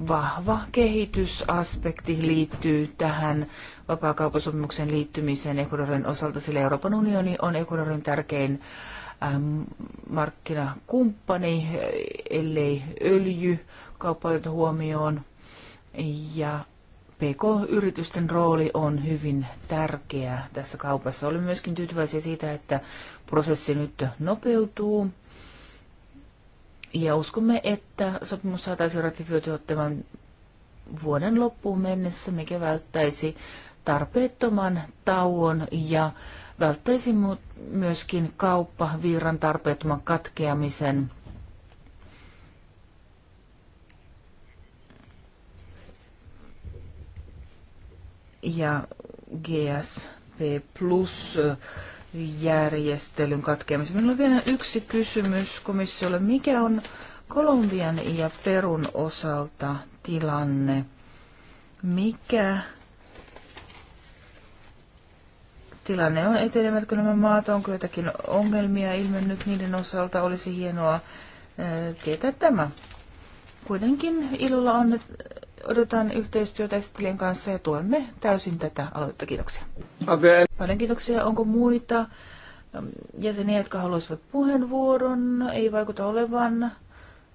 vahva kehitysaspekti liittyy tähän vapaakauppasopimuksen liittymiseen Ecuadorin osalta, sillä Euroopan unioni on Ecuadorin tärkein Ähm, markkinakumppani, ellei öljy kaupalta huomioon. Ja PK-yritysten rooli on hyvin tärkeä tässä kaupassa. Olen myöskin tyytyväisiä siitä, että prosessi nyt nopeutuu. Ja uskomme, että sopimus saataisiin ratifioitua tämän vuoden loppuun mennessä, mikä välttäisi tarpeettoman tauon ja välttäisimme myöskin viiran tarpeettoman katkeamisen. Ja GSP Plus äh, järjestelyn katkeamisen. Minulla on vielä yksi kysymys komissiolle. Mikä on Kolumbian ja Perun osalta tilanne? Mikä tilanne on kun nämä maat, on jotakin ongelmia ilmennyt niiden osalta, olisi hienoa tietää tämä. Kuitenkin ilolla on, että odotan yhteistyötä esittelijän kanssa ja tuemme täysin tätä aloitetta. Kiitoksia. Okay. Paljon kiitoksia. Onko muita ähm, jäseniä, jotka haluaisivat puheenvuoron? Ei vaikuta olevan.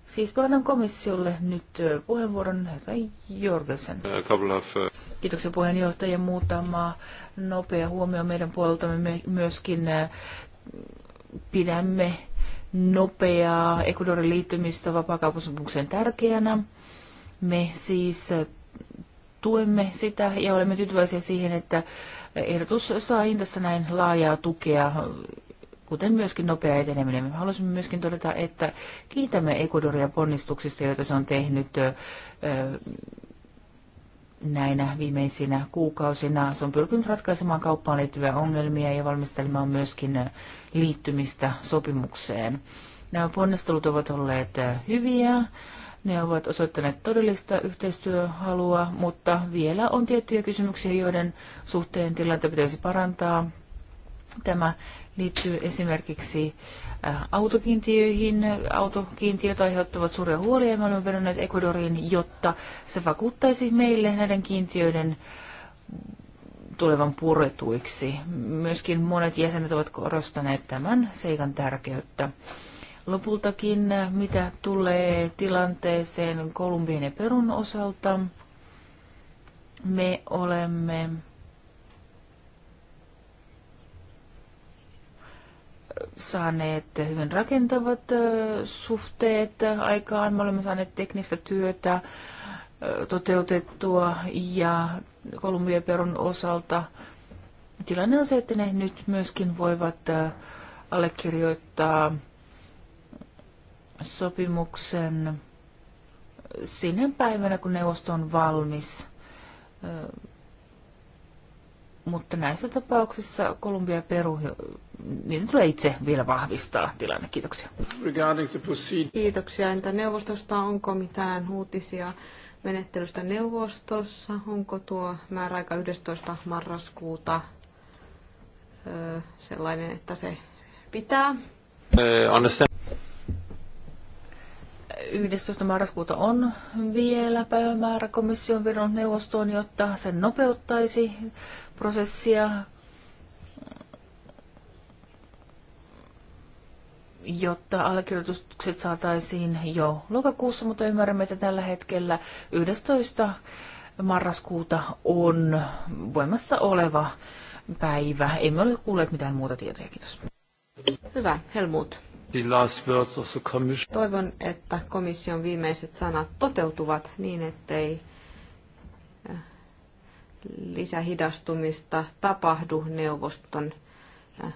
Siis annan komissiolle nyt puheenvuoron herra Jorgensen. Uh, kiitoksia puheenjohtaja. Muutama nopea huomio meidän puoleltamme. Me myöskin äh, pidämme nopeaa Ecuadorin liittymistä vapaakauppasopimuksen tärkeänä. Me siis äh, tuemme sitä ja olemme tyytyväisiä siihen, että ehdotus saa Intassa näin laajaa tukea, kuten myöskin nopea eteneminen. Me haluaisimme myöskin todeta, että kiitämme Ecuadoria ponnistuksista, joita se on tehnyt äh, näinä viimeisinä kuukausina. Se on pyrkinyt ratkaisemaan kauppaan liittyviä ongelmia ja valmistelemaan myöskin liittymistä sopimukseen. Nämä ponnistelut ovat olleet hyviä. Ne ovat osoittaneet todellista yhteistyöhalua, mutta vielä on tiettyjä kysymyksiä, joiden suhteen tilannetta pitäisi parantaa. Tämä liittyy esimerkiksi äh, autokiintiöihin. Autokiintiöt aiheuttavat suuria huolia. Me olemme vedonneet Ecuadoriin, jotta se vakuuttaisi meille näiden kiintiöiden tulevan puretuiksi. Myöskin monet jäsenet ovat korostaneet tämän seikan tärkeyttä. Lopultakin, mitä tulee tilanteeseen Kolumbian ja Perun osalta, me olemme saaneet hyvin rakentavat suhteet aikaan. Me olemme saaneet teknistä työtä toteutettua ja Kolumbia Perun osalta tilanne on se, että ne nyt myöskin voivat allekirjoittaa sopimuksen sinne päivänä, kun neuvosto on valmis. Mutta näissä tapauksissa Kolumbia ja Peru niin tulee itse vielä vahvistaa tilanne. Kiitoksia. Kiitoksia. Entä neuvostosta, onko mitään uutisia menettelystä neuvostossa? Onko tuo määräaika 11. marraskuuta sellainen, että se pitää? Äh, 11. marraskuuta on vielä päivämäärä komission vedon neuvostoon, jotta se nopeuttaisi prosessia jotta allekirjoitukset saataisiin jo lokakuussa, mutta ymmärrämme, että tällä hetkellä 11. marraskuuta on voimassa oleva päivä. Emme ole kuulleet mitään muuta tietoja. Kiitos. Hyvä, Helmut. The the last words of commission. Toivon, että komission viimeiset sanat toteutuvat niin, ettei eh, lisähidastumista tapahdu neuvoston eh,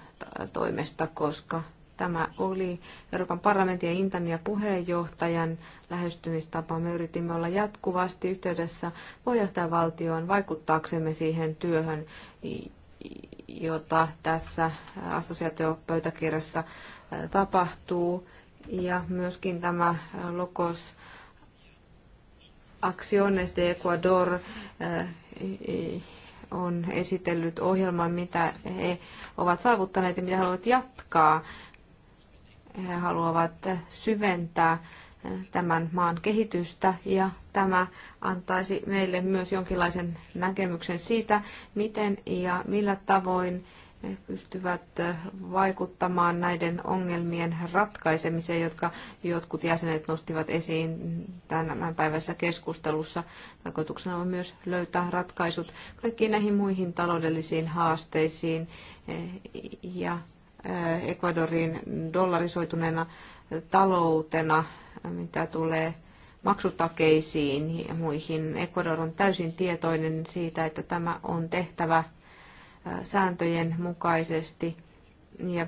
toimesta, koska Tämä oli Euroopan parlamentin ja Intan ja puheenjohtajan lähestymistapa. Me yritimme olla jatkuvasti yhteydessä puheenjohtajavaltioon vaikuttaaksemme siihen työhön, jota tässä assosiaatiopöytäkirjassa äh, tapahtuu. Ja myöskin tämä Lokos Acciones de Ecuador äh, on esitellyt ohjelman, mitä he ovat saavuttaneet ja mitä haluavat jatkaa. He haluavat syventää tämän maan kehitystä ja tämä antaisi meille myös jonkinlaisen näkemyksen siitä, miten ja millä tavoin pystyvät vaikuttamaan näiden ongelmien ratkaisemiseen, jotka jotkut jäsenet nostivat esiin tämän päivässä keskustelussa. Tarkoituksena on myös löytää ratkaisut kaikkiin näihin muihin taloudellisiin haasteisiin eh, ja Ecuadorin dollarisoituneena taloutena, mitä tulee maksutakeisiin ja muihin. Ecuador on täysin tietoinen siitä, että tämä on tehtävä sääntöjen mukaisesti ja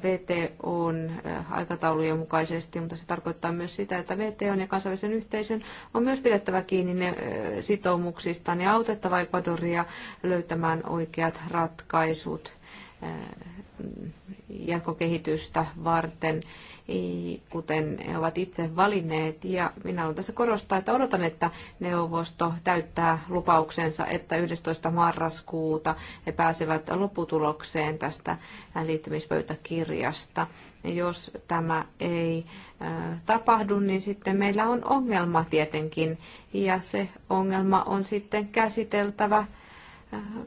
on aikataulujen mukaisesti, mutta se tarkoittaa myös sitä, että on ja kansainvälisen yhteisön on myös pidettävä kiinni ne sitoumuksista ja autettava Ecuadoria löytämään oikeat ratkaisut jatkokehitystä varten, kuten he ovat itse valinneet. Ja minä haluan tässä korostaa, että odotan, että neuvosto täyttää lupauksensa, että 11. marraskuuta he pääsevät lopputulokseen tästä liittymispöytäkirjasta. Jos tämä ei tapahdu, niin sitten meillä on ongelma tietenkin, ja se ongelma on sitten käsiteltävä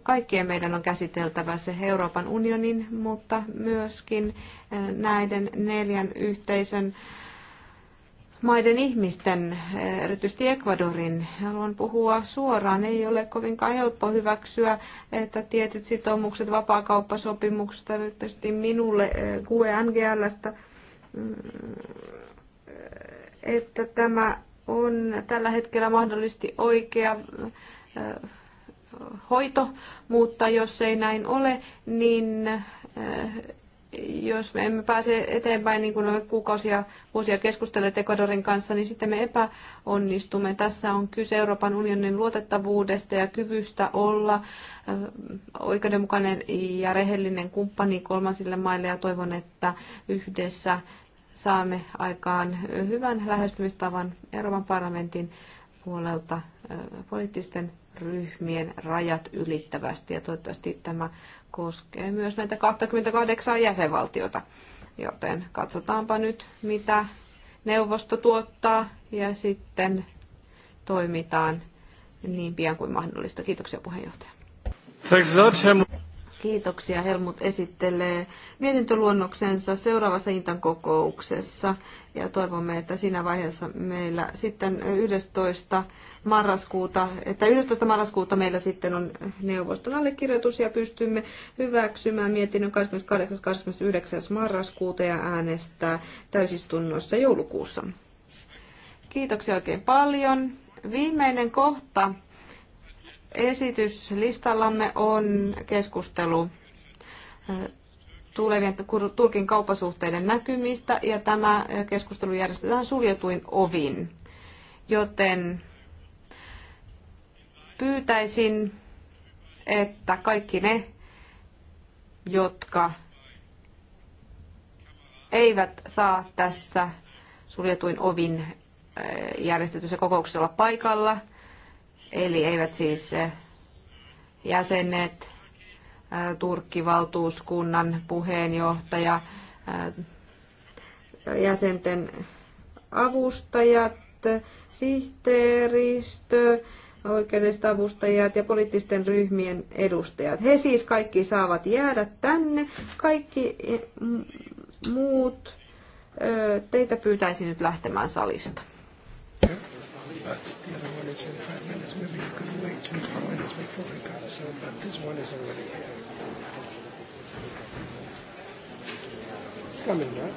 kaikkien meidän on käsiteltävä se Euroopan unionin, mutta myöskin eh, näiden neljän yhteisön maiden ihmisten, eh, erityisesti Ecuadorin. Haluan puhua suoraan. Ei ole kovinkaan helppo hyväksyä, että tietyt sitoumukset vapaakauppasopimuksesta, erityisesti minulle QNGLstä, eh, että tämä on tällä hetkellä mahdollisesti oikea hoito, mutta jos ei näin ole, niin eh, jos me emme pääse eteenpäin, niin kuin kuukausia, vuosia keskustelemaan Ecuadorin kanssa, niin sitten me epäonnistumme. Tässä on kyse Euroopan unionin luotettavuudesta ja kyvystä olla eh, oikeudenmukainen ja rehellinen kumppani kolmansille maille ja toivon, että yhdessä saamme aikaan hyvän lähestymistavan Euroopan parlamentin puolelta eh, poliittisten ryhmien rajat ylittävästi. Ja toivottavasti tämä koskee myös näitä 28 jäsenvaltiota. Joten katsotaanpa nyt, mitä neuvosto tuottaa ja sitten toimitaan niin pian kuin mahdollista. Kiitoksia puheenjohtaja. Thanks a lot, Helmut. Kiitoksia. Helmut esittelee mietintöluonnoksensa seuraavassa Intan kokouksessa ja toivomme, että siinä vaiheessa meillä sitten 11 marraskuuta, että 11. marraskuuta meillä sitten on neuvoston allekirjoitus ja pystymme hyväksymään mietinnön 28.–29. marraskuuta ja äänestää täysistunnossa joulukuussa. Kiitoksia oikein paljon. Viimeinen kohta esityslistallamme on keskustelu tulevien Turkin kauppasuhteiden näkymistä ja tämä keskustelu järjestetään suljetuin ovin. Joten Pyytäisin, että kaikki ne, jotka eivät saa tässä suljetuin ovin äh, järjestetyssä kokouksessa olla paikalla, eli eivät siis äh, jäsenet, äh, Turkki-valtuuskunnan puheenjohtaja, jäsenten avustajat, sihteeristö, oikeudelliset avustajat ja poliittisten ryhmien edustajat. He siis kaikki saavat jäädä tänne. Kaikki mm, muut, teitä pyytäisin nyt lähtemään salista. coming,